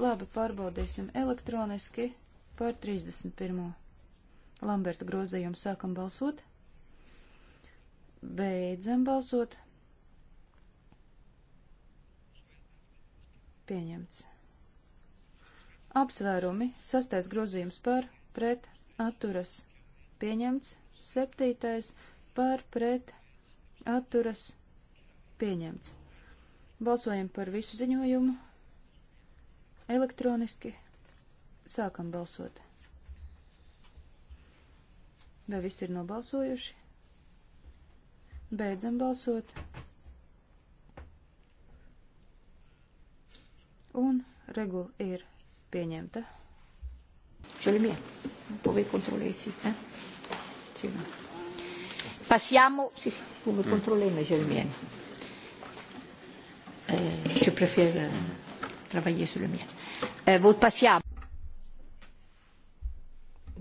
Labi, pārbaudīsim elektroniski par 31. Lamberta grozījumu sākam balsot. Beidzam balsot. pieņemts. Apsvērumi, sastais grozījums par, pret, atturas, pieņemts, septītais par, pret, atturas, pieņemts. Balsojam par visu ziņojumu elektroniski. Sākam balsot. Vai visi ir nobalsojuši? Beidzam balsot. Un regula ir pieņemta. Žēlimie, puvi kontrolēsi. Eh? Cīnā. Passiamo, sì, sì, come controlliamo i gelmieni. Eh, je préfère travailler sur le mien. Eh, passiamo.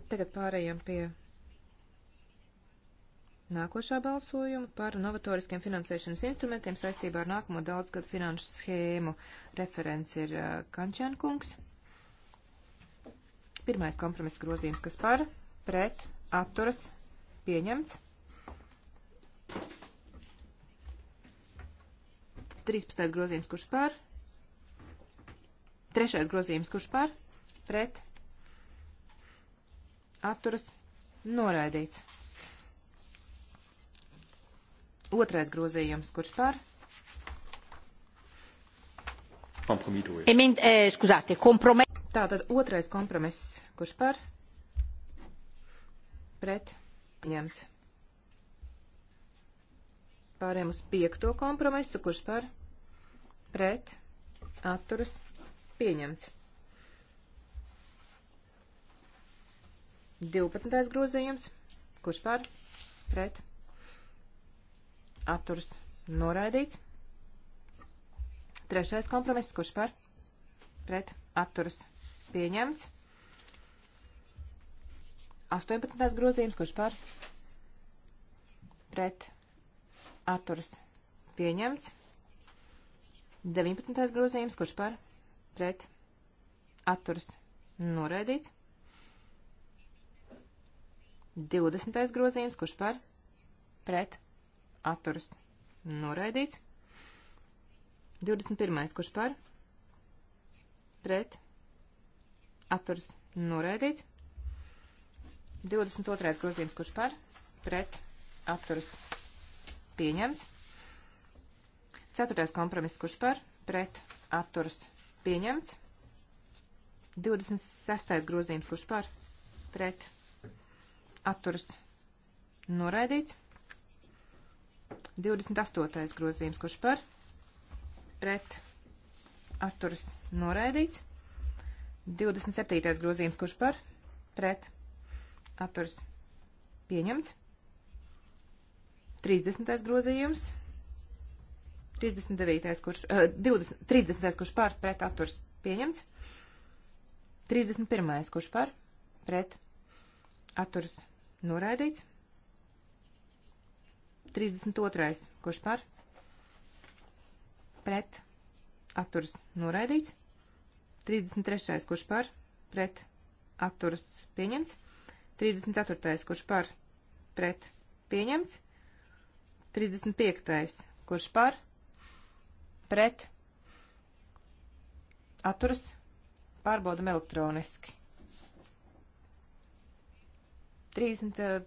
Tagad pārējām pie Nākošā balsojuma par novatoriskiem finansēšanas instrumentiem saistībā ar nākamo daudzgadu finanšu schēmu. Referents ir uh, Kančankungs. Pirmais kompromiss grozījums, kas par, pret, atturas, pieņemts. 13. grozījums, kurš par, Trešais grozījums, kurš par, pret, atturas, noraidīts. Otrais grozījums, kurš par? Eh, Tātad otrais kompromiss, kurš par? Pret. Ņemts. Pārējām uz piekto kompromisu, kurš par? Pret. Atturas. Pieņemts. 12. grozījums, kurš par? Pret. Atturs noraidīts. Trešais kompromiss, kurš par? Pret. Atturs pieņemts. 18. grozījums, kurš par? Pret. Atturs pieņemts. 19. grozījums, kurš par? Pret. Atturs noraidīts. 20. grozījums, kurš par? Pret atturas noraidīts. 21. kurš par pret atturas noraidīts. 22. grozījums kurš par pret atturas pieņemts. 4. kompromiss kurš par pret atturas pieņemts. 26. grozījums kurš par pret atturas noraidīts. 28. grozījums, kurš par pret atturas noraidīts. 27. grozījums, kurš par pret atturas pieņemts. 30. grozījums. 39. kurš, uh, 20, 30. kurš par pret atturas pieņemts. 31. kurš par pret atturas noraidīts. 32. Kurš par? Pret. Atturas noraidīts. 33. Kurš par? Pret. Atturas pieņemts. 34. Kurš par? Pret. Pieņemts. 35. Kurš par? Pret. Atturas. Pārbaudam elektroniski. 30.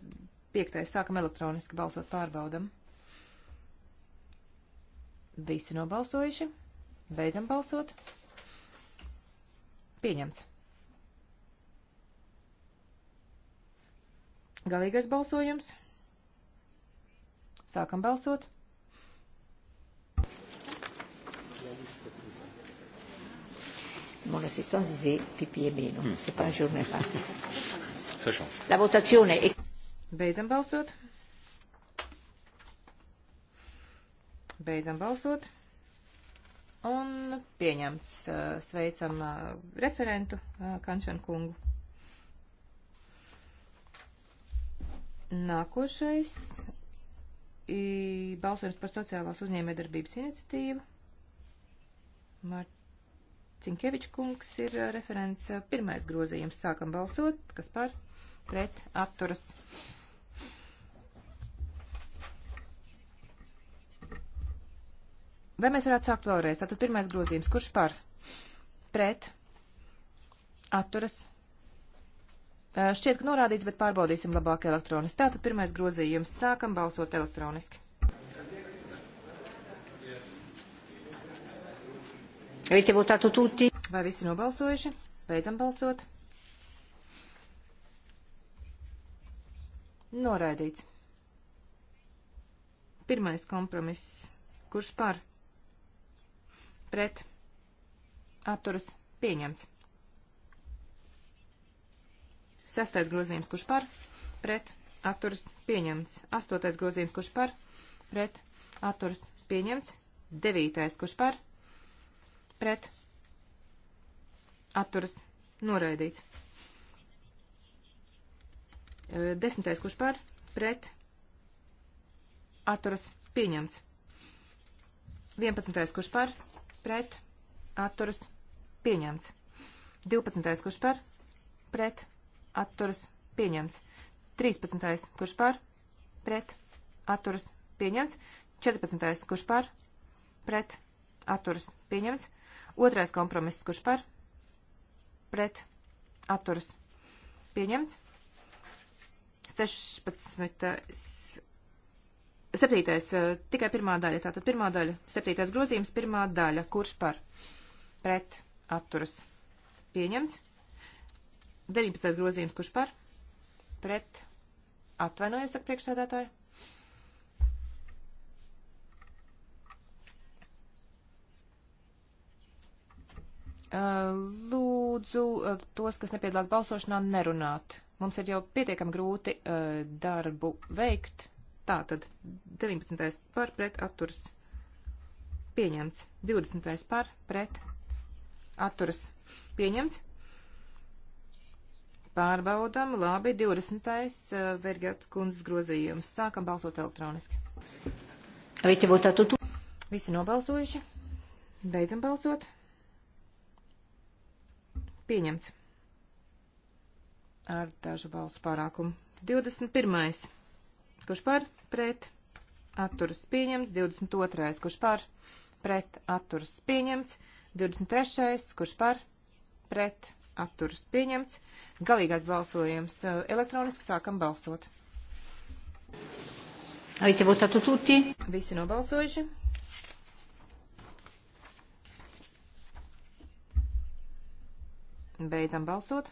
Piektais sākam elektroniski balsot pārbaudam. Visi nobalsojuši. Beidzam balsot. Pieņemts. Galīgais balsojums. Sākam balsot. Mon assistant disait pipi et bien, non, mm. c'est pas un jour de La votazione è Beidzam balsot. Beidzam balsot. Un pieņemts. Sveicam referentu Kančanu kungu. Nākošais ir balsojums par sociālās uzņēmējdarbības iniciatīvu. Marcinkevičs kungs ir referents pirmais grozījums. Sākam balsot, kas par pret apturas. Uh, Vai mēs varētu sākt vēlreiz? Tātad pirmais grozījums. Kurš par? Pret. Atturas. Šķiet, ka norādīts, bet pārbaudīsim labāk elektroniski. Tātad pirmais grozījums. Sākam balsot elektroniski. Vai visi nobalsojuši? Beidzam balsot. Noraidīts. Pirmais kompromiss. Kurš par? pret atturas pieņemts. Sestais grozījums, kurš par, pret atturas pieņemts. Astotais grozījums, kurš par, pret atturas pieņemts. Devītais, kurš par, pret atturas noraidīts. E, desmitais, kurš par, pret atturas pieņemts. Vienpadsmitais, kurš par, pret, atturas, pieņemts. 12. kurš par, pret, atturas, pieņemts. 13. kurš par, pret, atturas, pieņemts. 14. kurš par, pret, atturas, pieņemts. 2. kompromiss, kurš par, pret, atturas, pieņemts. 16. Septītais, eh, tikai pirmā daļa, tātad pirmā daļa, septītais grozījums, pirmā daļa, kurš par pret atturas pieņemts. 19. grozījums, kurš par pret atvainojas, saka priekšsēdētāji. Eh, lūdzu eh, tos, kas nepiedalās balsošanā, nerunāt. Mums ir jau pietiekami grūti darbu veikt Tā tad 19. par pret atturas pieņemts. 20. par pret atturas pieņemts. Pārbaudam, labi, 20. Eh, Vergat kundzes grozījums. Sākam balsot elektroniski. Visi nobalsojuši. Beidzam balsot. Pieņemts. Ar dažu balsu pārākumu. 21. Kurš par? pret atturas pieņemts, 22. kurš par pret atturas pieņemts, 23. kurš par pret atturas pieņemts. Galīgais balsojums elektroniski sākam balsot. Avete votato tutti? Visi nobalsojuši. Beidzam balsot.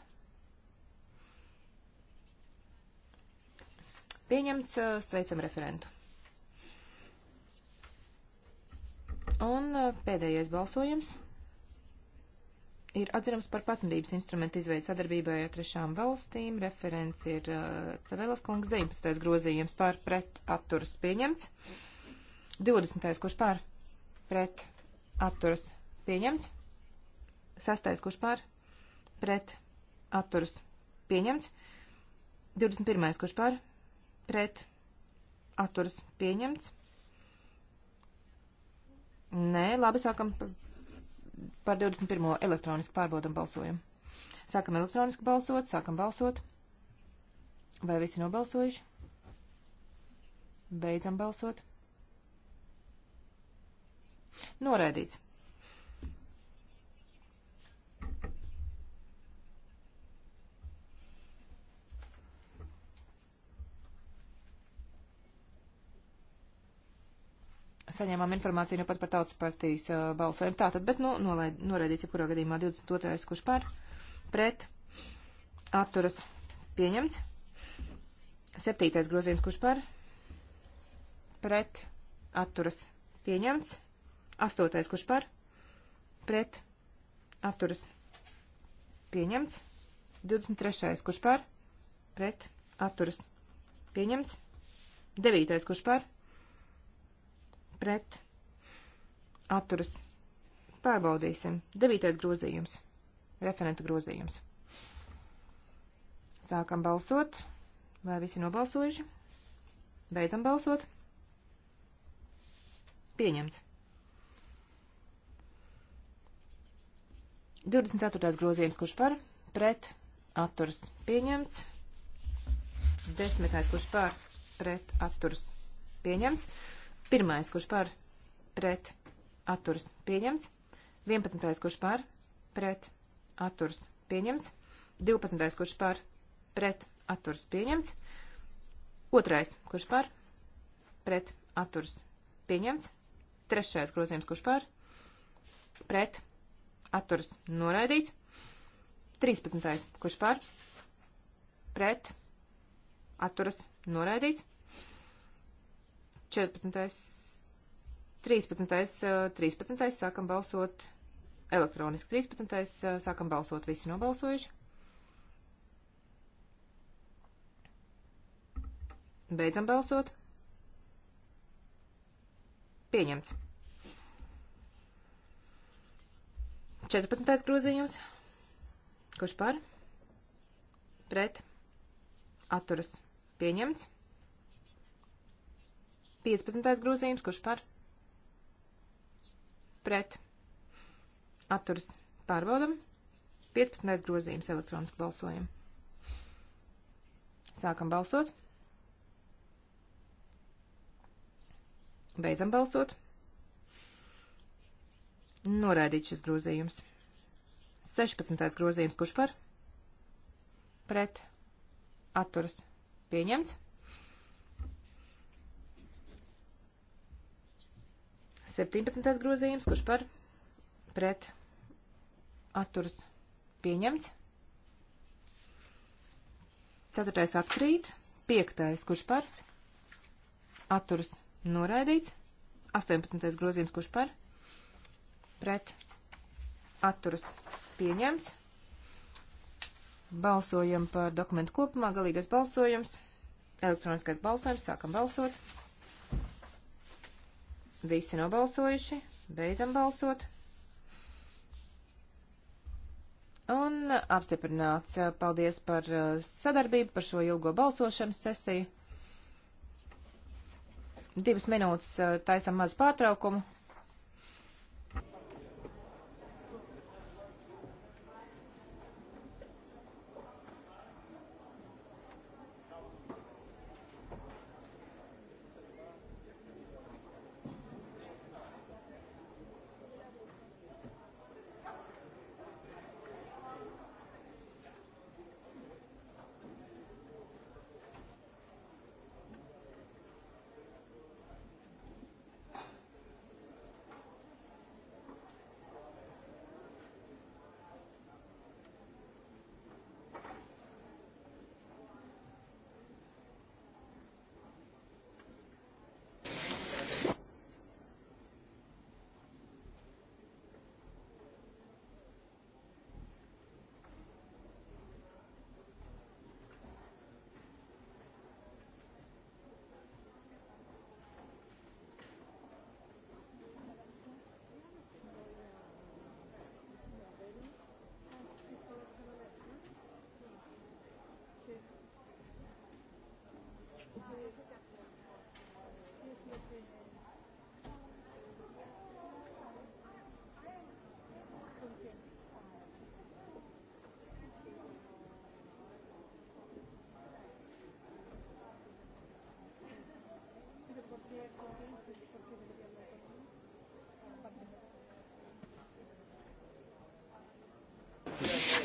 Pieņemts, sveicam referentu. Un pēdējais balsojums ir atzinums par partnerības instrumentu izveidu sadarbībai ar trešām valstīm. Referents ir uh, Cavēlas kungs 19. grozījums pār pret atturas pieņemts. 20. kurš pār pret atturas pieņemts. 6. kurš pār pret atturas pieņemts. 21. kurš pār pret atturas pieņemts. Nē, labi, sākam par 21. elektroniski pārbaudam balsojumu. Sākam elektroniski balsot, sākam balsot. Vai visi nobalsojuši? Beidzam balsot. Noraidīts. saņēmām informāciju nu pat par tautas partijas uh, balsojumu. Tātad, bet, nu, nolaid, noraidīts, ja kurā gadījumā 22. kurš par, pret, atturas, pieņemts. Septītais grozījums, kurš par, pret, atturas, pieņemts. Astotais, kurš par, pret, atturas, pieņemts. 23. kurš par, pret, atturas, pieņemts. Devītais, kurš par, pret atturas. Pārbaudīsim. Devītais grozījums. Referenta grozījums. Sākam balsot. Vai visi nobalsojuši? Beidzam balsot. Pieņemts. 24. grozījums, kurš par, pret, atturs, pieņemts. 10. kurš par, pret, atturs, pieņemts. Pirmais, kurš par pret atturs pieņemts. 11. kurš par pret atturs pieņemts. 12. kurš par pret atturs pieņemts. Otrais, kurš par pret atturs pieņemts. Trešais grozījums, kurš par pret atturs noraidīts. 13. kurš par pret atturas noraidīts. 14. 13. 13. sākam balsot elektroniski. 13. sākam balsot visi nobalsojuši. Beidzam balsot. Pieņemts. 14. grozījums. Kurš par? Pret. Atturas. Pieņemts. 15. grozījums, kurš par? Pret. Atturs pārbaudam. 15. grozījums elektroniski balsojam. Sākam balsot. Beidzam balsot. Noraidīt šis grozījums. 16. grozījums, kurš par? Pret. Atturas. Pieņemts. 17. grozījums, kurš par pret atturas pieņemts. 4. atkrīt. 5. kurš par atturas noraidīts. 18. grozījums, kurš par pret atturas pieņemts. Balsojam par dokumentu kopumā, galīgais balsojums, elektroniskais balsojums, sākam balsot. Visi nobalsojuši. Beidzam balsot. Un apstiprināts. Paldies par uh, sadarbību, par šo ilgo balsošanas sesiju. Divas minūtes uh, taisam mazu pārtraukumu.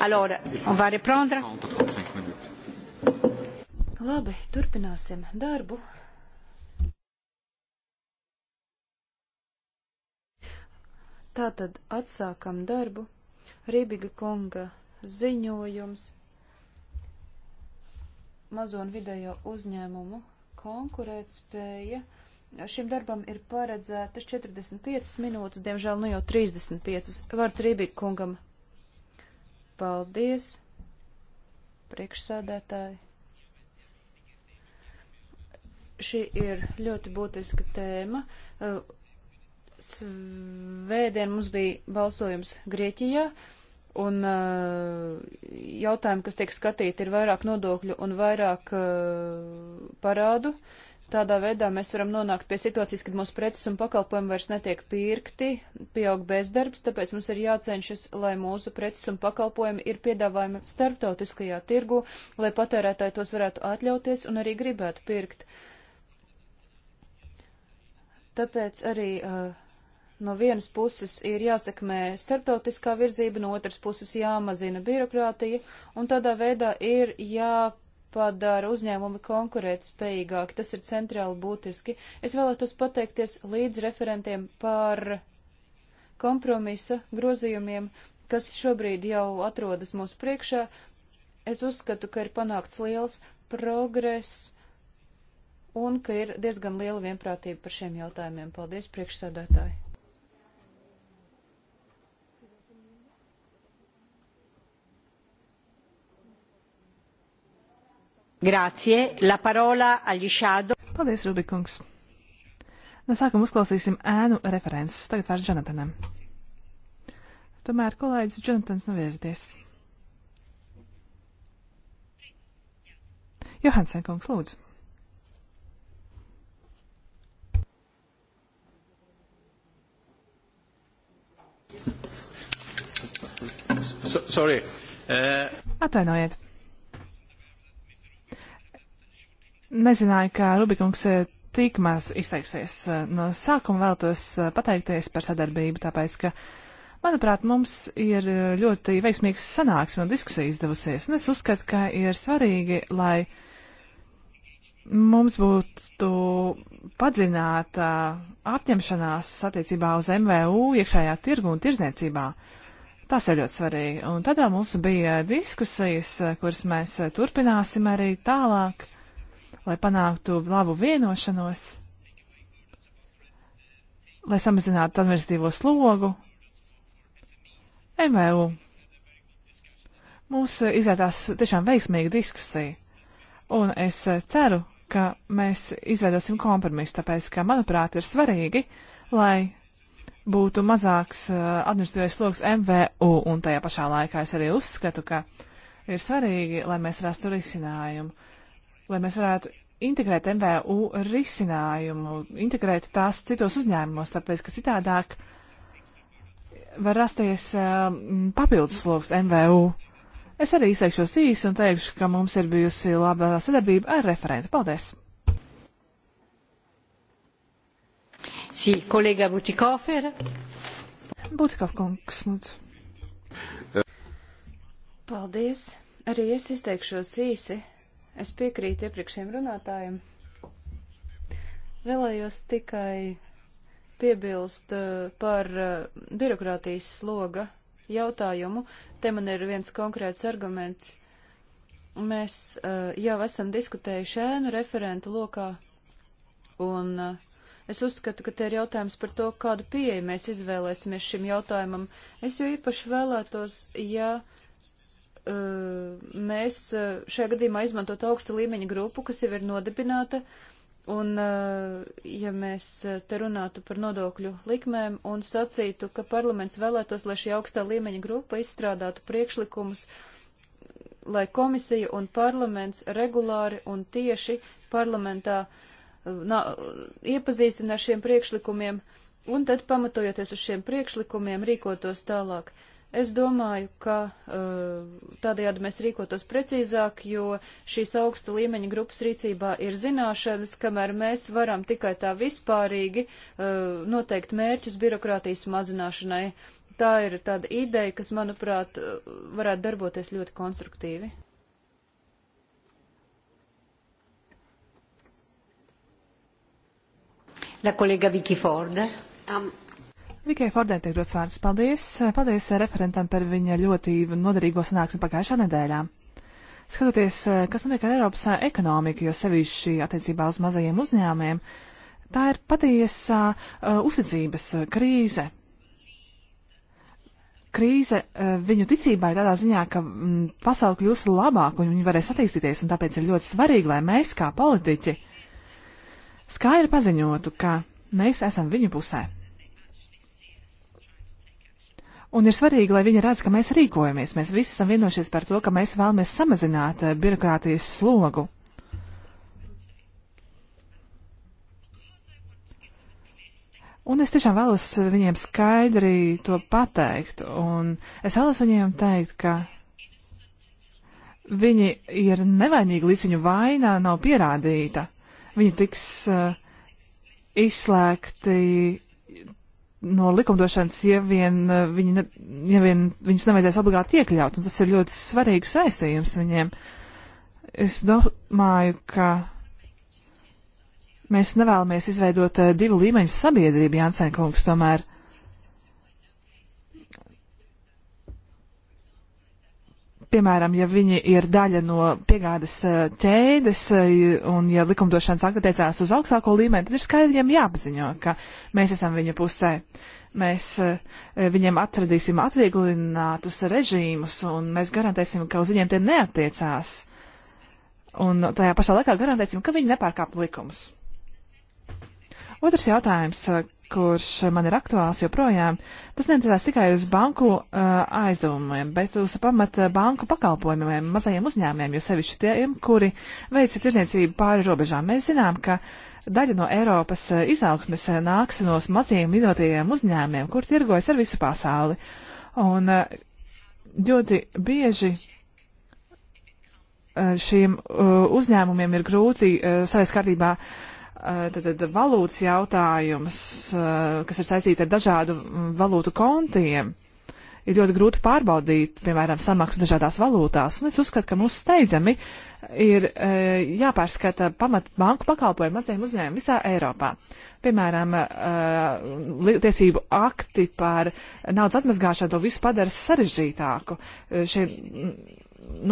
Alors, on va reprendre. Labi, turpināsim darbu. Tātad atsākam darbu. Rībiga kunga ziņojums mazo un vidējo uzņēmumu konkurētspēja. Šim darbam ir paredzētas 45 minūtes, diemžēl nu jau 35. Vārds Rībīga kungam Paldies, priekšsēdētāji. Šī ir ļoti būtiska tēma. Svētdien mums bija balsojums Grieķijā, un uh, jautājumi, kas tiek skatīti, ir vairāk nodokļu un vairāk uh, parādu. Uh, Tādā veidā mēs varam nonākt pie situācijas, kad mūsu preces un pakalpojumi vairs netiek pirkti, pieaug bezdarbs, tāpēc mums ir jācenšas, lai mūsu preces un pakalpojumi ir piedāvājumi starptautiskajā tirgu, lai patērētāji tos varētu atļauties un arī gribētu pirkt. Tāpēc arī uh, no vienas puses ir jāsekmē starptautiskā virzība, no otras puses jāmazina birokrātija, un tādā veidā ir jā padara uzņēmumi konkurētspējīgāki. Tas ir centrāli būtiski. Es vēlētos pateikties līdz referentiem par kompromisa grozījumiem, kas šobrīd jau atrodas mūsu priekšā. Es uzskatu, ka ir panākts liels progress un ka ir diezgan liela vienprātība par šiem jautājumiem. Paldies, priekšsēdētāji! Grācie, la parola agli šādu. Paldies, Rubikungs. No sākuma uzklausīsim ēnu references. Tagad vairs Jonatanam. Tomēr kolēģis Jonatans nav ieradies. Johansen kungs, lūdzu. So, sorry. Uh... Atvainojiet. Nezināju, ka Rubikungs eh, tik maz izteiksies eh, no sākuma. Vēlētos eh, pateikties par sadarbību, tāpēc, ka, manuprāt, mums ir ļoti veiksmīgs sanāksme un diskusija izdevusies. Un es uzskatu, ka ir svarīgi, lai mums būtu padziļināta apņemšanās attiecībā uz MVU iekšējā tirgu un tirzniecībā. Tas ir ļoti svarīgi. Un tad vēl mums bija diskusijas, kuras mēs turpināsim arī tālāk lai panāktu labu vienošanos, lai samazinātu administratīvo slogu MVU. Mums izvērtās tiešām veiksmīga diskusija, un es ceru, ka mēs izveidosim kompromisu, tāpēc, ka, manuprāt, ir svarīgi, lai būtu mazāks eh, administratīvais sloks MVU, un tajā pašā laikā es arī uzskatu, ka ir svarīgi, lai mēs rastu risinājumu lai mēs varētu integrēt MVU risinājumu, integrēt tās citos uzņēmumos, tāpēc, ka citādāk var rasties uh, papildus sloks MVU. Es arī izteikšos īsi un teikšu, ka mums ir bijusi laba sadarbība ar referentu. Paldies! Sī, si, kolēģa Butikofer. Butikov kungs, lūdzu. Paldies! Arī es izteikšos īsi Es piekrītu iepriekšējiem runātājiem. Vēlējos tikai piebilst eh, par eh, birokrātijas sloga jautājumu. Te man ir viens konkrēts arguments. Mēs eh, jau esam diskutējuši ēnu referentu lokā, un es uzskatu, ka te ir jautājums par to, kādu pieeju mēs izvēlēsimies šim jautājumam. Es jau īpaši vēlētos, ja. Uh, mēs eh, šajā gadījumā izmantot augsta līmeņa grupu, kas jau ir nodibināta, un eh, ja mēs eh, te runātu par nodokļu likmēm un sacītu, ka parlaments vēlētos, lai šī augstā līmeņa grupa izstrādātu priekšlikumus, lai komisija un parlaments regulāri un tieši parlamentā nā, iepazīstina ar šiem priekšlikumiem, un tad pamatojoties uz šiem priekšlikumiem rīkotos tālāk. Uh, Es domāju, ka uh, tādējādi mēs rīkotos precīzāk, jo šīs augsta līmeņa grupas rīcībā ir zināšanas, kamēr mēs varam tikai tā vispārīgi uh, noteikt mērķus birokrātijas mazināšanai. Tā ir tāda ideja, kas, manuprāt, uh, varētu darboties ļoti konstruktīvi. La collega Vicky Ford. Um, Vikai Fordē tiek dots vārds. Paldies! Paldies referentam par viņa ļoti noderīgo sanāksmi pagājušā nedēļā. Skatoties, kas notiek ar Eiropas ekonomiku, jo sevišķi attiecībā uz mazajiem uzņēmiem, tā ir patiesa uh, uzticības krīze. Krīze uh, viņu ticībā ir tādā ziņā, ka mm, pasauli kļūs labāk un viņi varēs attīstīties, un tāpēc ir ļoti svarīgi, lai mēs, kā politiķi, skaidri paziņotu, ka mēs esam viņu pusē. Un ir svarīgi, lai viņi redz, ka mēs rīkojamies. Mēs visi esam vienojušies par to, ka mēs vēlamies samazināt eh, birokrātijas slogu. Un es tiešām vēlos viņiem skaidri to pateikt. Un es vēlos viņiem teikt, ka viņi ir nevainīgi, līdz viņu vainā nav pierādīta. Viņi tiks uh, izslēgti no likumdošanas, ja vien, eh, viņi ne, ja vien viņus nevajadzēs obligāti iekļaut, un tas ir ļoti svarīgs saistījums viņiem. Es domāju, ka mēs nevēlamies izveidot eh, divu līmeņu sabiedrību, Jānsēnkungs, tomēr. Uh, piemēram, ja viņi ir daļa no piegādes eh, ķēdes eh, un ja likumdošanas attiecās uz augstāko līmeni, tad ir skaidriem jāpaziņo, ka mēs esam viņa pusē. Mēs eh, viņiem atradīsim atvieglinātus režīmus un mēs garantēsim, ka uz viņiem tie neatiecās. Un tajā pašā laikā garantēsim, ka viņi nepārkāp likumus. Otrs jautājums kurš man ir aktuāls joprojām, tas neatiecās tikai uz banku uh, aizdevumiem, bet uz pamata uh, banku pakalpojumiem, mazajiem uzņēmiem, jo sevišķi tiem, kuri veica tirzniecību pāri robežām. Mēs zinām, ka daļa no Eiropas uh, izaugsmes uh, nāks no mazajiem minotajiem uzņēmiem, kur tirgojas ar visu pasauli. Un uh, ļoti bieži uh, šiem uh, uzņēmumiem ir grūti uh, savas kārtībā uh, Eh, tad, tad valūtas jautājums, eh, kas ir saistīta ar dažādu mm, valūtu kontiem, ir ļoti grūti pārbaudīt, piemēram, samaksu dažādās valūtās. Un es uzskatu, ka mums steidzami ir eh, jāpārskata pamat banku pakalpojumu maziem uzņēmumiem visā Eiropā. Piemēram, tiesību akti par naudas atmazgāšanu to visu padara sarežģītāku. Šie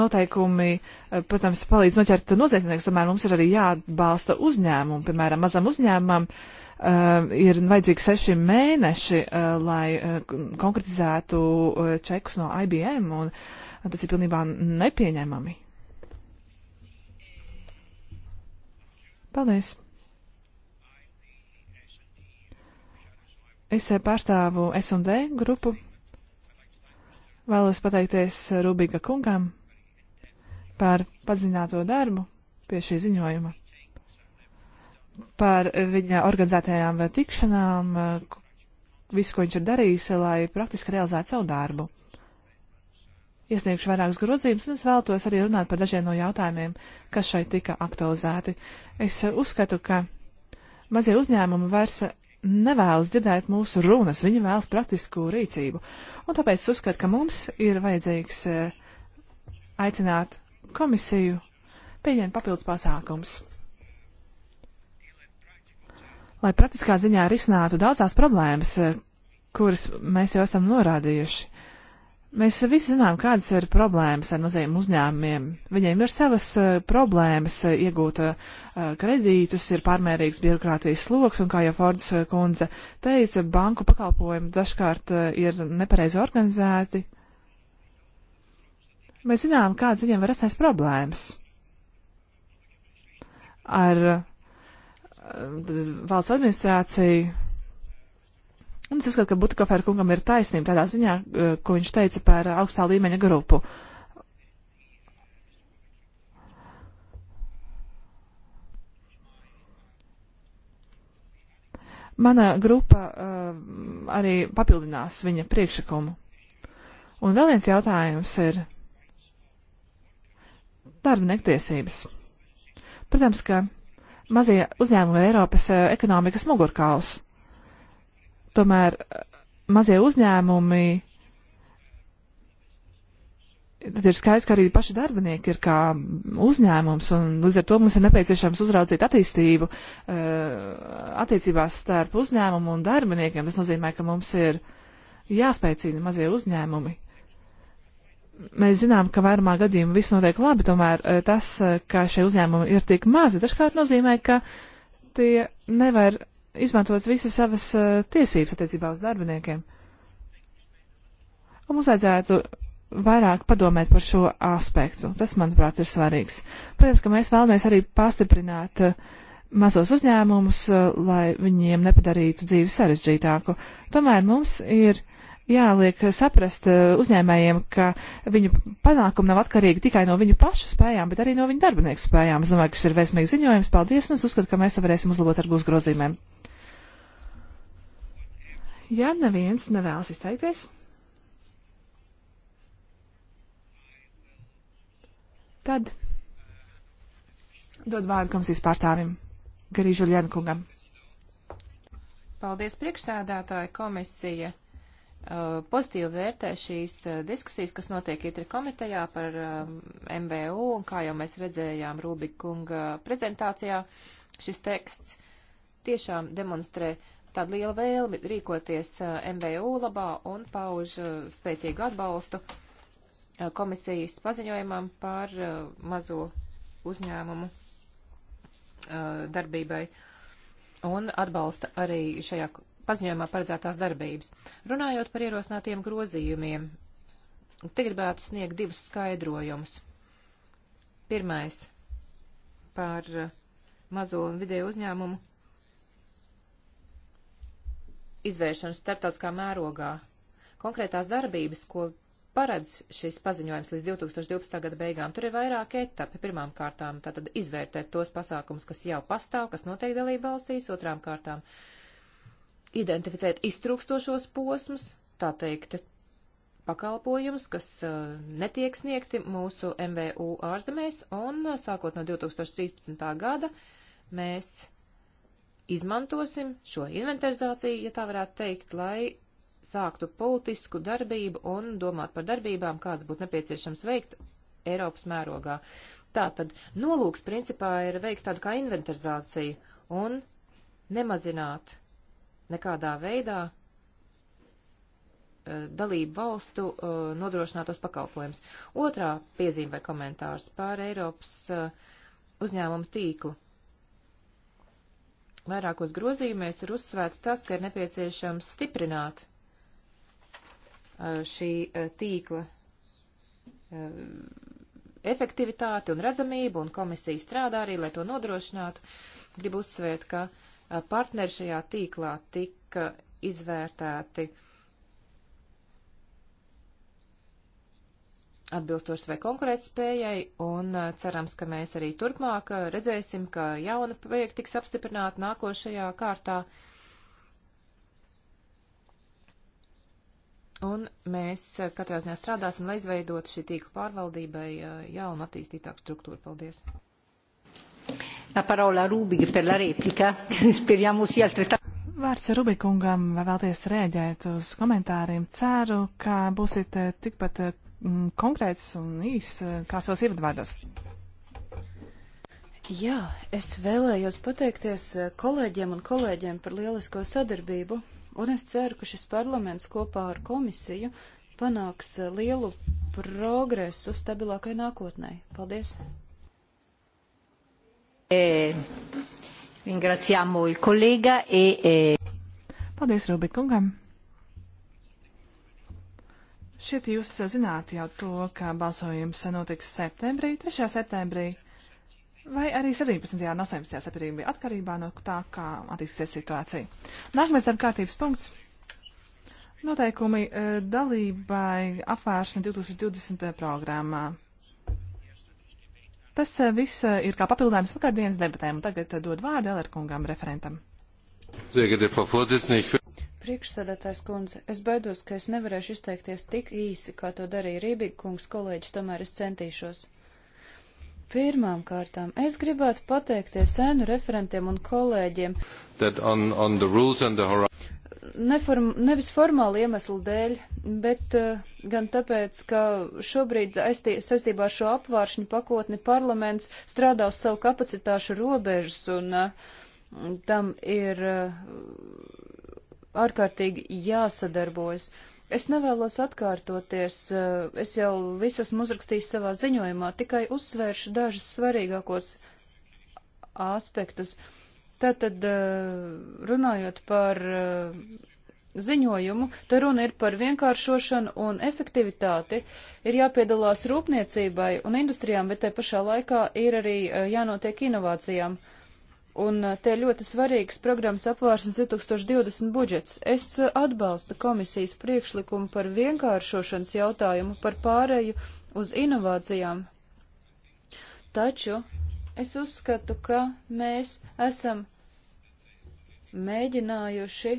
noteikumi, eh, protams, palīdz noķert noziedznieks, tomēr mums ir arī jāatbalsta uzņēmumu. Piemēram, mazam uzņēmumam uh, ir vajadzīgi seši mēneši, uh, lai uh, konkretizētu uh, čekus no IBM, un uh, tas ir pilnībā nepieņemami. Paldies! Es pārstāvu S&D grupu. Vēlos pateikties Rūbīga kungam par padziļināto darbu pie šī ziņojuma, par viņa organizētajām eh, tikšanām, eh, visu, ko viņš ir darījis, lai praktiski realizētu savu darbu. Iesniegšu vairākus grozījumus, un es vēlos arī runāt par dažiem no jautājumiem, kas šeit tika aktualizēti. Es eh, uzskatu, ka mazie uzņēmumi vairs nevēlas dzirdēt mūsu runas, viņi vēlas praktisku rīcību. Un tāpēc es uzskatu, ka mums ir vajadzīgs aicināt komisiju pieņemt papildus pasākums. Lai praktiskā ziņā risinātu daudzās problēmas, eh, kuras mēs jau esam norādījuši. Mēs visi zinām, kādas ir problēmas ar mazajiem uzņēmumiem. Viņiem ir savas uh, problēmas eh, iegūt uh, kredītus, ir pārmērīgs birokrātijas sloks, un kā jau Fords kundze teica, banku pakalpojumi dažkārt uh, ir nepareizi organizēti. Mēs zinām, kādas viņiem var rasties problēmas ar um, valsts administrāciju. Un es uzskatu, ka Butikofer kungam ir taisnība tādā ziņā, uh, ko viņš teica par augstā līmeņa grupu. Mana grupa uh, arī papildinās viņa priekšlikumu. Un vēl viens jautājums ir darbinieku tiesības. Protams, ka mazie uzņēmumi ir Eiropas eh, ekonomikas mugurkauls. Tomēr eh, mazie uzņēmumi, tad ir skaidrs, ka arī paši darbinieki ir kā uzņēmums, un līdz ar to mums ir nepieciešams uzraudzīt attīstību eh, attiecībās starp uzņēmumu un darbiniekiem. Tas nozīmē, ka mums ir jāspēcina mazie uzņēmumi mēs zinām, ka vairumā gadījumu viss notiek labi, tomēr eh, tas, eh, ka šie uzņēmumi ir tik mazi, dažkārt nozīmē, ka tie nevar izmantot visas savas eh, tiesības attiecībā uz darbiniekiem. Un mums vajadzētu vairāk padomēt par šo aspektu. Tas, manuprāt, ir svarīgs. Protams, ka mēs vēlamies arī pastiprināt mazos uzņēmumus, lai viņiem nepadarītu dzīvi sarežģītāku. Tomēr mums ir uh, jāliek saprast eh, uzņēmējiem, ka viņu panākumi nav atkarīgi tikai no viņu pašu spējām, bet arī no viņu darbinieku spējām. Es domāju, ka šis ir veiksmīgs ziņojums. Paldies, un es uzskatu, ka mēs to varēsim uzlabot ar gūs grozījumiem. Ja neviens nevēlas izteikties, tad dod vārdu komisijas pārstāvim Garīžu Ļankungam. Paldies, priekšsēdētāja komisija Eh, pozitīvi vērtē šīs eh, diskusijas, kas notiek ITRI komitejā par eh, MBU, un kā jau mēs redzējām Rūbikunga prezentācijā, šis teksts tiešām demonstrē tādu lielu vēlmi rīkoties MBU labā un pauž spēcīgu atbalstu komisijas paziņojumam par mazo uzņēmumu darbībai un atbalsta arī šajā paziņojumā paredzētās darbības. Runājot par ierosinātiem grozījumiem, te gribētu sniegt divus skaidrojumus. Pirmais par eh, mazo un vidēju uzņēmumu izvēršanu starptautiskā mērogā. Konkrētās darbības, ko paredz šis paziņojums līdz 2012. gada beigām, tur ir vairāki etapi. Pirmām kārtām tātad izvērtēt tos pasākums, kas jau pastāv, kas notiek dalība valstīs, otrām kārtām uh, identificēt iztrūkstošos posmus, tā teikt, pakalpojumus, kas uh, netiek sniegti mūsu MVU ārzemēs, un uh, sākot no 2013. gada mēs izmantosim šo inventarizāciju, ja tā varētu teikt, lai sāktu politisku darbību un domāt par darbībām, kādas būtu nepieciešams veikt Eiropas mērogā. Tātad nolūks principā ir veikt tādu kā inventarizāciju un nemazināt nekādā veidā eh, dalību valstu eh, nodrošinātos pakalpojums. Otrā piezīme vai komentārs pār Eiropas eh, uzņēmumu tīklu. Vairākos grozījumies ir uzsvērts tas, ka ir nepieciešams stiprināt šī tīkla efektivitāti un redzamību, un komisija strādā arī, lai to nodrošinātu. Gribu uzsvērt, ka uh, partneri šajā tīklā tika izvērtēti atbilstoši vai konkurētspējai, un cerams, ka mēs arī turpmāk redzēsim, ka jauna projekta tiks apstiprināta nākošajā kārtā. Un mēs katrā ziņā strādāsim, lai izveidotu šī tīkla pārvaldībai jaunu attīstītāku struktūru. Paldies! La parola Rubik per la replika. Speriamo sia altrettanto. Vārds Rubikungam, vai vēlties rēģēt uz komentāriem? Ceru, ka būsiet eh, tikpat eh, mm, konkrēts un īs eh, kā savos ievadvārdos. Jā, es vēlējos pateikties kolēģiem un kolēģiem par lielisko sadarbību, un es ceru, ka šis parlaments kopā ar komisiju panāks lielu progresu stabilākai nākotnē. Paldies! E, ringraziamo il collega e... e... Paldies, Rubikungam. Šķiet, jūs zināt jau to, ka balsojums notiks septembrī, 3. septembrī, vai arī 17. un 18. septembrī, atkarībā no tā, kā attīstīsies situācija. Nākamais darba kārtības punkts. Noteikumi e, dalībai apvēršana 2020. programmā. Tas eh, viss eh, ir kā papildinājums vakardienas debatēm. Tagad eh, dod vārdu Elerkungam, referentam. Priekšsēdētājs kundze, es baidos, ka es nevarēšu izteikties tik īsi, kā to darīja Rībīga kungs kolēģis, tomēr es centīšos. Pirmām kārtām es gribētu pateikties sēnu referentiem un kolēģiem. On, on the neform, nevis formāla iemesla dēļ, bet uh, gan tāpēc, ka šobrīd saistībā ar šo apvāršņu pakotni parlaments strādā uz savu kapacitāšu robežas, un uh, tam ir uh, ārkārtīgi jāsadarbojas. Es nevēlos atkārtoties, uh, es jau visu esmu uzrakstījis savā ziņojumā, tikai uzsvēršu dažus svarīgākos aspektus. Uh, Tātad, eh, runājot par eh, ziņojumu, te runa ir par vienkāršošanu un efektivitāti, ir jāpiedalās rūpniecībai un industrijām, bet te pašā laikā ir arī eh, jānotiek inovācijām. Un te ļoti svarīgs programmas apvārsnes 2020 budžets. Es atbalstu komisijas priekšlikumu par vienkāršošanas jautājumu par pārēju uz inovācijām. Taču Es uzskatu, ka mēs esam mēģinājuši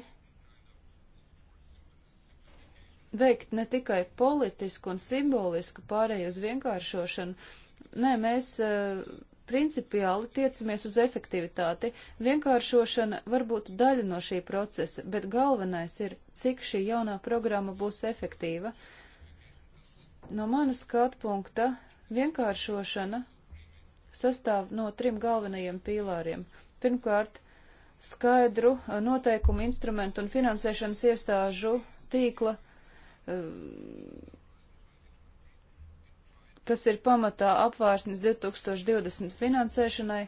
veikt ne tikai politisku un simbolisku pārēju uz vienkāršošanu, nē, mēs uh, principiāli tiecamies uz efektivitāti. Vienkāršošana var būt daļa no šī procesa, bet galvenais ir, cik šī jaunā programma būs efektīva. No manas skatu punkta vienkāršošana sastāv no trim galvenajiem pīlāriem. Pirmkārt, skaidru eh, noteikumu instrumentu un finansēšanas iestāžu tīkla, eh, kas ir pamatā apvārsnes 2020 finansēšanai.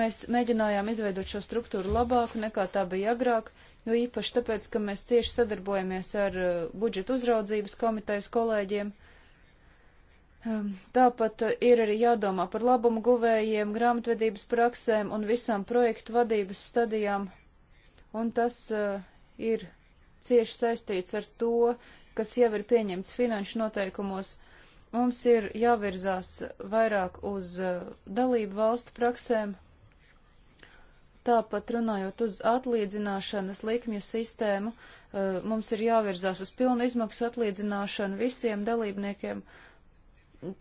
Mēs mēģinājām izveidot šo struktūru labāk nekā tā bija agrāk, jo īpaši tāpēc, ka mēs cieši sadarbojamies ar eh, budžeta uzraudzības komitejas kolēģiem. Uh, Ehm, tāpat eh, ir arī jādomā par labumu guvējiem, grāmatvedības praksēm un visām projektu vadības stadijām, un tas uh, ir cieši saistīts ar to, kas jau ir pieņemts finanšu noteikumos. Mums ir jāvirzās vairāk uz uh, dalību valstu praksēm, tāpat runājot uz atlīdzināšanas likmju sistēmu, uh, mums ir jāvirzās uz pilnu izmaksu atlīdzināšanu visiem dalībniekiem. Uh,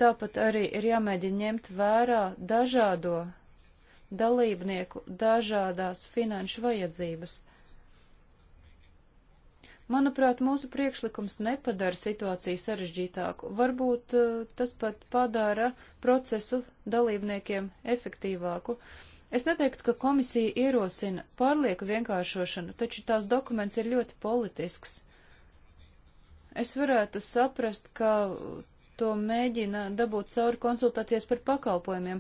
Tāpat arī ir jāmēģina ņemt vērā dažādo dalībnieku dažādās finanšu vajadzības. Manuprāt, mūsu priekšlikums nepadara situāciju sarežģītāku. Varbūt eh, tas pat padara procesu dalībniekiem efektīvāku. Es neteiktu, ka komisija ierosina pārlieku vienkāršošanu, taču tās dokuments ir ļoti politisks. Es varētu saprast, ka to mēģina dabūt cauri konsultācijas par pakalpojumiem,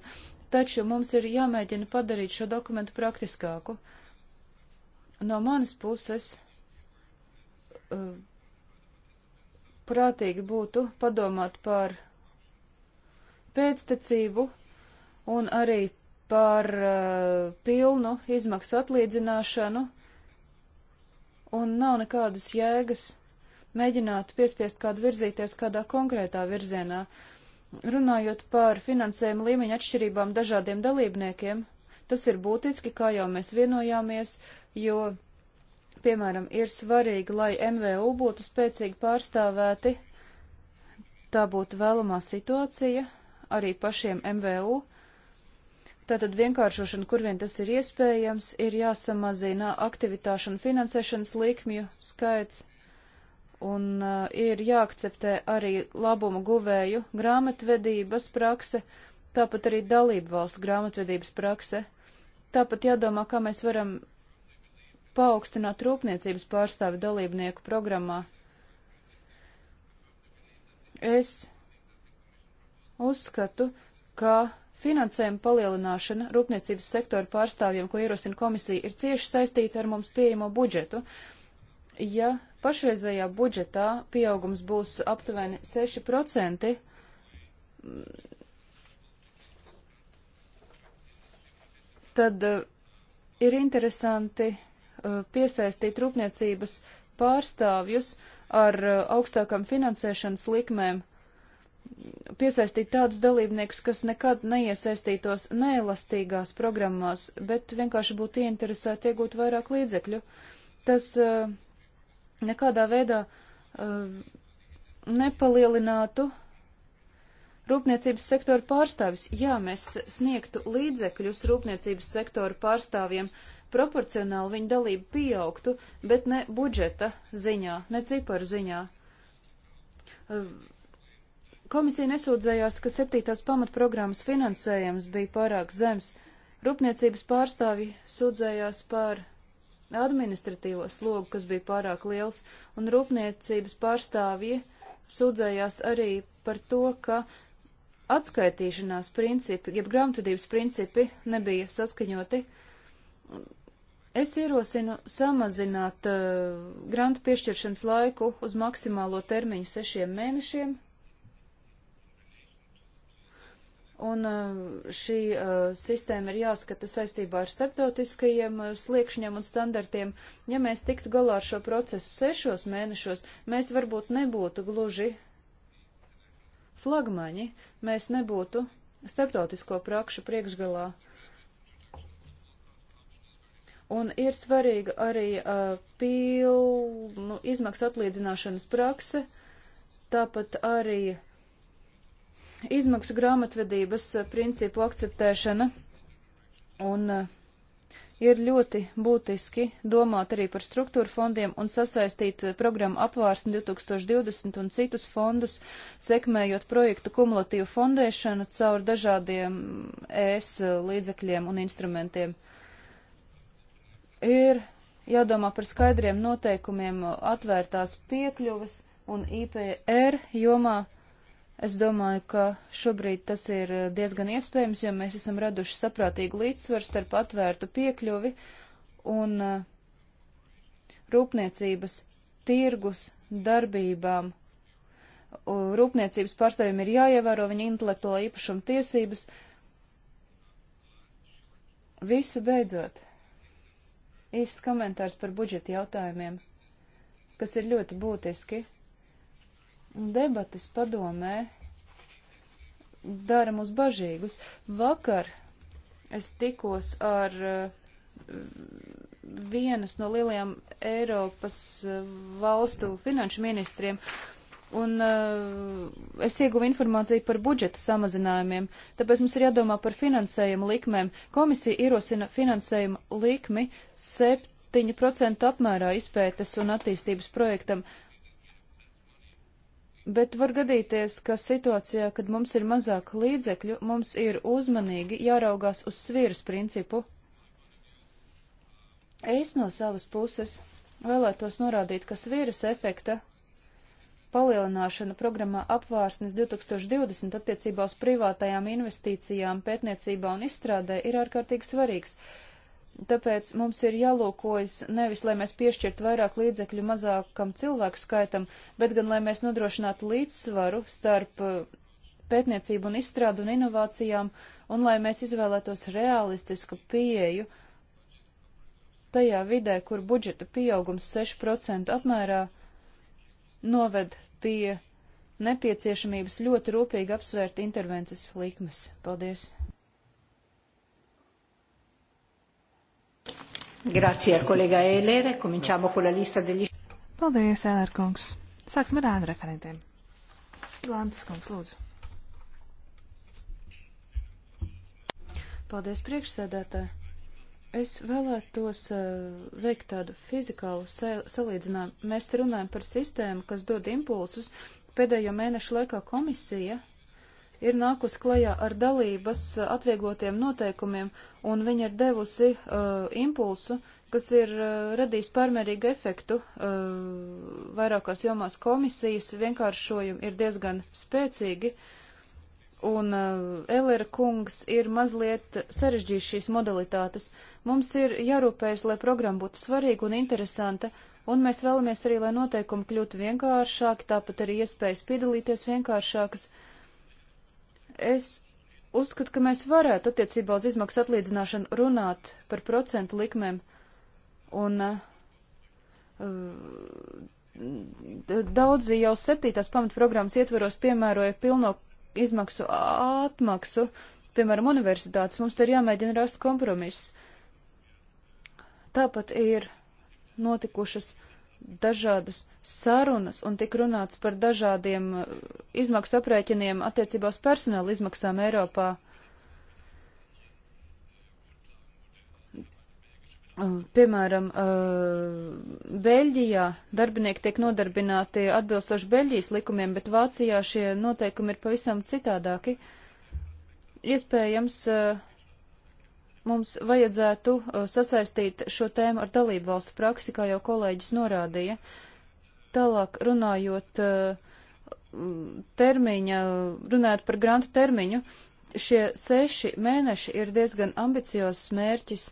taču mums ir jāmēģina padarīt šo dokumentu praktiskāku. No manas puses uh, prātīgi būtu padomāt par pēctecību un arī par uh, pilnu izmaksu atlīdzināšanu, un nav nekādas jēgas mēģināt piespiest kādu virzīties kādā konkrētā virzienā. Runājot par finansējumu līmeņa atšķirībām dažādiem dalībniekiem, tas ir būtiski, kā jau mēs vienojāmies, jo, piemēram, ir svarīgi, lai MVU būtu spēcīgi pārstāvēti, tā būtu vēlamā situācija arī pašiem MVU. Tātad vienkāršošana, kur vien tas ir iespējams, ir jāsamazina aktivitāšu un finansēšanas likmju skaits, un uh, ir jāakceptē arī labumu guvēju grāmatvedības prakse, tāpat arī dalību valstu grāmatvedības prakse. Tāpat jādomā, kā mēs varam paaugstināt rūpniecības pārstāvi dalībnieku programmā. Es uzskatu, ka Finansējuma palielināšana rūpniecības sektora pārstāvjiem, ko ierosina komisija, ir cieši saistīta ar mums pieejamo budžetu ja pašreizējā budžetā pieaugums būs aptuveni 6%, tad eh, ir interesanti eh, piesaistīt rūpniecības pārstāvjus ar eh, augstākām finansēšanas likmēm, piesaistīt tādus dalībniekus, kas nekad neiesaistītos neelastīgās programmās, bet vienkārši būtu ieinteresēti iegūt vairāk līdzekļu. Tas uh, nekādā veidā uh, nepalielinātu rūpniecības sektora pārstāvis. Jā, mēs sniegtu līdzekļus rūpniecības sektora pārstāvjiem, proporcionāli viņa dalība pieaugtu, bet ne budžeta ziņā, ne ciparu ziņā. Uh, komisija nesūdzējās, ka septītās pamatprogrammas finansējums bija pārāk zems. Rūpniecības pārstāvji sūdzējās par administratīvo slogu, kas bija pārāk liels, un rūpniecības pārstāvji sūdzējās arī par to, ka atskaitīšanās principi, jeb grāmatvedības principi nebija saskaņoti. Es ierosinu samazināt uh, eh, grantu piešķiršanas laiku uz maksimālo termiņu sešiem mēnešiem, Un uh, šī uh, sistēma ir jāskata saistībā ar starptautiskajiem uh, sliekšņiem un standartiem. Ja mēs tiktu galā ar šo procesu sešos mēnešos, mēs varbūt nebūtu gluži flagmaņi, mēs nebūtu starptautisko prakšu priekšgalā. Un ir svarīga arī uh, pilnu izmaksu atlīdzināšanas prakse, tāpat arī uh, izmaksu grāmatvedības eh, principu akceptēšana un eh, ir ļoti būtiski domāt arī par struktūru fondiem un sasaistīt eh, programmu apvārsni 2020 un citus fondus, sekmējot projektu kumulatīvu fondēšanu caur dažādiem ES mm, līdzekļiem un instrumentiem. Ir jādomā par skaidriem noteikumiem atvērtās piekļuvas un IPR jomā Es domāju, ka šobrīd tas ir diezgan iespējams, jo mēs esam raduši saprātīgu līdzsvaru starp atvērtu piekļuvi un uh, rūpniecības tirgus darbībām. Rūpniecības pārstāvjiem ir jāievēro viņa intelektuālā īpašuma tiesības. Visu beidzot, īsts komentārs par budžeta jautājumiem, kas ir ļoti būtiski debatas padomē dara mūs bažīgus. Vakar es tikos ar eh, vienas no lielajām Eiropas eh, valstu finanšu ministriem, un uh, es ieguvu informāciju par budžeta samazinājumiem, tāpēc mums ir jādomā par finansējuma likmēm. Komisija ierosina finansējuma likmi 7% apmērā izpētes un attīstības projektam. Uh, Bet var gadīties, ka situācijā, kad mums ir mazāk līdzekļu, mums ir uzmanīgi jāraugās uz svīras principu. Es no savas puses vēlētos norādīt, ka svīras efekta palielināšana programmā apvārsnes 2020 attiecībā uz privātajām investīcijām, pētniecībā un izstrādē ir ārkārtīgi svarīgs. Tāpēc mums ir jālūkojas nevis, lai mēs piešķirtu vairāk līdzekļu mazākam cilvēku skaitam, bet gan, lai mēs nodrošinātu līdzsvaru starp uh, pētniecību un izstrādu un inovācijām, un lai mēs izvēlētos realistisku pieeju tajā vidē, kur budžeta pieaugums 6% apmērā noved pie nepieciešamības ļoti rūpīgi apsvērt intervences likmes. Paldies! Grazie, kolēģa Eilere. Cominciamo con la lista degli... Paldies, Eilere kungs. Sāksim ar ēnu referentiem. Lantas kungs, lūdzu. Paldies, priekšsēdētāji. Es vēlētos uh, veikt tādu fizikālu salīdzinājumu. Mēs te runājam par sistēmu, kas dod impulsus. Pēdējo mēnešu laikā komisija ir nākus klajā ar dalības eh, atvieglotiem noteikumiem, un viņa ir devusi uh, impulsu, kas ir uh, radījis pārmērīgu efektu uh, vairākās jomās komisijas, vienkāršojumi ir diezgan spēcīgi, un uh, Elera kungs ir mazliet sarežģījis šīs modalitātes. Mums ir jārūpējas, lai programma būtu svarīga un interesanta, un mēs vēlamies arī, lai noteikumi kļūtu vienkāršāki, tāpat arī iespējas piedalīties vienkāršākas. Uh, Es uzskatu, ka mēs varētu attiecībā uz izmaksu atlīdzināšanu runāt par procentu likmēm un uh, daudzi jau septītās pamatprogrammas ietveros piemēroja pilno izmaksu atmaksu, piemēram, universitātes. Mums te ir jāmēģina rast kompromiss. Tāpat ir notikušas dažādas sarunas un tik runāts par dažādiem uh, izmaksu aprēķiniem attiecībā uz personāla izmaksām Eiropā. Uh, piemēram, uh, Beļģijā darbinieki tiek nodarbināti atbilstoši Beļģijas likumiem, bet Vācijā šie noteikumi ir pavisam citādāki. Iespējams, mums vajadzētu sasaistīt šo tēmu ar dalību valstu praksi, kā jau kolēģis norādīja. Uh, Tālāk runājot eh, termiņa, runājot par grantu termiņu, šie seši mēneši ir diezgan ambiciozs mērķis,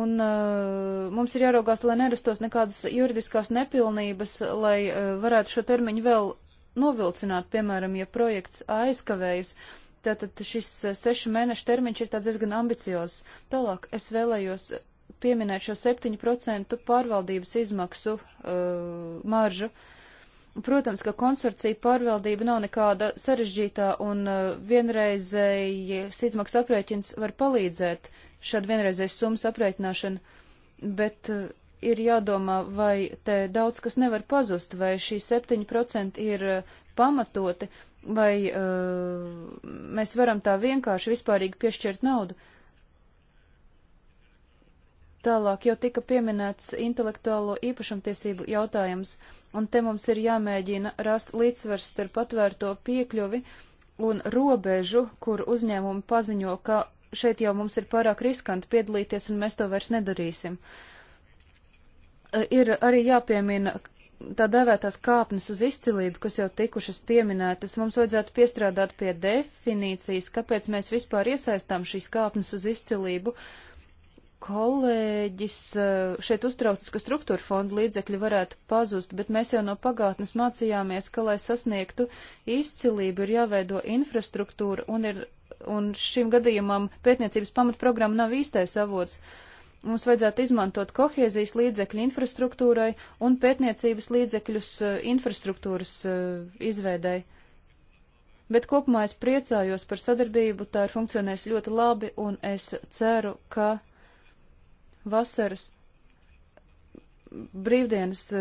un uh, mums ir jāraugās, lai nerastos nekādas juridiskās nepilnības, lai uh, varētu šo termiņu vēl novilcināt, piemēram, ja projekts aizkavējas. Tātad šis sešu mēnešu termiņš ir tāds diezgan ambiciozs. Tālāk es vēlējos pieminēt šo 7% pārvaldības izmaksu uh, maržu. Protams, ka konsorcija pārvaldība nav nekāda sarežģītā un uh, vienreizējas izmaksu aprēķins var palīdzēt šādu vienreizējas summas aprēķināšanu, bet uh, ir jādomā, vai te daudz kas nevar pazust, vai šī 7% ir uh, pamatoti, vai uh, mēs varam tā vienkārši vispārīgi piešķirt naudu. Uh, Tālāk jau tika pieminēts intelektuālo īpašumtiesību jautājums, un te mums ir jāmēģina rast līdzsvars starp atvērto piekļuvi un robežu, kur uzņēmumi paziņo, ka šeit jau mums ir pārāk riskanti piedalīties, un mēs to vairs nedarīsim. E, ir arī jāpiemina tā dēvētās kāpnes uz izcilību, kas jau tikušas pieminētas. Mums vajadzētu piestrādāt pie definīcijas, kāpēc mēs vispār iesaistām šīs kāpnes uz izcilību. Uh, kolēģis eh, šeit uztraucas, ka struktūra fonda līdzekļi varētu pazust, bet mēs jau no pagātnes mācījāmies, ka, lai sasniegtu izcilību, ir jāveido infrastruktūra un, ir, un šim gadījumam pētniecības pamatprogramma nav īstais avots. Mums vajadzētu izmantot kohēzijas līdzekļu infrastruktūrai un pētniecības līdzekļus eh, infrastruktūras eh, izveidai. Bet kopumā es priecājos par sadarbību, tā ir funkcionējusi ļoti labi, un es ceru, ka uh, vasaras brīvdienas eh,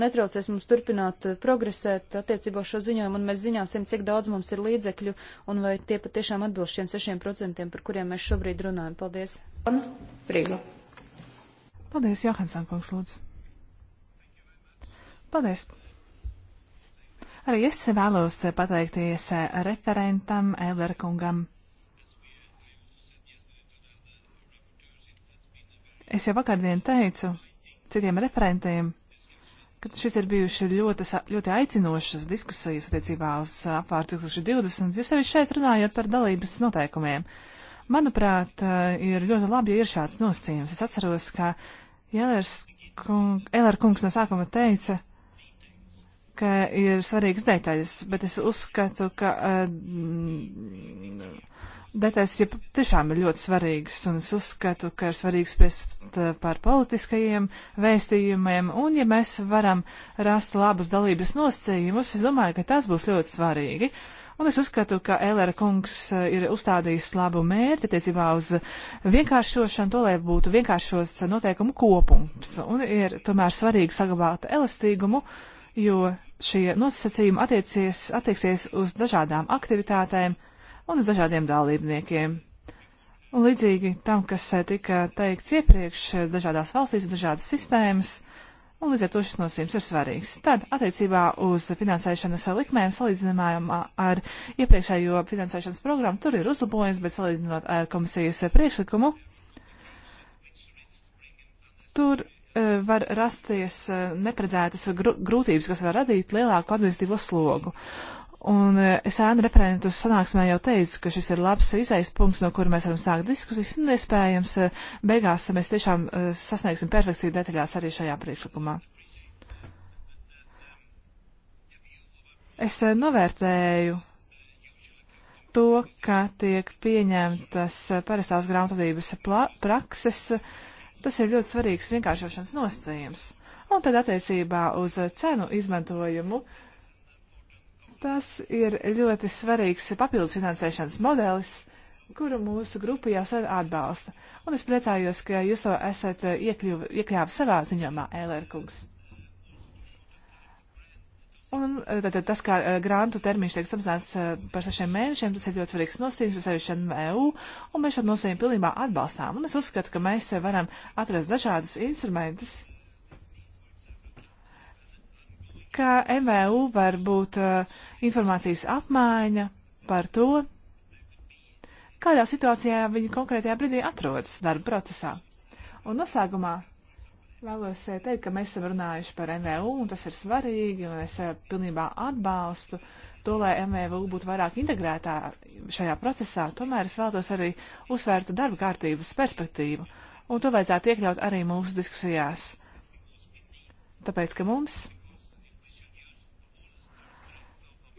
netraucēs mums turpināt eh, progresēt attiecībā šo ziņojumu, un mēs ziņāsim, cik daudz mums ir līdzekļu, un vai tie patiešām atbilst šiem 6%, par kuriem mēs šobrīd runājam. Paldies! Prīga. Paldies, Johansson kungs, lūdzu! Paldies! Arī es vēlos pateikties referentam Eiler kungam. Es jau vakardien teicu citiem referentiem, ka šis ir bijuši ļoti, ļoti aicinošas diskusijas attiecībā uz uh, apvār 2020. Jūs arī šeit runājat par dalības noteikumiem. Manuprāt, uh, ir ļoti labi, ja ir šāds nosacījums. Es atceros, ka Jēlers kung, Eler kungs no sākuma teica, ka ir svarīgas detaļas, bet es uzskatu, ka uh, Detaļas ja tiešām ir ļoti svarīgas, un es uzskatu, ka ir svarīgs spriest eh, par politiskajiem vēstījumiem, un ja mēs varam rast labus dalības nosacījumus, es domāju, ka tas būs ļoti svarīgi. Un es uzskatu, ka Elera kungs eh, ir uzstādījis labu mērķi attiecībā uz vienkāršošanu, to, lai būtu vienkāršos noteikumu kopums. Un ir tomēr svarīgi saglabāt elastīgumu, jo šie nosacījumi attiecies, attieksies uz dažādām aktivitātēm un uz dažādiem dalībniekiem. Un līdzīgi tam, kas eh, tika teikts iepriekš, eh, dažādās valstīs ir dažādas sistēmas, un līdz ar to šis nosīms ir svarīgs. Tad, attiecībā uz finansēšanas likmēm, salīdzinājumā ar iepriekšējo finansēšanas programmu, tur ir uzlabojums, bet salīdzinot ar komisijas priekšlikumu, tur eh, var rasties neparedzētas grūtības, kas var radīt lielāku administratīvo slogu. Un e, es ēnu referentu sanāksmē jau teicu, ka šis ir labs izaisa punkts, no kura mēs varam sākt diskusijas, un iespējams e, beigās mēs tiešām e, sasniegsim perfekciju detaļās arī šajā priekšlikumā. Es novērtēju to, ka tiek pieņemtas parastās grāmatvedības prakses, tas ir ļoti svarīgs vienkāršošanas nosacījums. Un tad attiecībā uz cenu izmantojumu. Uh, Tas ir ļoti svarīgs papildus finansēšanas modelis, kuru mūsu grupa jau sen atbalsta. Un es priecājos, ka jūs to esat iekļuv, iekļāvi savā ziņomā, Ēlērkungs. Un tātad eh, tas, kā eh, grantu termiņš tiek samazināts eh, par sešiem mēnešiem, tas ir ļoti svarīgs nosacījums, jo sevišķi MVU, e un mēs šo nosacījumu pilnībā atbalstām. Un es uzskatu, ka mēs varam atrast dažādus instrumentus, ka MVU var būt uh, informācijas apmaiņa par to, kādā situācijā viņi konkrētajā brīdī atrodas darba procesā. Un noslēgumā vēlos uh, teikt, ka mēs esam runājuši par MVU, un tas ir svarīgi, un es uh, pilnībā atbalstu to, lai MVU būtu vairāk integrētā šajā procesā. Tomēr es vēlos arī uzsvērt darba kārtības perspektīvu, un to vajadzētu iekļaut arī mūsu diskusijās. Tāpēc, ka mums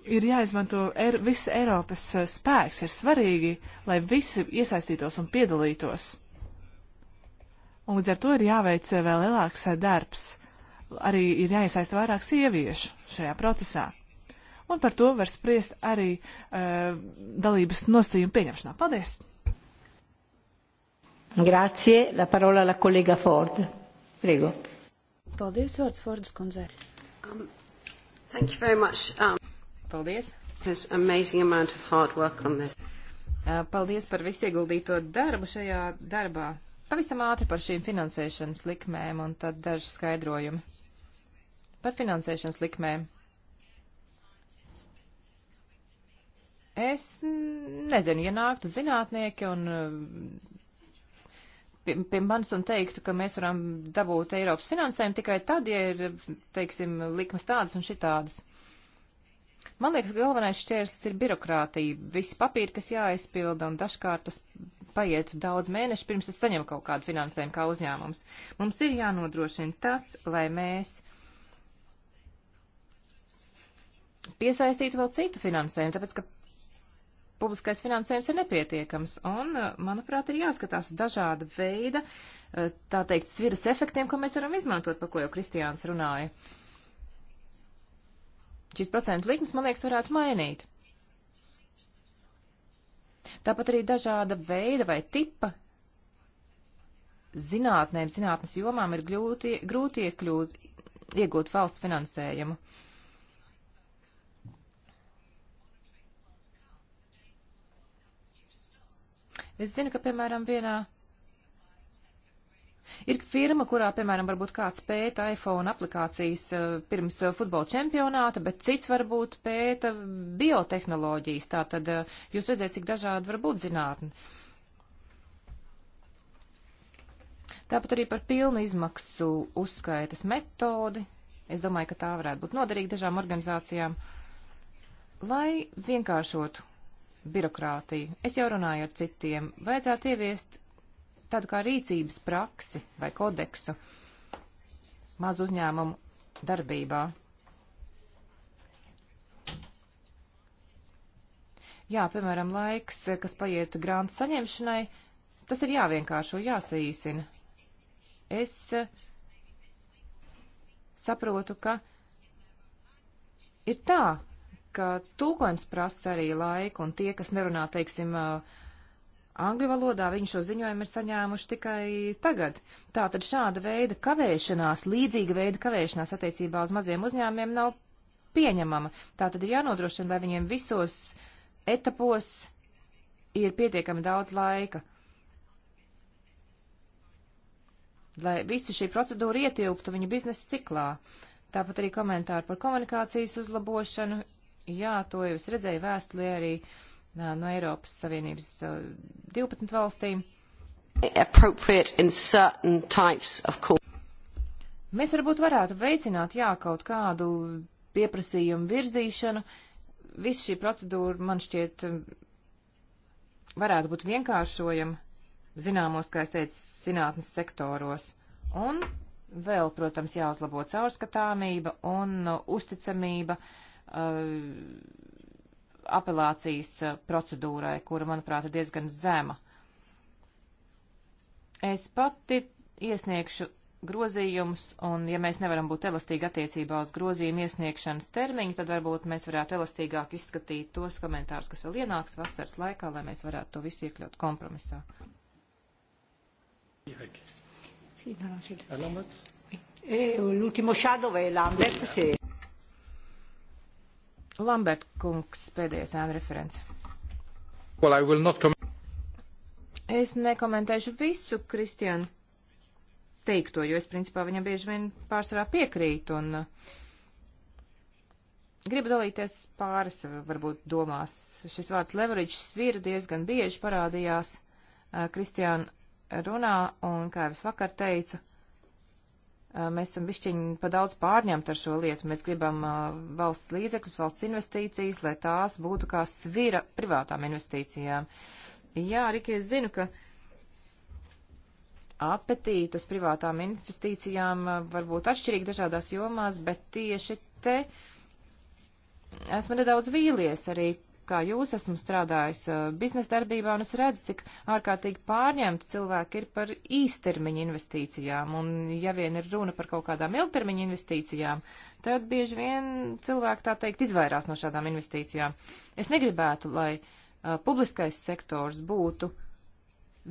ir jāizmanto er, viss Eiropas eh, spēks, ir svarīgi, lai visi iesaistītos un piedalītos. Un līdz ar to ir jāveic eh, vēl lielāks eh, darbs. Arī ir jāiesaista vairāk sieviešu šajā procesā. Un par to var spriest arī uh, dalības nosacījumu pieņemšanā. Paldies! Grazie, la parola la kolega Ford. Prigo. Paldies, vārds Fordas kundzei. Um, thank you very much. Um... Paldies! Uh, paldies par visu ieguldīto darbu šajā darbā. Pavisam ātri par šīm finansēšanas likmēm un tad daži skaidrojumi. Par finansēšanas likmēm. Es nezinu, ja nāktu zinātnieki un uh, pie, pie manis un teiktu, ka mēs varam dabūt Eiropas finansējumu tikai tad, ja ir, teiksim, likmes tādas un šitādas. Man liekas, galvenais šķērslis ir birokrātija. Visi papīri, kas jāaizpilda, un dažkārt tas paiet daudz mēnešu pirms es saņemu kaut kādu finansējumu kā uzņēmums. Mums ir jānodrošina tas, lai mēs piesaistītu vēl citu finansējumu, tāpēc, ka publiskais finansējums ir nepietiekams. Un, uh, manuprāt, ir jāskatās dažāda veida, uh, tā teikt, sviras efektiem, ko mēs varam izmantot, pa ko jau Kristiāns runāja. Uh, šīs procentu likmes, man liekas, varētu mainīt. Tāpat arī dažāda veida vai tipa zinātnēm, zinātnes jomām ir gļūti, grūti iekļūt, iegūt valsts finansējumu. Es zinu, ka, piemēram, vienā Ir firma, kurā, piemēram, varbūt kāds pēta iPhone aplikācijas eh, pirms eh, futbola čempionāta, bet cits varbūt pēta biotehnoloģijas. Tātad eh, jūs redzēt, cik dažādi var būt zinātni. Tāpat arī par pilnu izmaksu uzskaitas metodi. Es domāju, ka tā varētu būt noderīga dažām organizācijām, lai vienkāršotu birokrātiju. Es jau runāju ar citiem. Vajadzētu ieviest tādu kā rīcības praksi vai kodeksu mazu uzņēmumu darbībā. Jā, piemēram, laiks, kas paiet grāmatu saņemšanai, tas ir jāvienkāršo, jāsaīsina. Es eh, saprotu, ka ir tā, ka tulkojums prasa arī laiku, un tie, kas nerunā, teiksim, uh, Angļu valodā viņi šo ziņojumu ir saņēmuši tikai tagad. Tātad šāda veida kavēšanās, līdzīga veida kavēšanās attiecībā uz maziem uzņēmumiem nav pieņemama. Tātad ir jānodrošina, lai viņiem visos etapos ir pietiekami daudz laika. Lai visa šī procedūra ietilptu viņa biznesa ciklā. Tāpat arī komentāri par komunikācijas uzlabošanu. Jā, to jau es redzēju vēstulē arī. Uh, no Eiropas Savienības 12 valstīm. Mēs varbūt varētu veicināt, jā, kaut kādu pieprasījumu virzīšanu. Viss šī procedūra man šķiet varētu būt vienkāršojama zināmos, kā es teicu, zinātnes sektoros. Un vēl, protams, jāuzlabo caurskatāmība un uh, uzticamība. Uh, apelācijas eh, procedūrai, kura, manuprāt, ir diezgan zema. Es pati iesniegšu grozījumus, un ja mēs nevaram būt elastīgi attiecībā uz grozījumu iesniegšanas termiņu, tad varbūt mēs varētu elastīgāk izskatīt tos komentārus, kas vēl ienāks vasaras laikā, lai mēs varētu to visu iekļaut kompromisā. Eh, l'ultimo shadow è Lambert. Sì. Lambert kungs pēdējais ēnu referents. Well, es nekomentēšu visu Kristianu teikto, jo es principā viņam bieži vien pārsvarā piekrītu un uh, gribu dalīties pāris, varbūt domās. Šis vārds leverage svira diezgan bieži parādījās uh, Kristiāna runā un, kā jau es vakar teicu, Mēs esam bišķiņi pa daudz pārņemt ar šo lietu. Mēs gribam valsts līdzekļus, valsts investīcijas, lai tās būtu kā svira privātām investīcijām. Jā, Riki, es zinu, ka apetīti uz privātām investīcijām var būt atšķirīgi dažādās jomās, bet tieši te esmu nedaudz vīlies arī kā jūs esmu strādājis uh, biznesa darbībā, un es redzu, cik ārkārtīgi pārņemti cilvēki ir par īstermiņa investīcijām, un ja vien ir runa par kaut kādām ilgtermiņa investīcijām, tad bieži vien cilvēki, tā teikt, izvairās no šādām investīcijām. Es negribētu, lai uh, publiskais sektors būtu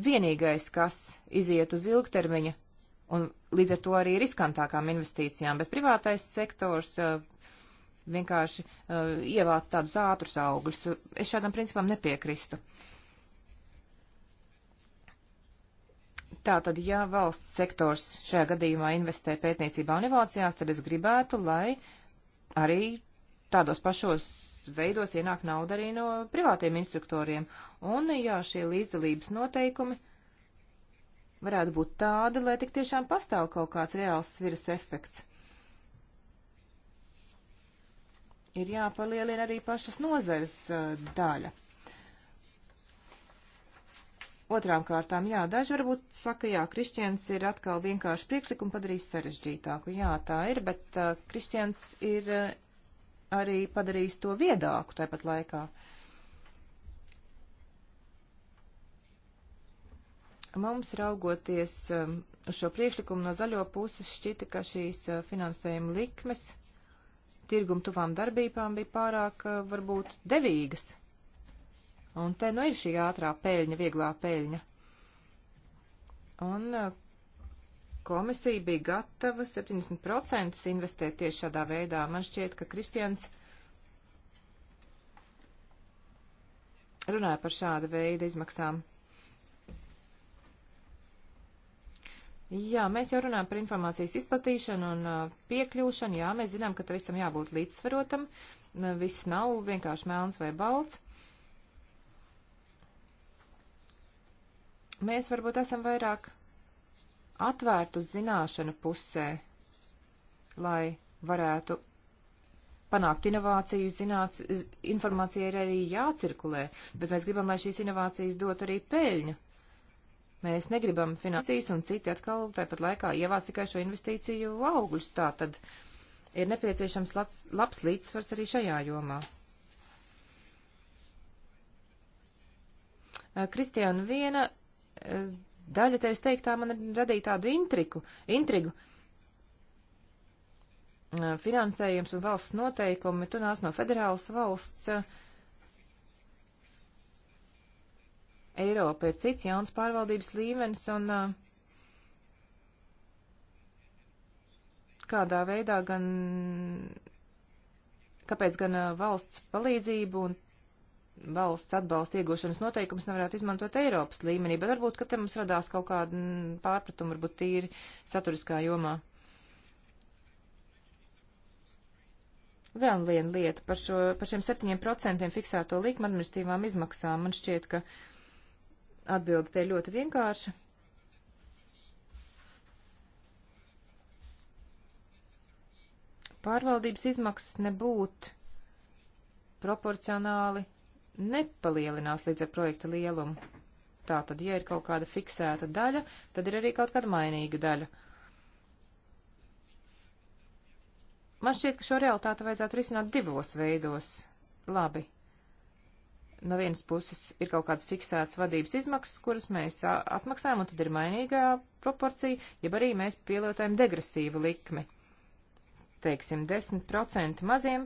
vienīgais, kas iziet uz ilgtermiņa un līdz ar to arī riskantākām investīcijām, bet privātais sektors, uh, vienkārši uh, ievāc tādus ātrus augļus. Es šādam principam nepiekristu. Tātad, ja valsts sektors šajā gadījumā investē pētniecībā un inovācijās, tad es gribētu, lai arī tādos pašos veidos ienāk nauda arī no privātiem instruktoriem. Un, jā, šie līdzdalības noteikumi varētu būt tādi, lai tik tiešām pastāv kaut kāds reāls sviras efekts. ir jāpalielina arī pašas nozares uh, daļa. Otrām kārtām, jā, daži varbūt saka, jā, Kristians ir atkal vienkārši priekšlikumu padarījis sarežģītāku. Jā, tā ir, bet uh, Kristians ir uh, arī padarījis to viedāku tāpat laikā. Mums raugoties um, uz šo priekšlikumu no zaļo puses šķita, ka šīs uh, finansējuma likmes tirgum tuvām darbībām bija pārāk eh, varbūt devīgas. Un te nu ir šī ātrā peļņa, vieglā peļņa. Un eh, komisija bija gatava 70% investēt tieši šādā veidā. Man šķiet, ka Kristians runāja par šāda veida izmaksām. Jā, mēs jau runājam par informācijas izplatīšanu un piekļūšanu. Jā, mēs zinām, ka tam visam jābūt līdzsvarotam. Viss nav vienkārši melns vai balts. Mēs varbūt esam vairāk atvērtu zināšanu pusē, lai varētu panākt inovāciju, zināts, informācija ir arī jācirkulē, bet mēs gribam, lai šīs inovācijas dot arī peļņu. Mēs negribam finansijas, un citi atkal tāpat laikā ievās tikai šo investīciju augļus. Tā tad ir nepieciešams labs, labs līdzsvars arī šajā jomā. Eh, Kristiāna, viena eh, daļa tevis teiktā man radīja tādu intriku, intrigu. Eh, Finansējums un valsts noteikumi, tu nāc no federālas valsts. Uh, Eiropa ir cits jauns pārvaldības līmenis un uh, kādā veidā gan, kāpēc gan uh, valsts palīdzību un valsts atbalsta iegūšanas noteikums nevarētu izmantot Eiropas līmenī, bet varbūt, ka te mums radās kaut kāda pārpratuma, varbūt tīri saturiskā jomā. Vēl viena lieta par, šo, par šiem 7% fiksēto likuma administratīvām izmaksām. Man šķiet, ka uh, Atbilde te ir ļoti vienkārša. Pārvaldības izmaksas nebūtu proporcionāli nepalielinās līdz ar projekta lielumu. Tātad, ja ir kaut kāda fiksēta daļa, tad ir arī kaut kāda mainīga daļa. Man šķiet, ka šo realitāti vajadzētu risināt divos veidos. Labi, no vienas puses ir kaut kādas fiksētas vadības izmaksas, kuras mēs apmaksājam, un tad ir mainīgā proporcija, jeb arī mēs pielietojam degresīvu likmi. Teiksim, 10% maziem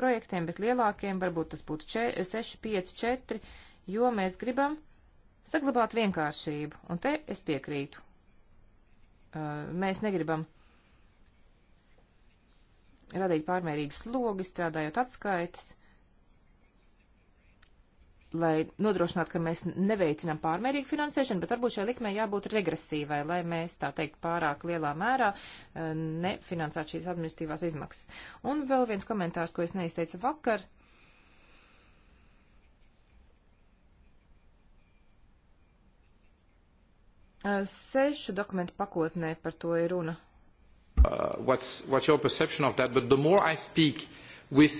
projektiem, bet lielākiem varbūt tas būtu 6, 5, 4, jo mēs gribam saglabāt vienkāršību, un te es piekrītu. Mēs negribam radīt pārmērīgas logi, strādājot atskaitas lai nodrošinātu, ka mēs neveicinām pārmērīgu finansēšanu, bet varbūt šai likmē jābūt regresīvai, lai mēs, tā teikt, pārāk lielā mērā eh, nefinansētu šīs administratīvās izmaksas. Un vēl viens komentārs, ko es neizteicu vakar. Eh, sešu dokumentu pakotnē par to ir runa. Uh, what's, what's your perception of that? But the more I speak with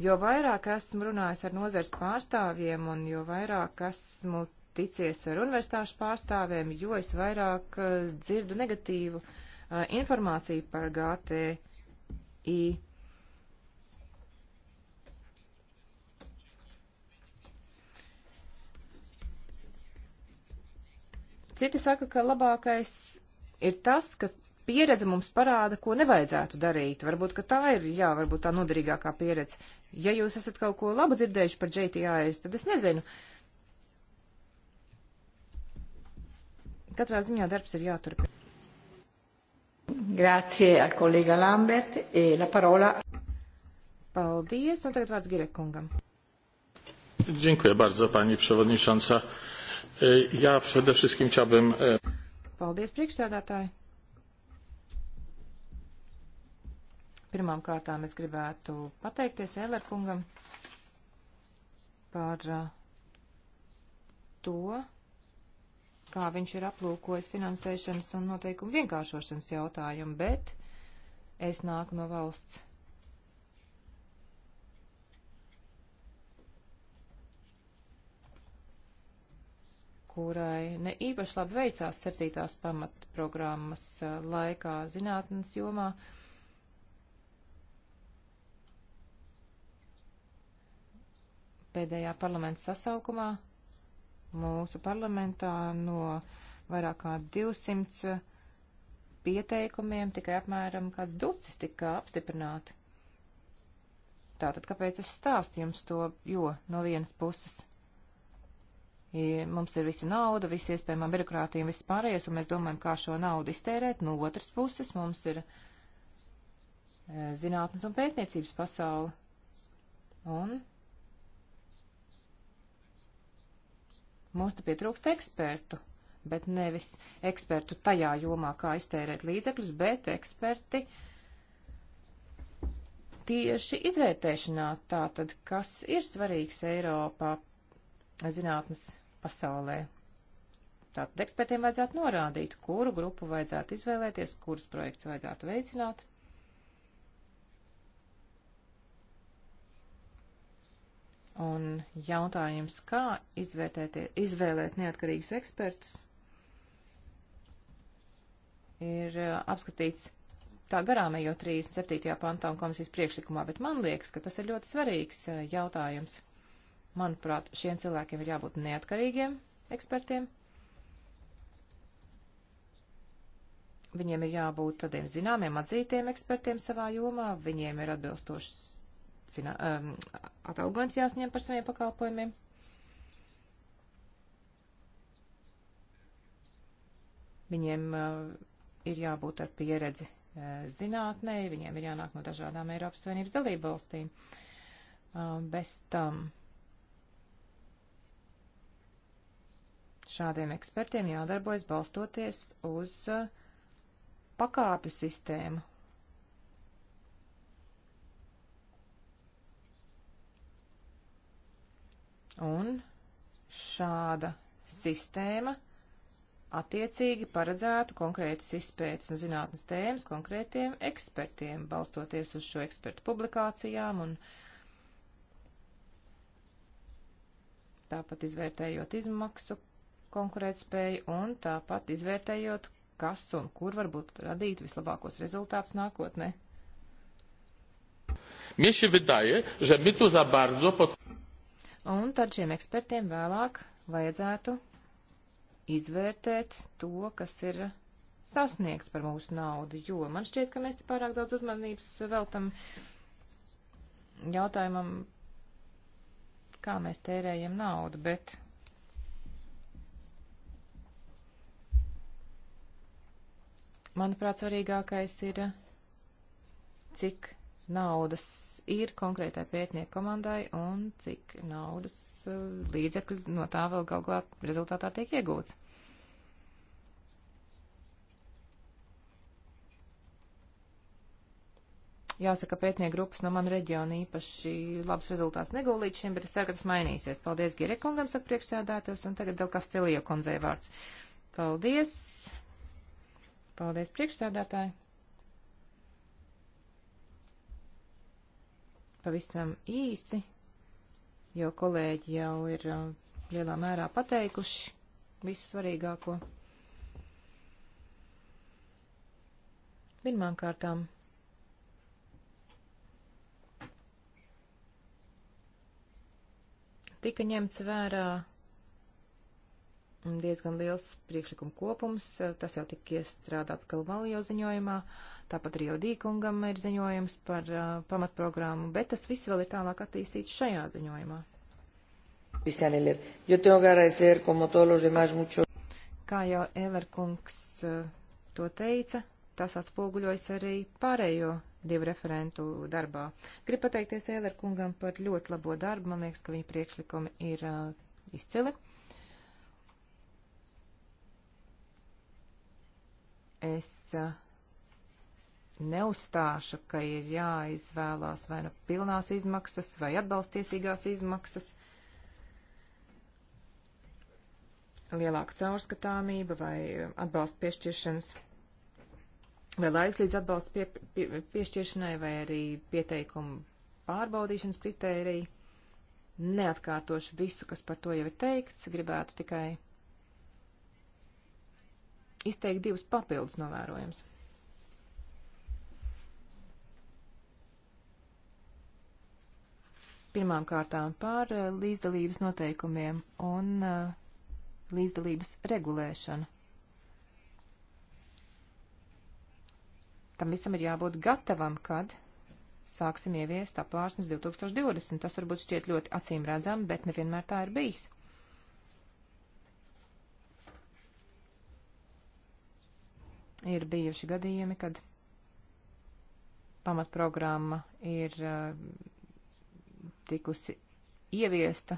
Jo vairāk esmu runājis ar nozars pārstāvjiem un jo vairāk esmu ticies ar universitāšu pārstāvjiem, jo es vairāk uh, dzirdu negatīvu uh, informāciju par GTI. Citi saka, ka labākais ir tas, ka pieredze mums parāda, ko nevajadzētu darīt. Varbūt, ka tā ir, jā, varbūt tā noderīgākā pieredze. Ja jūs esat kaut ko labu dzirdējuši par JTIS, tad es nezinu. Katrā ziņā darbs ir jāturpina. Grazie al kolēga Lambert e la parola. Paldies, un tagad vārds Girekungam. Dziękuję bardzo, pani przewodnicząca. E, ja przede wszystkim chciałbym... E, Paldies, priekšsēdētāji. Pirmām kārtām es gribētu pateikties Ēlerkungam par uh, to, kā viņš ir aplūkojis finansēšanas un noteikumu vienkāršošanas jautājumu, bet es nāku no valsts. kurai ne īpaši labi veicās septītās pamatprogrammas uh, laikā zinātnes jomā. Uh, pēdējā parlamenta sasaukumā mūsu parlamentā no vairāk kā 200 pieteikumiem tikai apmēram kāds ducis tika apstiprināti. Tātad, kāpēc es stāstu jums to, jo no vienas puses mums ir visa nauda, visi iespējamā birokrātija un viss pārējais, un mēs domājam, kā šo naudu iztērēt, no otras puses mums ir e, zinātnes un pētniecības pasauli. Un Mums te pietrūkst ekspertu, bet nevis ekspertu tajā jomā, kā iztērēt līdzekļus, bet eksperti tieši izvērtēšanā tātad, kas ir svarīgs Eiropā zinātnes pasaulē. Tātad ekspertiem vajadzētu norādīt, kuru grupu vajadzētu izvēlēties, kurus projekts vajadzētu veicināt. Un jautājums, kā izvēlēt neatkarīgus ekspertus, ir uh, apskatīts tā garām ejo 37. pantā un komisijas priekšlikumā, bet man liekas, ka tas ir ļoti svarīgs uh, jautājums. Manuprāt, šiem cilvēkiem ir jābūt neatkarīgiem ekspertiem. Viņiem ir jābūt tādiem zināmiem, atzītiem ekspertiem savā jomā, viņiem ir atbilstošas fina, um, atalgojums jāsaņem par saviem pakalpojumiem. Viņiem uh, ir jābūt ar pieredzi uh, zinātnē, viņiem ir jānāk no dažādām Eiropas Savienības dalību valstīm. Uh, bez tam šādiem ekspertiem jādarbojas balstoties uz uh, pakāpju sistēmu, Un šāda sistēma attiecīgi paredzētu konkrētas izpētes un zinātnes tēmas konkrētiem ekspertiem, balstoties uz šo ekspertu publikācijām un tāpat izvērtējot izmaksu konkurētspēju un tāpat izvērtējot, kas un kur varbūt radīt vislabākos rezultātus nākotnē. Mnie się wydaje, że my tu za bardzo pod... Un tad šiem ekspertiem vēlāk vajadzētu izvērtēt to, kas ir sasniegts par mūsu naudu, jo man šķiet, ka mēs te pārāk daudz uzmanības veltam jautājumam, kā mēs tērējam naudu, bet. Manuprāt, svarīgākais ir, cik naudas ir konkrētai pētnieku komandai un cik naudas eh, līdzekļu no tā vēl galvā rezultātā tiek iegūts. Jāsaka, pētnieku grupas no mana reģiona īpaši labs rezultāts negūl līdz šim, bet es ceru, ka tas mainīsies. Paldies Girekungam, saka priekšsēdētājs, un tagad vēl Kastilijo kundzei vārds. Paldies! Paldies priekšsēdētāji! pavisam īsi, jo kolēģi jau ir uh, lielā mērā pateikuši visu svarīgāko. Pirmām kārtām tika ņemts vērā diezgan liels priekšlikuma kopums, tas jau tika iestrādāts Kalvalio ziņojumā. Uh, Tāpat arī jau Dīkungam ir ziņojums par uh, pamatprogrammu, bet tas viss vēl ir tālāk attīstīts šajā ziņojumā. Kā jau Elerkungs uh, to teica, tas atspoguļojas arī pārējo divu referentu darbā. Gribu pateikties Elerkungam par ļoti labo darbu. Man liekas, ka viņa priekšlikumi ir uh, izcili. Es uh, neuzstāšu, ka ir jāizvēlās vai nu pilnās izmaksas vai atbalstiesīgās izmaksas, lielāka caurskatāmība vai atbalsta piešķiršanas, vai laiks līdz atbalsta pie, pie, piešķiršanai vai arī pieteikumu pārbaudīšanas kritērija. Neatkārtošu visu, kas par to jau ir teikts, gribētu tikai izteikt divus papildus novērojumus. Pirmām kārtām par eh, līdzdalības noteikumiem un eh, līdzdalības regulēšanu. Tam visam ir jābūt gatavam, kad sāksim ieviest apvārsnes 2020. Tas varbūt šķiet ļoti acīm redzam, bet nevienmēr tā ir bijis. Ir bijuši gadījumi, kad pamatprogramma ir eh, tikusi ieviesta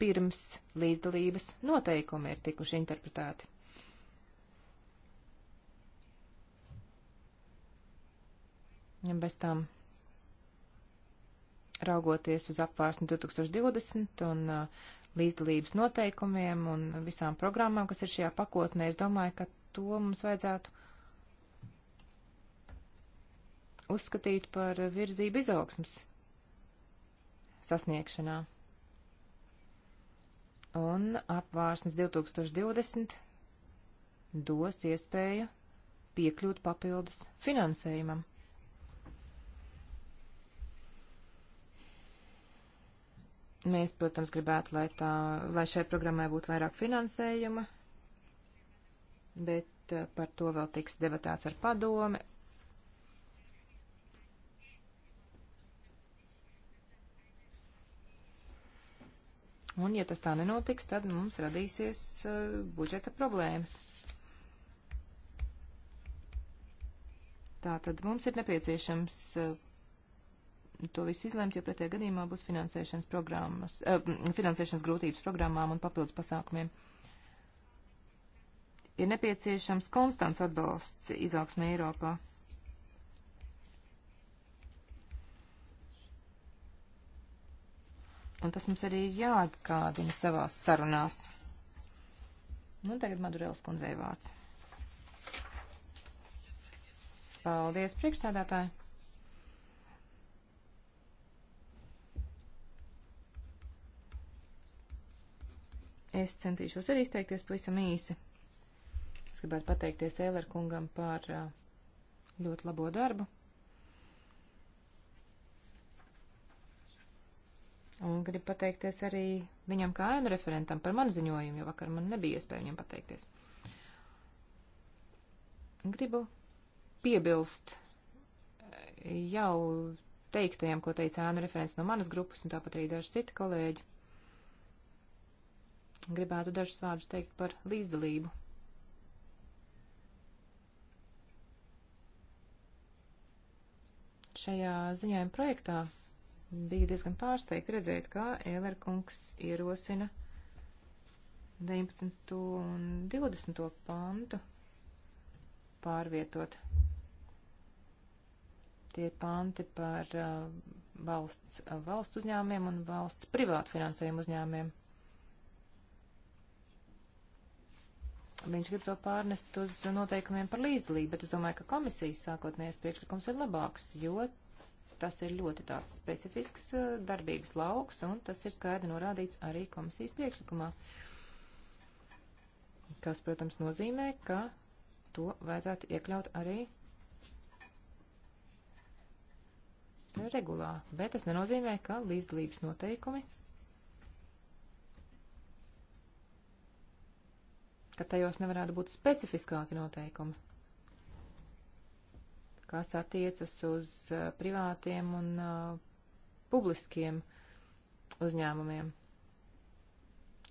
pirms līdzdalības noteikumi ir tikuši interpretēti. Ja bez tam raugoties uz apvārsni 2020 un uh, līdzdalības noteikumiem un visām programmām, kas ir šajā pakotnē, es domāju, ka to mums vajadzētu uzskatīt par virzību izaugsmas sasniegšanā. Un apvārsnes 2020 dos iespēju piekļūt papildus finansējumam. Mēs, protams, gribētu, lai, tā, lai šai programmai būtu vairāk finansējuma, bet eh, par to vēl tiks debatēts ar padomi Un, ja tas tā nenotiks, tad mums radīsies uh, budžeta problēmas. Tātad mums ir nepieciešams uh, to visu izlemt, jo pretējā gadījumā būs finansēšanas, programmas, uh, finansēšanas grūtības programmām un papildus pasākumiem. Ir nepieciešams konstants atbalsts izaugsmē Eiropā. Un tas mums arī ir jāatgādina savās sarunās. Nu, tagad Madurēlas kundzei vārds. Paldies, priekšstādātāji! Es centīšos arī izteikties pavisam īsi. Es gribētu pateikties Ēler kungam par uh, ļoti labo darbu. Un gribu pateikties arī viņam kā ēnu referentam par manu ziņojumu, jo vakar man nebija iespēja viņam pateikties. Gribu piebilst eh, jau teiktajam, ko teica ēnu referents no manas grupas un tāpat arī daži citi kolēģi. Gribētu dažus vārdus teikt par līdzdalību šajā ziņojuma projektā biju diezgan pārsteigta redzēt, kā Ēlerkungs ierosina 19. un 20. pantu pārvietot. Tie ir panti par uh, valsts, uh, valsts uzņēmumiem un valsts privātu finansējumu uzņēmumiem. Viņš grib to pārnest uz noteikumiem par līdzdalību, bet es domāju, ka komisijas sākotnējais priekšlikums ir labāks, jo Tas ir ļoti tāds specifisks eh, darbības lauks, un tas ir skaidri norādīts arī komisijas priekšlikumā, kas, protams, nozīmē, ka to vajadzētu iekļaut arī regulā, bet tas nenozīmē, ka līdzdalības noteikumi ka tajos nevarētu būt specifiskāki noteikumi kas attiecas uz uh, privātiem un uh, publiskiem uzņēmumiem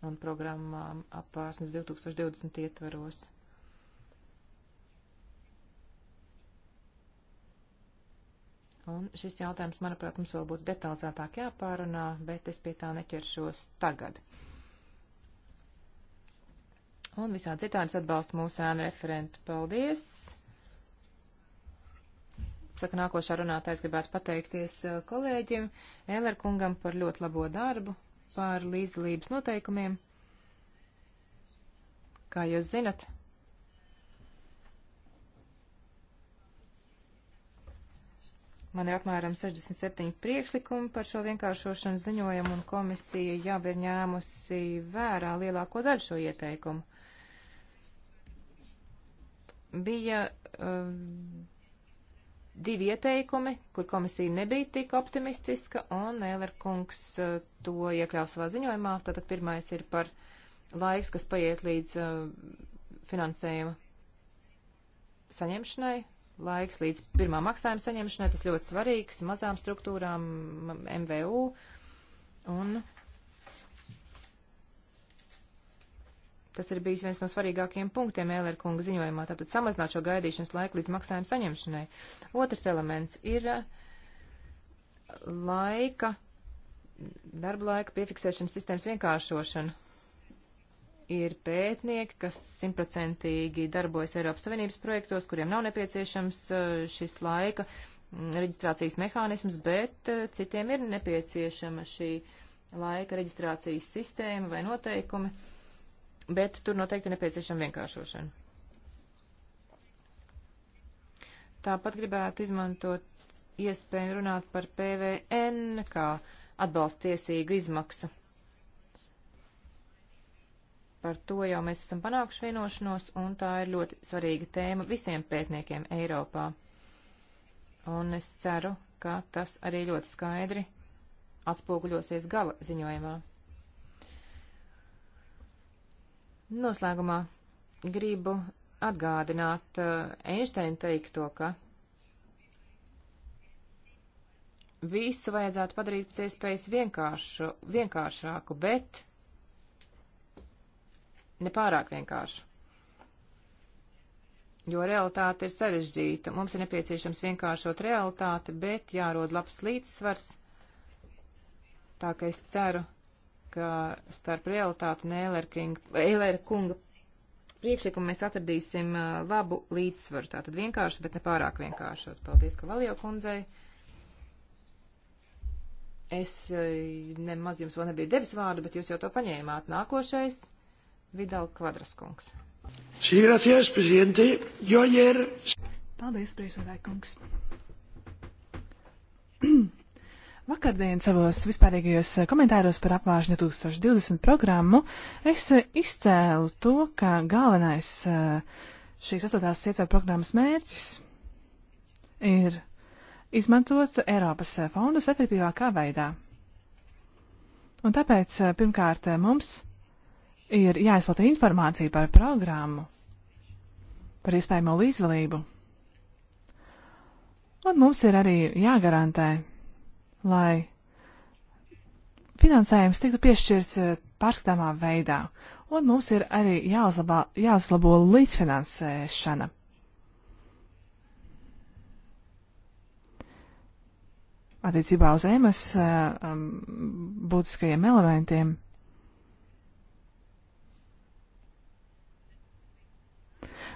un programmām apvārsnes 2020 ietvaros. Un šis jautājums, manuprāt, mums vēl būtu detalizētāk jāpārunā, bet es pie tā neķeršos tagad. Un visādi citādi atbalstu mūsu ēnu referentu. Paldies! saka nākošā runātājs, gribētu pateikties kolēģim Ēlerkungam par ļoti labo darbu, par līdzdalības noteikumiem. Kā jūs zinat, Man ir apmēram 67 priekšlikumi par šo vienkāršošanu ziņojumu, un komisija jau ir ņēmusi vērā lielāko daļu šo ieteikumu. Bija uh, divi ieteikumi, kur komisija nebija tik optimistiska, un Mēler kungs uh, to iekļaus savā ziņojumā. Tātad pirmais ir par laiks, kas paiet līdz uh, finansējuma saņemšanai, laiks līdz pirmā maksājuma saņemšanai, tas ļoti svarīgs mazām struktūrām, MVU, un Tas ir bijis viens no svarīgākajiem punktiem Ēlera kunga ziņojumā, tātad samazināt šo gaidīšanas laiku līdz maksājuma saņemšanai. Otrs elements ir uh, laika, darba laika piefiksēšanas sistēmas vienkāršošana. Ir pētnieki, kas simtprocentīgi darbojas Eiropas Savienības projektos, kuriem nav nepieciešams uh, šis laika mm, reģistrācijas mehānisms, bet uh, citiem ir nepieciešama šī laika reģistrācijas sistēma vai noteikumi bet tur noteikti nepieciešama vienkāršošana. Tāpat gribētu izmantot iespēju runāt par PVN kā atbalstiesīgu izmaksu. Par to jau mēs esam panākuši vienošanos, un tā ir ļoti svarīga tēma visiem pētniekiem Eiropā. Un es ceru, ka tas arī ļoti skaidri atspoguļosies gala ziņojumā. Noslēgumā gribu atgādināt eh, Einsteina teikto, ka visu vajadzētu padarīt pēc iespējas vienkāršu, vienkāršāku, bet nepārāk vienkāršu. Jo realitāte ir sarežģīta. Mums ir nepieciešams vienkāršot realitāti, bet jārod labs līdzsvars. Tā ka es ceru, ka starp realitātu un Eilera kunga priekšlikumu mēs atradīsim uh, labu līdzsvaru. Tātad vienkārši, bet ne pārāk vienkāršot. Paldies, ka Valjo kundzei. Es uh, nemaz jums vēl nebija devis vārdu, bet jūs jau to paņēmāt. Nākošais - Vidal Kvadraskungs. Sí, gracias, presidente. Yo ayer... Paldies, priekšsēdētājkungs. Vakardien savos vispārīgajos eh, komentāros par apvāršņu 2020 programmu es eh, izcēlu to, ka galvenais eh, šīs astotās ietver programmas mērķis ir izmantot Eiropas fondus efektīvākā veidā. Un tāpēc pirmkārt mums ir jāizplata informācija par programmu, par iespējamo līdzdalību. Un mums ir arī jāgarantē lai finansējums tiktu piešķirts eh, pārskatāmā veidā, un mums ir arī jāuzlabā, jāuzlabo līdzfinansēšana. Attiecībā uz ēmas eh, um, būtiskajiem elementiem.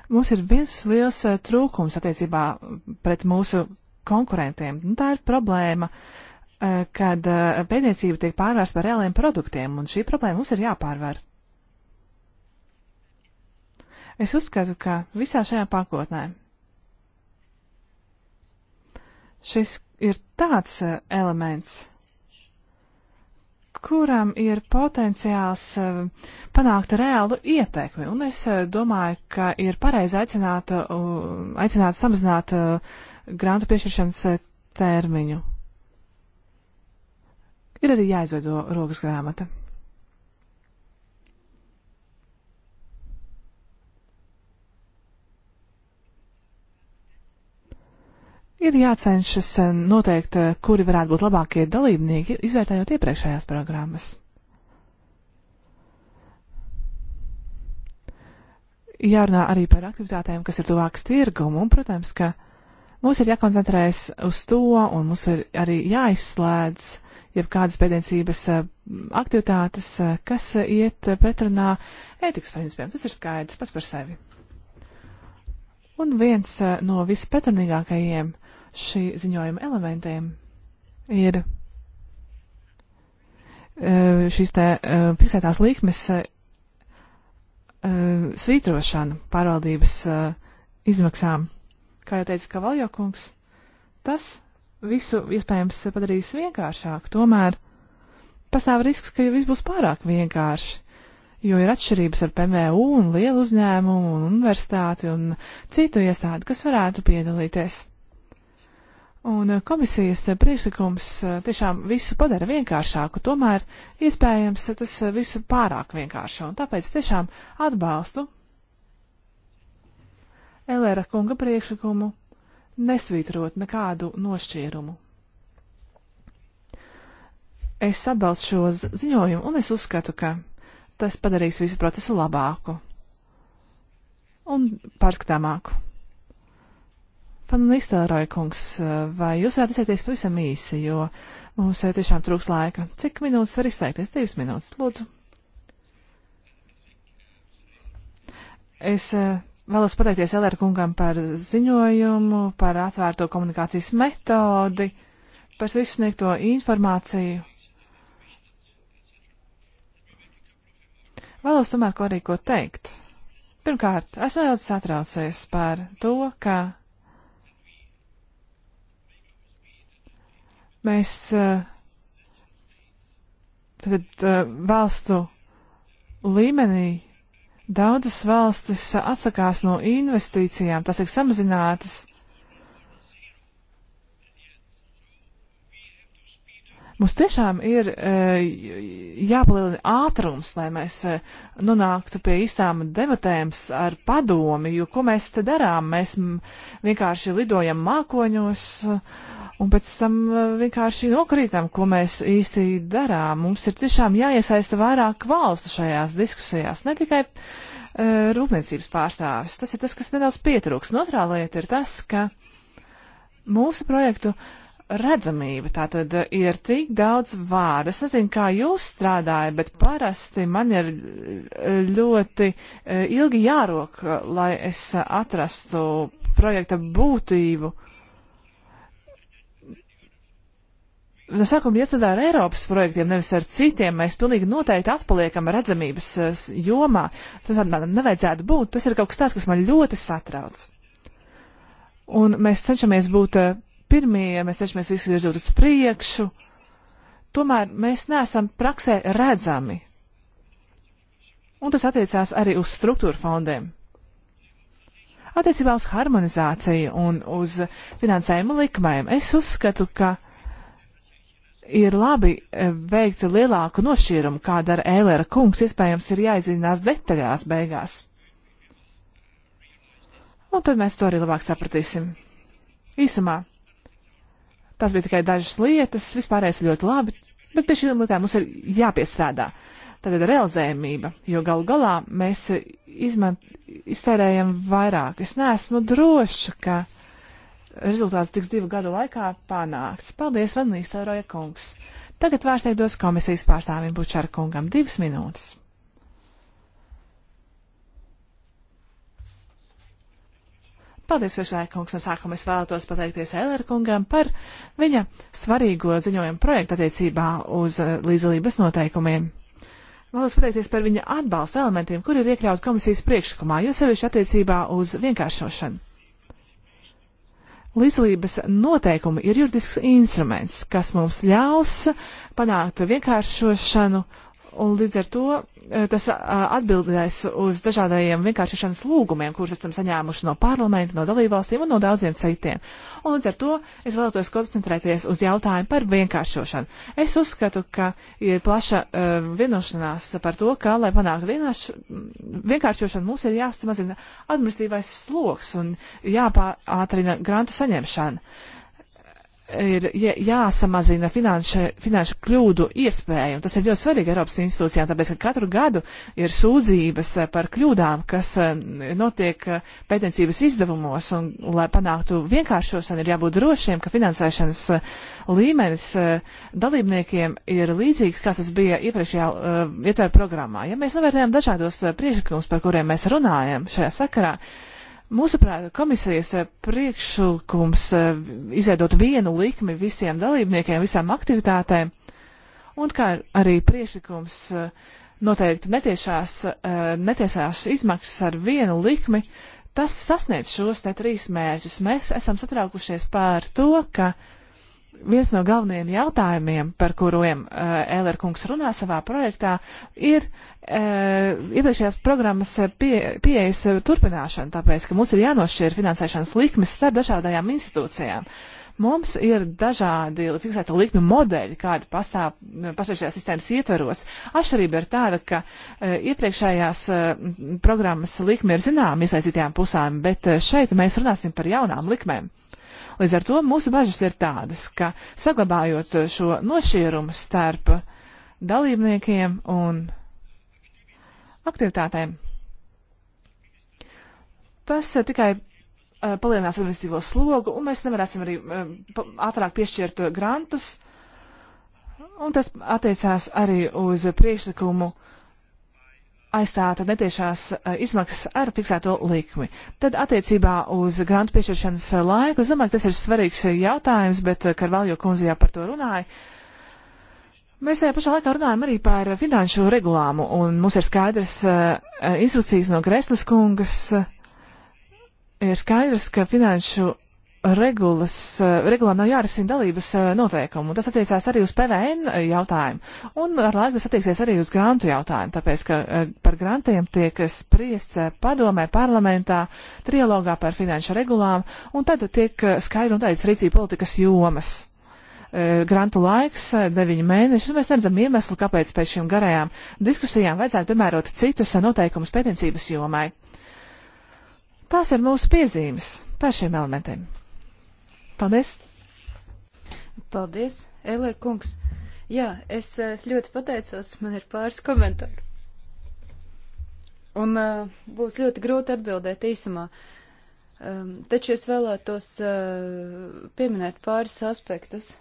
Mums ir viens liels eh, trūkums attiecībā pret mūsu konkurentiem. Nu, tā ir problēma. Uh, Eh, kad eh, pētniecība tiek pārvērsta par reāliem produktiem, un šī problēma mums ir jāpārvar. Es uzskatu, ka visā šajā pakotnē šis ir tāds eh, elements, kuram ir potenciāls panākt reālu ietekmi, un es domāju, ka ir pareizi aicināt, aicināt samazināt grantu piešķiršanas termiņu. Ir arī jāizveido rokas grāmata. Ir jācenšas eh, noteikt, eh, kuri varētu būt labākie dalībnieki, izvērtējot iepriekšējās programmas. Jārunā arī par aktivitātēm, kas ir tuvākas tirgumu, un, protams, ka mums ir jākoncentrējas uz to, un mums ir arī jāizslēdz jeb kādas pēdniecības eh, aktivitātes, eh, kas eh, iet pretrunā ētikas principiem. Tas ir skaidrs pats par sevi. Un viens no vispretrunīgākajiem šī ziņojuma elementiem ir šīs te fiksētās līkmes svītrošana pārvaldības izmaksām. Kā jau teica Kavaljokungs, tas visu iespējams padarījis vienkāršāk, tomēr pastāv risks, ka viss būs pārāk vienkārši, jo ir atšķirības ar PMU un lielu uzņēmumu un universitāti un citu iestādi, kas varētu piedalīties. Un eh, komisijas priekšlikums eh, tiešām visu padara vienkāršāku, tomēr iespējams eh, tas visu pārāk vienkāršo, un tāpēc tiešām atbalstu Elera kunga priekšlikumu nesvītrot nekādu nošķīrumu. Es atbalstu šo ziņojumu un es uzskatu, ka tas padarīs visu procesu labāku un pārskatāmāku. Pan Nistēlroja kungs, vai jūs varat izteikties pavisam īsi, jo mums tiešām trūks laika. Cik minūtes var izteikties? Divas minūtes, lūdzu. Es eh, Vēlos pateikties Elēra kungam par ziņojumu, par atvērto komunikācijas metodi, par visu sniegto informāciju. Vēlos tomēr ko arī ko teikt. Pirmkārt, esmu nedaudz satraucies par to, ka mēs eh, tad eh, valstu līmenī Daudzas valstis atsakās no investīcijām, tas ir samazinātas. Mums tiešām ir e, jāpalielina ātrums, lai mēs e, nonāktu pie īstām debatēm ar padomi, jo ko mēs te darām? Mēs vienkārši lidojam mākoņos. Uh, Un pēc tam eh, vienkārši nokrītam, ko mēs īsti darām. Mums ir tiešām jāiesaista vairāk valstu šajās diskusijās, ne tikai uh, rūpniecības pārstāvis. Tas ir tas, kas nedaudz pietrūks. Un otrā lieta ir tas, ka mūsu projektu redzamība tātad ir tik daudz vārdu. Es nezinu, kā jūs strādājat, bet parasti man ir eh, ļoti ilgi jārok, lai es atrastu projekta būtību. no sākuma iestrādā ar Eiropas projektiem, nevis ar citiem. Mēs pilnīgi noteikti atpaliekam redzamības jomā. Tas nevajadzētu būt. Tas ir kaut kas tāds, kas man ļoti satrauc. Un mēs cenšamies būt eh, pirmie, mēs cenšamies visu virzot uz priekšu. Tomēr mēs neesam praksē redzami. Un tas attiecās arī uz struktūra fondiem. Attiecībā uz harmonizāciju un uz finansējuma likmēm es uzskatu, ka ir labi e, veikt lielāku nošķīrumu, kā dara Ēlera kungs, iespējams, ir jāizdzinās detaļās beigās. Un tad mēs to arī labāk sapratīsim. Īsumā, tas bija tikai dažas lietas, vispārējais ļoti labi, bet pie šīm lietām mums ir jāpiestrādā. Tātad realizējumība, jo galu galā mēs izmant, iztērējam vairāk. Es neesmu droša, ka rezultāts tiks divu gadu laikā panākts. Paldies, Vanlīs Tāroja kungs. Tagad vārds tiek dos komisijas pārstāvim Bučara kungam divas minūtes. Paldies, Višlēk kungs, no sākuma es vēlētos pateikties Eiler kungam par viņa svarīgo ziņojumu projektu attiecībā uz eh, līdzdalības noteikumiem. Vēlos pateikties par viņa atbalstu elementiem, kur ir iekļauts komisijas priekšlikumā, jo sevišķi attiecībā uz vienkāršošanu. Līdzlības noteikumi ir juridisks instruments, kas mums ļaus panākt vienkāršošanu, un līdz ar to Eh, tas eh, atbildēs uz dažādajiem vienkāršošanas lūgumiem, kurus esam saņēmuši no parlamenta, no dalībvalstīm un no daudziem citiem. Un līdz ar to es vēlētos koncentrēties uz jautājumu par vienkāršošanu. Es uzskatu, ka ir plaša uh, vienošanās par to, ka, lai panāktu vienkāršošanu, mums ir jāsamazina administratīvais sloks un jāpātrina grantu saņemšana. Uh, ir jāsamazina finanša, finanšu kļūdu iespēja, un tas ir ļoti svarīgi Eiropas institūcijām, tāpēc, ka katru gadu ir sūdzības eh, par kļūdām, kas eh, notiek eh, pētniecības izdevumos, un lai panāktu vienkāršošanu, ir jābūt drošiem, ka finansēšanas līmenis dalībniekiem ir līdzīgs, kas tas bija iepriekšējā ietvēra programmā. Ja mēs novērtējam dažādos priekšlikumus, par kuriem mēs runājam šajā sakarā, Mūsuprāt, komisijas eh, priekšlikums eh, izveidot vienu likmi visiem dalībniekiem, visām aktivitātēm, un kā arī priekšlikums eh, noteikti netiešās, netiesās izmaksas ar vienu likmi, tas sasniedz šos te trīs mērķus. Mēs esam satraukušies pār to, ka viens no galvenajiem jautājumiem, par kuriem uh, eh, Ēlera kungs runā savā projektā, ir uh, eh, iepriekšējās programmas eh, pie, pieejas turpināšana, tāpēc, ka mums ir jānošķir finansēšanas likmes starp dažādajām institūcijām. Mums ir dažādi fiksēto likmi modeļi, kādi pastāv pašreizējās sistēmas ietveros. Atšķirība ir tāda, ka uh, iepriekšējās uh, programmas likme ir zinām iesaistītajām pusēm, bet uh, šeit mēs runāsim par jaunām likmēm. Uh, Līdz ar to mūsu bažas ir tādas, ka saglabājot šo nošķīrumu starp dalībniekiem un aktivitātēm, tas eh, tikai eh, palielinās administratīvo slogu, un mēs nevarēsim arī eh, ātrāk piešķirt grantus. Un tas attiecās arī uz priekšlikumu uh, aizstāta netiešās eh, izmaksas ar fiksēto likmi. Tad attiecībā uz grantu piešķiršanas laiku, es domāju, tas ir svarīgs jautājums, bet eh, Karvaljo kundze jau par to runāja. Mēs tajā pašā laikā runājam arī par finanšu regulāmu, un mums ir skaidrs eh, instrukcijas no Greslis kungas, ir skaidrs, ka finanšu regulas, eh, regulā nav jārisina dalības eh, noteikumu. Tas attiecās arī uz PVN jautājumu. Un ar laiku tas attieksies arī uz grantu jautājumu, tāpēc, ka eh, par grantiem tiek spriests padomē, parlamentā, trialogā par finanšu regulām, un tad tiek skaidri un teicis rīcība politikas jomas. Grantu laiks - 9 mēneši, un mēs redzam iemeslu, kāpēc pēc šīm garajām diskusijām vajadzētu piemērot citus noteikumus pētniecības jomai. Tās ir mūsu piezīmes par šiem elementiem. Paldies! Paldies, Eller kungs! Jā, es eh, ļoti pateicos, man ir pāris komentāri. Un uh, būs ļoti grūti atbildēt īsumā. Um, taču es vēlētos uh, pieminēt pāris aspektus.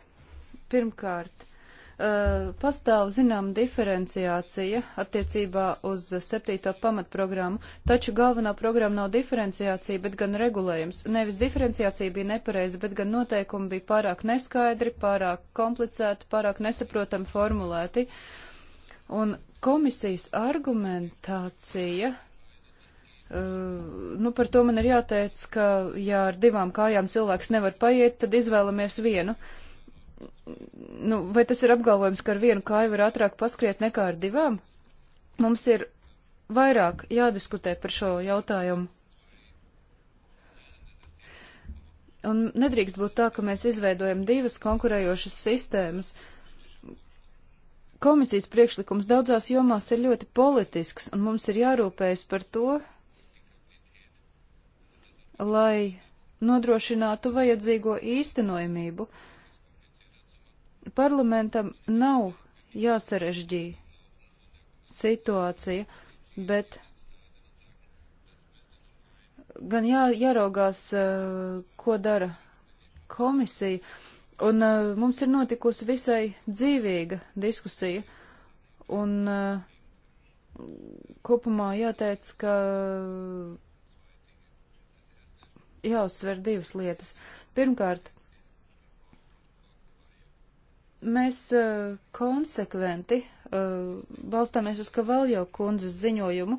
Pirmkārt, uh, Uh, pastāv zinām diferenciācija attiecībā uz septīto pamatprogrammu, taču galvenā programma nav diferenciācija, bet gan regulējums. Nevis diferenciācija bija nepareiza, bet gan noteikumi bija pārāk neskaidri, pārāk komplicēti, pārāk nesaprotami formulēti. Un komisijas argumentācija. Uh, nu, par to man ir jāteic, ka, ja ar divām kājām cilvēks nevar paiet, tad izvēlamies vienu. Uh, nu, vai tas ir apgalvojums, ka ar vienu kāju var ātrāk paskriet nekā ar divām? Mums ir vairāk jādiskutē par šo jautājumu. Un nedrīkst būt tā, ka mēs izveidojam divas konkurējošas sistēmas. Komisijas priekšlikums daudzās jomās ir ļoti politisks, un mums ir jārūpējas par to, lai nodrošinātu vajadzīgo īstenojamību. Uh, Parlamentam nav jāsarežģī situācija, bet gan jā, jāraugās, ko dara komisija. Un mums ir notikusi visai dzīvīga diskusija. Un kopumā jāteic, ka jāuzsver divas lietas. Pirmkārt, Mēs uh, konsekventi uh, balstāmies uz Kavaljo kundzes ziņojumu,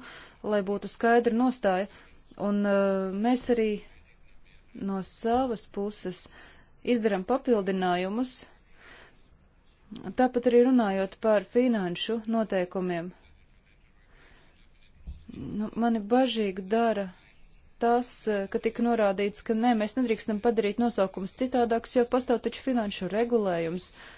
lai būtu skaidra nostāja, un uh, mēs arī no savas puses izdaram papildinājumus, tāpat arī runājot par finanšu noteikumiem. Nu, mani bažīgi dara tas, uh, ka tika norādīts, ka nē, mēs nedrīkstam padarīt nosaukums citādāks, jo pastāv taču finanšu regulējums. Uh,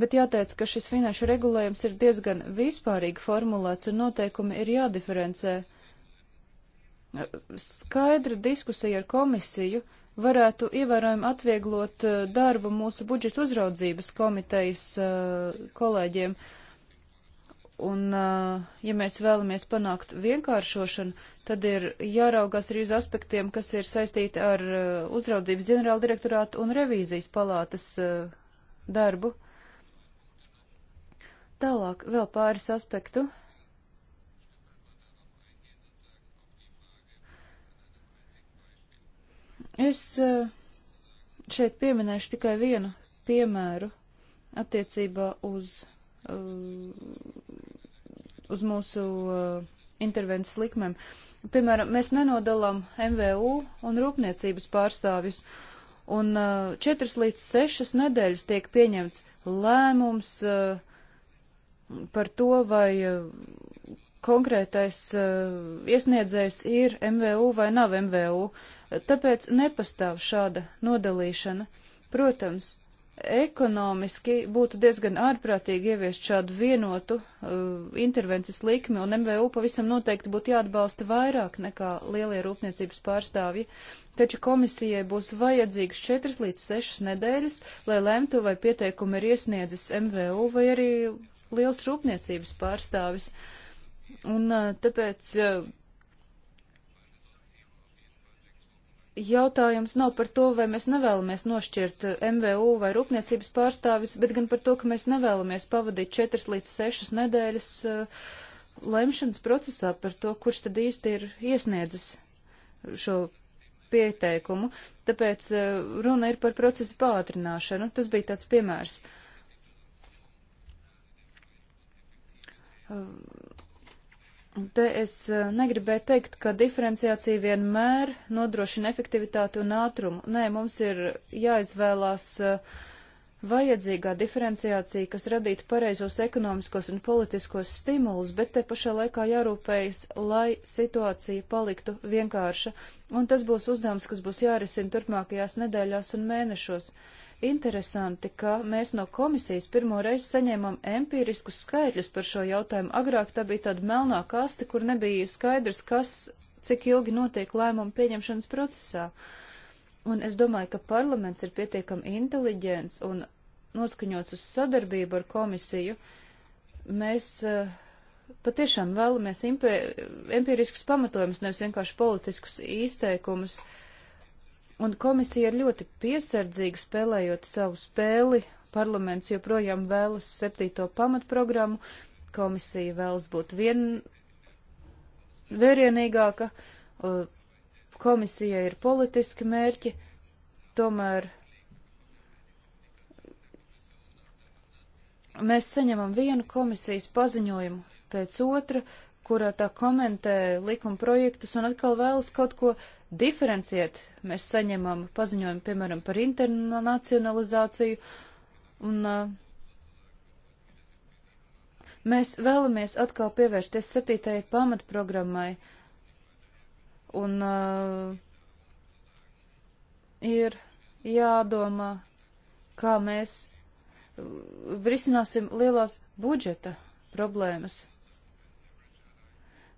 Bet jāteic, ka šis finanšu regulējums ir diezgan vispārīgi formulēts un noteikumi ir jādiferencē. Skaidra diskusija ar komisiju varētu ievērojami atvieglot eh, darbu mūsu budžeta uzraudzības komitejas eh, kolēģiem. Un, eh, ja mēs vēlamies panākt vienkāršošanu, tad ir jāraugās arī uz aspektiem, kas ir saistīti ar uzraudzības ģenerāldirektorātu un revīzijas palātas darbu. Tālāk vēl pāris aspektu. Es eh, šeit pieminēšu tikai vienu piemēru attiecībā uz, eh, uz mūsu eh, intervences likmēm. Piemēram, mēs nenodalām MVU un rūpniecības pārstāvis, un četras līdz sešas nedēļas tiek pieņemts lēmums, uh, par to, vai eh, konkrētais eh, iesniedzējs ir MVU vai nav MVU. Tāpēc nepastāv šāda nodalīšana. Protams, ekonomiski būtu diezgan ārprātīgi ieviest šādu vienotu uh, intervences likmi, un MVU pavisam noteikti būtu jāatbalsta vairāk nekā lielie rūpniecības pārstāvji, taču komisijai būs vajadzīgs 4 līdz 6 nedēļas, lai lemtu, vai pieteikumu ir iesniedzis MVU vai arī liels rūpniecības pārstāvis. Un tāpēc jautājums nav par to, vai mēs nevēlamies nošķirt MVU vai rūpniecības pārstāvis, bet gan par to, ka mēs nevēlamies pavadīt četras līdz sešas nedēļas uh, lemšanas procesā par to, kurš tad īsti ir iesniedzis šo pieteikumu. Tāpēc uh, runa ir par procesu pātrināšanu. Tas bija tāds piemērs. Uh, Ehm, te es eh, negribēju teikt, ka diferenciācija vienmēr nodrošina efektivitāti un ātrumu. Nē, mums ir jāizvēlās eh, vajadzīgā diferenciācija, kas radītu pareizos ekonomiskos un politiskos stimulus, bet te pašā laikā jārūpējas, lai situācija paliktu vienkārša, un tas būs uzdevums, kas būs jārisina turpmākajās nedēļās un mēnešos. Uh, interesanti, ka mēs no komisijas pirmo reizi saņēmām empiriskus skaitļus par šo jautājumu. Agrāk tā bija tāda melnā kaste, kur nebija skaidrs, kas, cik ilgi notiek lēmumu pieņemšanas procesā. Un es domāju, ka parlaments ir pietiekami inteliģents un noskaņots uz sadarbību ar komisiju. Mēs uh, patiešām vēlamies empiriskus pamatojumus, nevis vienkārši politiskus izteikumus. Uh, un komisija ir ļoti piesardzīga spēlējot savu spēli. Parlaments joprojām vēlas septīto pamatprogrammu, komisija vēlas būt vien vērienīgāka, komisija ir politiski mērķi, tomēr mēs saņemam vienu komisijas paziņojumu pēc otra, uh, kurā tā komentē likuma projektus un atkal vēlas kaut ko diferenciēt. Mēs saņemam paziņojumu, piemēram, par internacionalizāciju, un uh, mēs vēlamies atkal pievērsties septītajai pamatprogrammai, un uh, ir jādomā, kā mēs uh, risināsim lielās budžeta problēmas.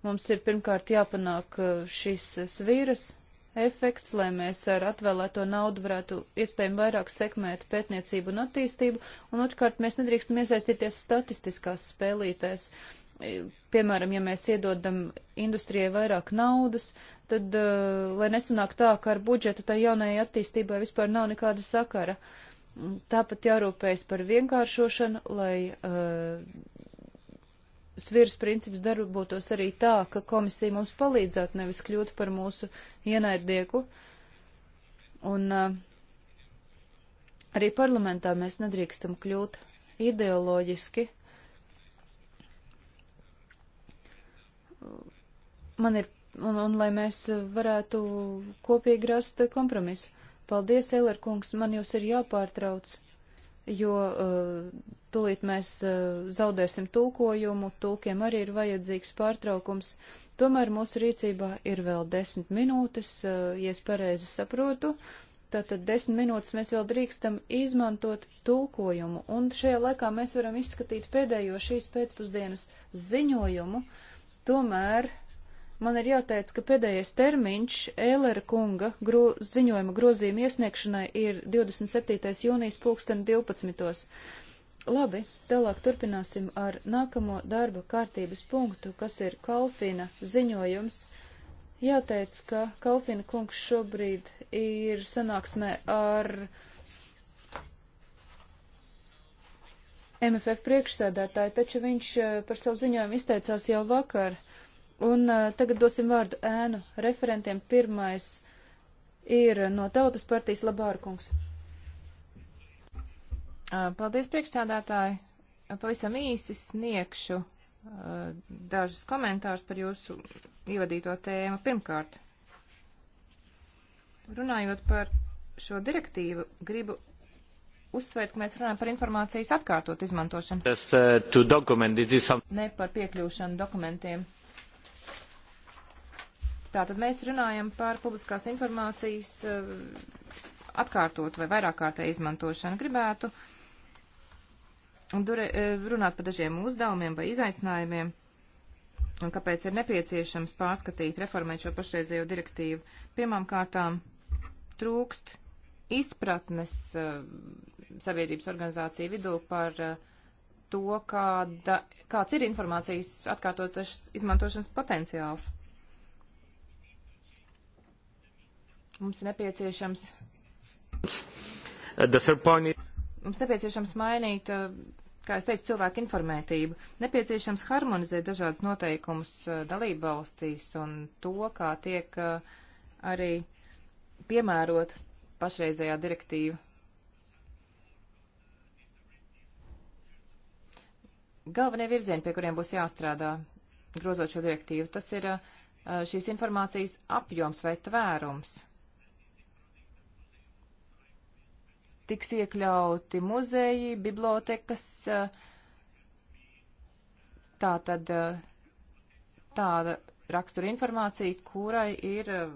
Mums ir pirmkārt jāpanāk uh, šis uh, svīras efekts, lai mēs ar atvēlēto naudu varētu iespējami vairāk sekmēt pētniecību un attīstību, un otrkārt mēs nedrīkstam iesaistīties statistiskās spēlītēs. Piemēram, ja mēs iedodam industrijai vairāk naudas, tad, uh, lai nesanāk tā, ka ar budžetu tai jaunajai attīstībai vispār nav nekāda sakara. Tāpat jārūpējas par vienkāršošanu, lai uh, svirs princips darbotos arī tā, ka komisija mums palīdzētu nevis kļūt par mūsu ienaidnieku. Un uh, arī parlamentā mēs nedrīkstam kļūt ideoloģiski. Man ir, un, un lai mēs varētu kopīgi rast kompromisu. Paldies, Eler kungs, man jūs ir jāpārtrauc jo uh, eh, tulīt mēs uh, zaudēsim tulkojumu, tulkiem arī ir vajadzīgs pārtraukums. Tomēr mūsu rīcībā ir vēl desmit minūtes, uh, ja es pareizi saprotu. Tātad desmit minūtes mēs vēl drīkstam izmantot tulkojumu, un šajā laikā mēs varam izskatīt pēdējo šīs pēcpusdienas ziņojumu. Tomēr uh, Man ir jāteic, ka pēdējais termiņš Ēlera kunga gro ziņojuma grozījuma iesniegšanai ir 27. jūnijas pulksten 12. Labi, tālāk turpināsim ar nākamo darba kārtības punktu, kas ir Kalfina ziņojums. Jāteic, ka Kalfina kungs šobrīd ir sanāksmē ar MFF priekšsēdētāju, taču viņš eh, par savu ziņojumu izteicās jau vakar. Uh, Un uh, tagad dosim vārdu ēnu referentiem. Pirmais ir no Tautas partijas Labārkungs. Eh, paldies, priekšstādātāji. Eh, pavisam īsi sniegšu uh, dažus komentārus par jūsu ievadīto tēmu. Pirmkārt, runājot par šo direktīvu, gribu uzsvērt, ka mēs runājam par informācijas atkārtot izmantošanu. Just, uh, document, some... Ne par piekļūšanu dokumentiem. Tātad mēs runājam par publiskās informācijas eh, atkārtot vai vairāk kārtē izmantošanu. Gribētu eh, runāt par dažiem uzdevumiem vai izaicinājumiem un kāpēc ir nepieciešams pārskatīt, reformēt šo pašreizējo direktīvu. Pirmām kārtām trūkst izpratnes uh, sabiedrības organizāciju vidū par uh, to, kāda, kāds ir informācijas atkārtotas izmantošanas potenciāls. Mums nepieciešams. Mums nepieciešams mainīt, uh, kā es teicu, cilvēku informētību. Nepieciešams harmonizēt dažādas noteikumus uh, dalību valstīs un to, kā tiek uh, arī piemērot pašreizējā direktīva. galvenie virzieni, pie kuriem būs jāstrādā, grozot šo direktīvu, tas ir šīs informācijas apjoms vai tvērums. tiks iekļauti muzeji, bibliotekas, eh, tā tad eh, tāda rakstura informācija, kurai ir eh,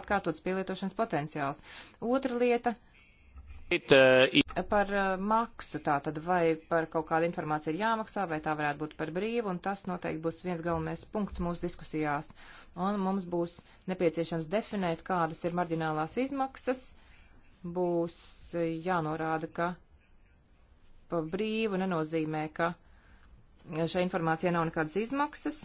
atkārtots pielietošanas potenciāls. Otra lieta par maksu, tātad vai par kaut kādu informāciju ir jāmaksā, vai tā varētu būt par brīvu, un tas noteikti būs viens galvenais punkts mūsu diskusijās. Un mums būs nepieciešams definēt, kādas ir marģinālās izmaksas, būs jānorāda, ka pa brīvu nenozīmē, ka šai informācijai nav nekādas izmaksas.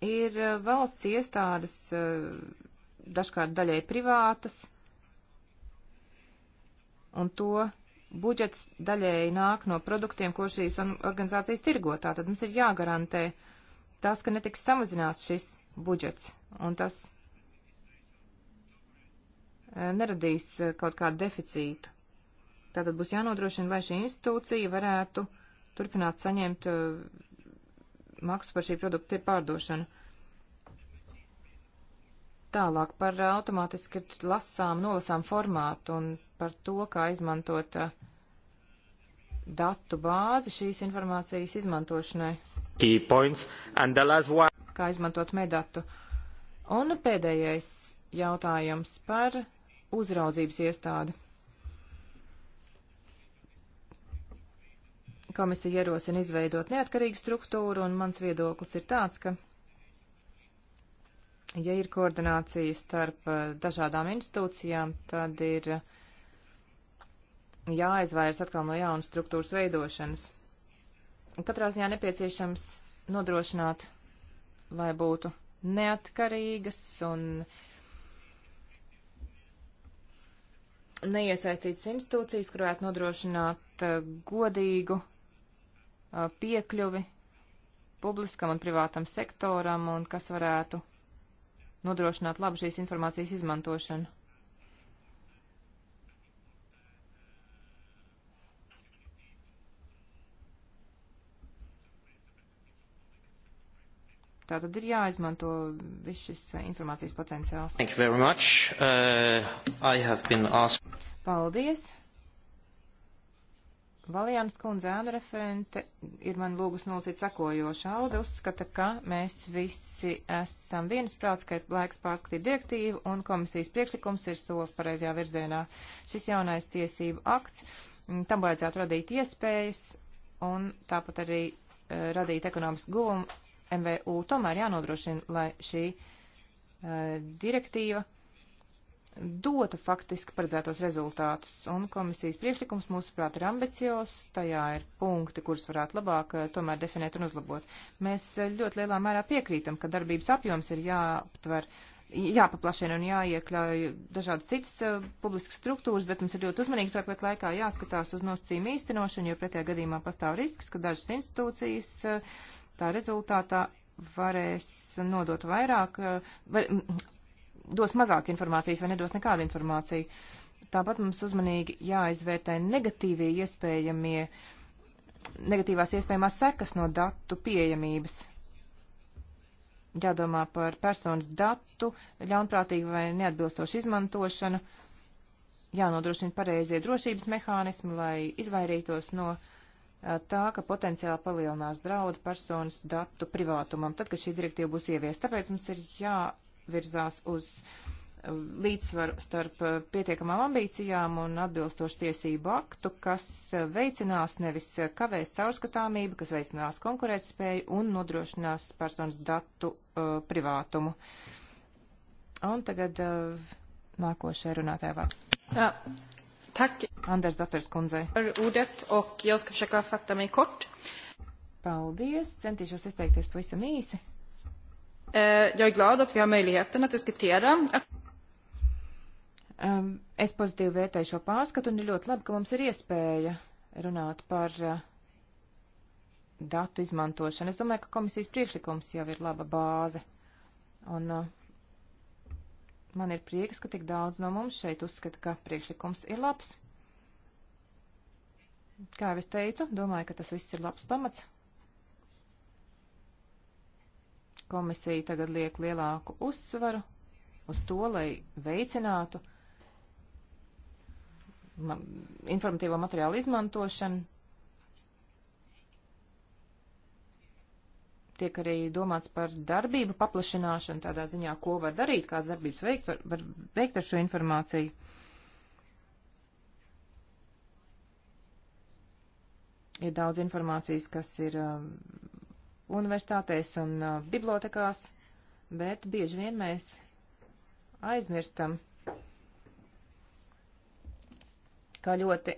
Ir eh, valsts iestādes, eh, dažkārt daļai privātas, un to budžets daļēji nāk no produktiem, ko šīs organizācijas tirgo. Tātad mums ir jāgarantē tas, ka netiks samazināts šis budžets, un tas e, neradīs e, kaut kādu deficītu. Tātad būs jānodrošina, lai šī institūcija varētu turpināt saņemt e, maksu par šī produkta pārdošanu. Tālāk par automātiski lasām, nolasām formātu un par to, kā izmantot datu bāzi šīs informācijas izmantošanai. Key points, and the last one kā izmantot medatu. Un pēdējais jautājums par uzraudzības iestādi. Komisija ierosina izveidot neatkarīgu struktūru, un mans viedoklis ir tāds, ka, ja ir koordinācija starp eh, dažādām institūcijām, tad ir jāizvairs atkal no jaunas struktūras veidošanas. Katrā ziņā nepieciešams nodrošināt lai būtu neatkarīgas un neiesaistītas institūcijas, kur varētu nodrošināt eh, godīgu eh, piekļuvi publiskam un privātam sektoram un kas varētu nodrošināt labu šīs informācijas izmantošanu. Tā tad ir jāizmanto viss šis eh, informācijas potenciāls. Thank you very much. Uh, I have been asked. Paldies. Valjānas kundze ēnu referente ir man lūgus nolasīt sakojošu audu, uzskata, ka mēs visi esam viensprāts, ka ir laiks pārskatīt direktīvu un komisijas priekšlikums ir solis pareizajā virzienā. Šis jaunais tiesību akts, mm, tam vajadzētu radīt iespējas un tāpat arī uh, radīt ekonomisku guvumu MVU tomēr jānodrošina, lai šī eh, direktīva dotu faktiski paredzētos rezultātus, un komisijas priekšlikums, mūsuprāt, ir ambiciozs, tajā ir punkti, kurus varētu labāk eh, tomēr definēt un uzlabot. Mēs eh, ļoti lielā mērā piekrītam, ka darbības apjoms ir jāaptver, jāpaplašina un jāiekļauj dažādas citas uh, publiskas struktūras, bet mums ir ļoti uzmanīgi tāpat laikā jāskatās uz nosacījumu īstenošanu, jo pretējā gadījumā pastāv risks, ka dažas institūcijas uh, Tā rezultātā varēs nodot vairāk, eh, var, mm, dos mazāk informācijas vai nedos nekādu informāciju. Tāpat mums uzmanīgi jāizvērtē negatīvie iespējamie, negatīvās iespējamās sekas no datu pieejamības. Jādomā par personas datu, ļaunprātīgu vai neatbilstošu izmantošanu, jānodrošina pareizie drošības mehānismi, lai izvairītos no uh, Eh, tā, ka potenciāli palielinās draudu personas datu privātumam, tad, kad šī direktīva būs ieviesta. Tāpēc mums ir jāvirzās uz eh, līdzsvaru starp eh, pietiekamām ambīcijām un atbilstošu tiesību aktu, kas veicinās nevis kavēs caurskatāmību, kas veicinās konkurētspēju un nodrošinās personas datu uh, privātumu. Un tagad uh, nākošais runātājā vārds. Tack. Anders Dotters kundzei. Par ordet och jag ska försöka fatta mig kort. Paldies. Centīšos izteikties pavisam īsi. Eh, jag är glad att vi har möjligheten att diskutera. Ehm, es pozitīvi vērtēju šo pārskatu un ir ļoti labi, ka mums ir iespēja runāt par eh, datu izmantošanu. Es domāju, ka komisijas priekšlikums jau ir laba bāze. Un uh, Man ir prieks, ka tik daudz no mums šeit uzskata, ka priekšlikums ir labs. Kā jau es teicu, domāju, ka tas viss ir labs pamats. Komisija tagad liek lielāku uzsvaru uz to, lai veicinātu informatīvo materiālu izmantošanu tiek arī domāts par darbību paplašināšanu tādā ziņā, ko var darīt, kādas darbības veikt, var, var veikt ar šo informāciju. Ir daudz informācijas, kas ir uh, universitātēs un uh, bibliotekās, bet bieži vien mēs aizmirstam, kā ļoti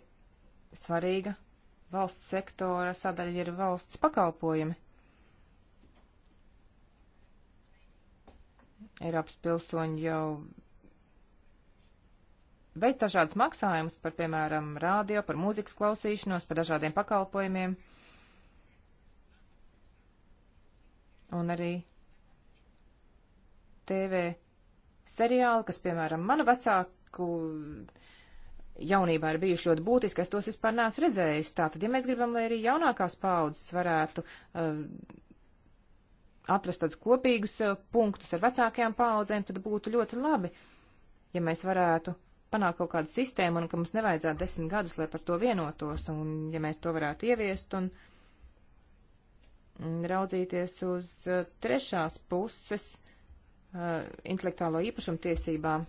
svarīga valsts sektora sadaļa ir valsts pakalpojumi. Eiropas pilsoņi jau veic dažādas maksājumus par, piemēram, rādio, par mūzikas klausīšanos, par dažādiem pakalpojumiem. Un arī TV seriāli, kas, piemēram, manu vecāku jaunībā ir bijuši ļoti būtiski, es tos vispār neesmu redzējis. Tātad, ja mēs gribam, lai arī jaunākās paudzes varētu uh, atrast tādus kopīgus eh, punktus ar vecākajām paudzēm, tad būtu ļoti labi, ja mēs varētu panākt kaut kādu sistēmu un ka mums nevajadzētu desmit gadus, lai par to vienotos, un ja mēs to varētu ieviest un mm, raudzīties uz eh, trešās puses uh, intelektuālo īpašumu tiesībām.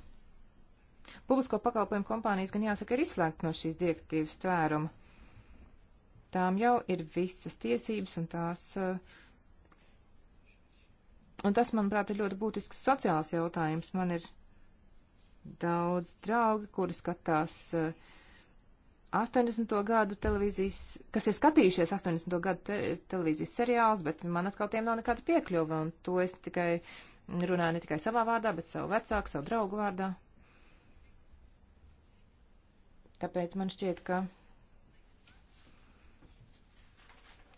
Publisko pakalpojumu kompānijas gan jāsaka ir izslēgt no šīs direktīvas tvēruma. Tām jau ir visas tiesības un tās uh, Un tas, manuprāt, ir ļoti būtisks sociāls jautājums. Man ir daudz draugi, kuri skatās uh, eh, 80. gadu televīzijas, kas ir skatījušies 80. gadu te, televīzijas seriālus, bet man atkal tiem nav nekāda piekļuva, un to es tikai runāju ne tikai savā vārdā, bet savu vecāku, savu draugu vārdā. Tāpēc man šķiet, ka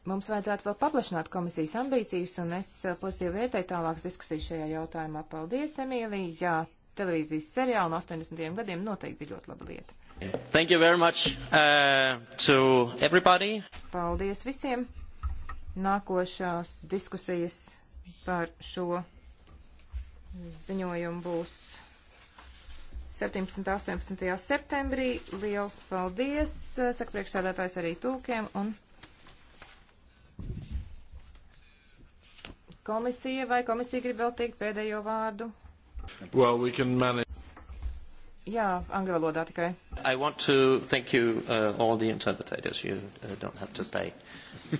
mums vajadzētu vēl paplašināt komisijas ambīcijas, un es eh, pozitīvi vērtēju tālākas diskusijas šajā jautājumā. Paldies, Emīlija! Jā, televīzijas seriāla no 80. gadiem noteikti bija ļoti laba lieta. Thank you very much uh, to everybody. Paldies visiem. Nākošās diskusijas par šo ziņojumu būs 17. un 18. septembrī. Liels paldies, uh, saka priekšsēdētājs arī tūkiem un. komisija, vai komisija grib vēl teikt pēdējo vārdu? Well, we can manage. Jā, angļu valodā tikai. I want to thank you uh, all the interpreters. You uh, don't have to stay.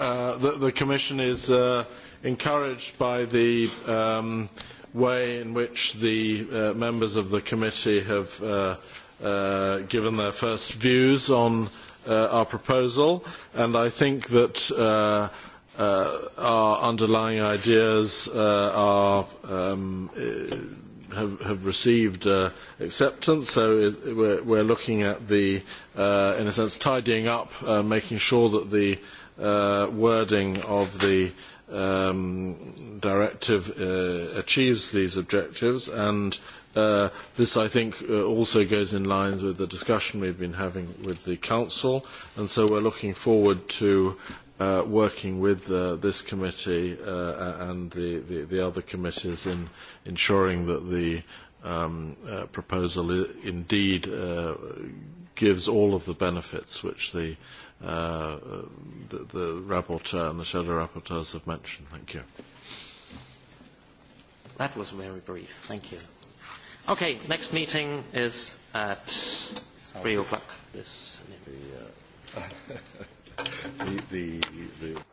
uh, the, the Commission is uh, encouraged by the um, way in which the uh, members of the committee have uh, uh, given their first views on uh, our proposal, and I think that uh, uh, our underlying ideas uh, are, um, uh, have, have received uh, acceptance. So it, it, we're, we're looking at the, uh, in a sense, tidying up, uh, making sure that the uh, wording of the um, directive uh, achieves these objectives and uh, this, I think, uh, also goes in line with the discussion we've been having with the Council, and so we're looking forward to uh, working with uh, this committee uh, and the, the, the other committees in ensuring that the um, uh, proposal I- indeed uh, gives all of the benefits which the, uh, uh the, the rapporteur and the shadow rapporteurs have mentioned. Thank you. That was very brief. Thank you. Okay, next meeting is at 3 o'clock this. The, uh, the, the, the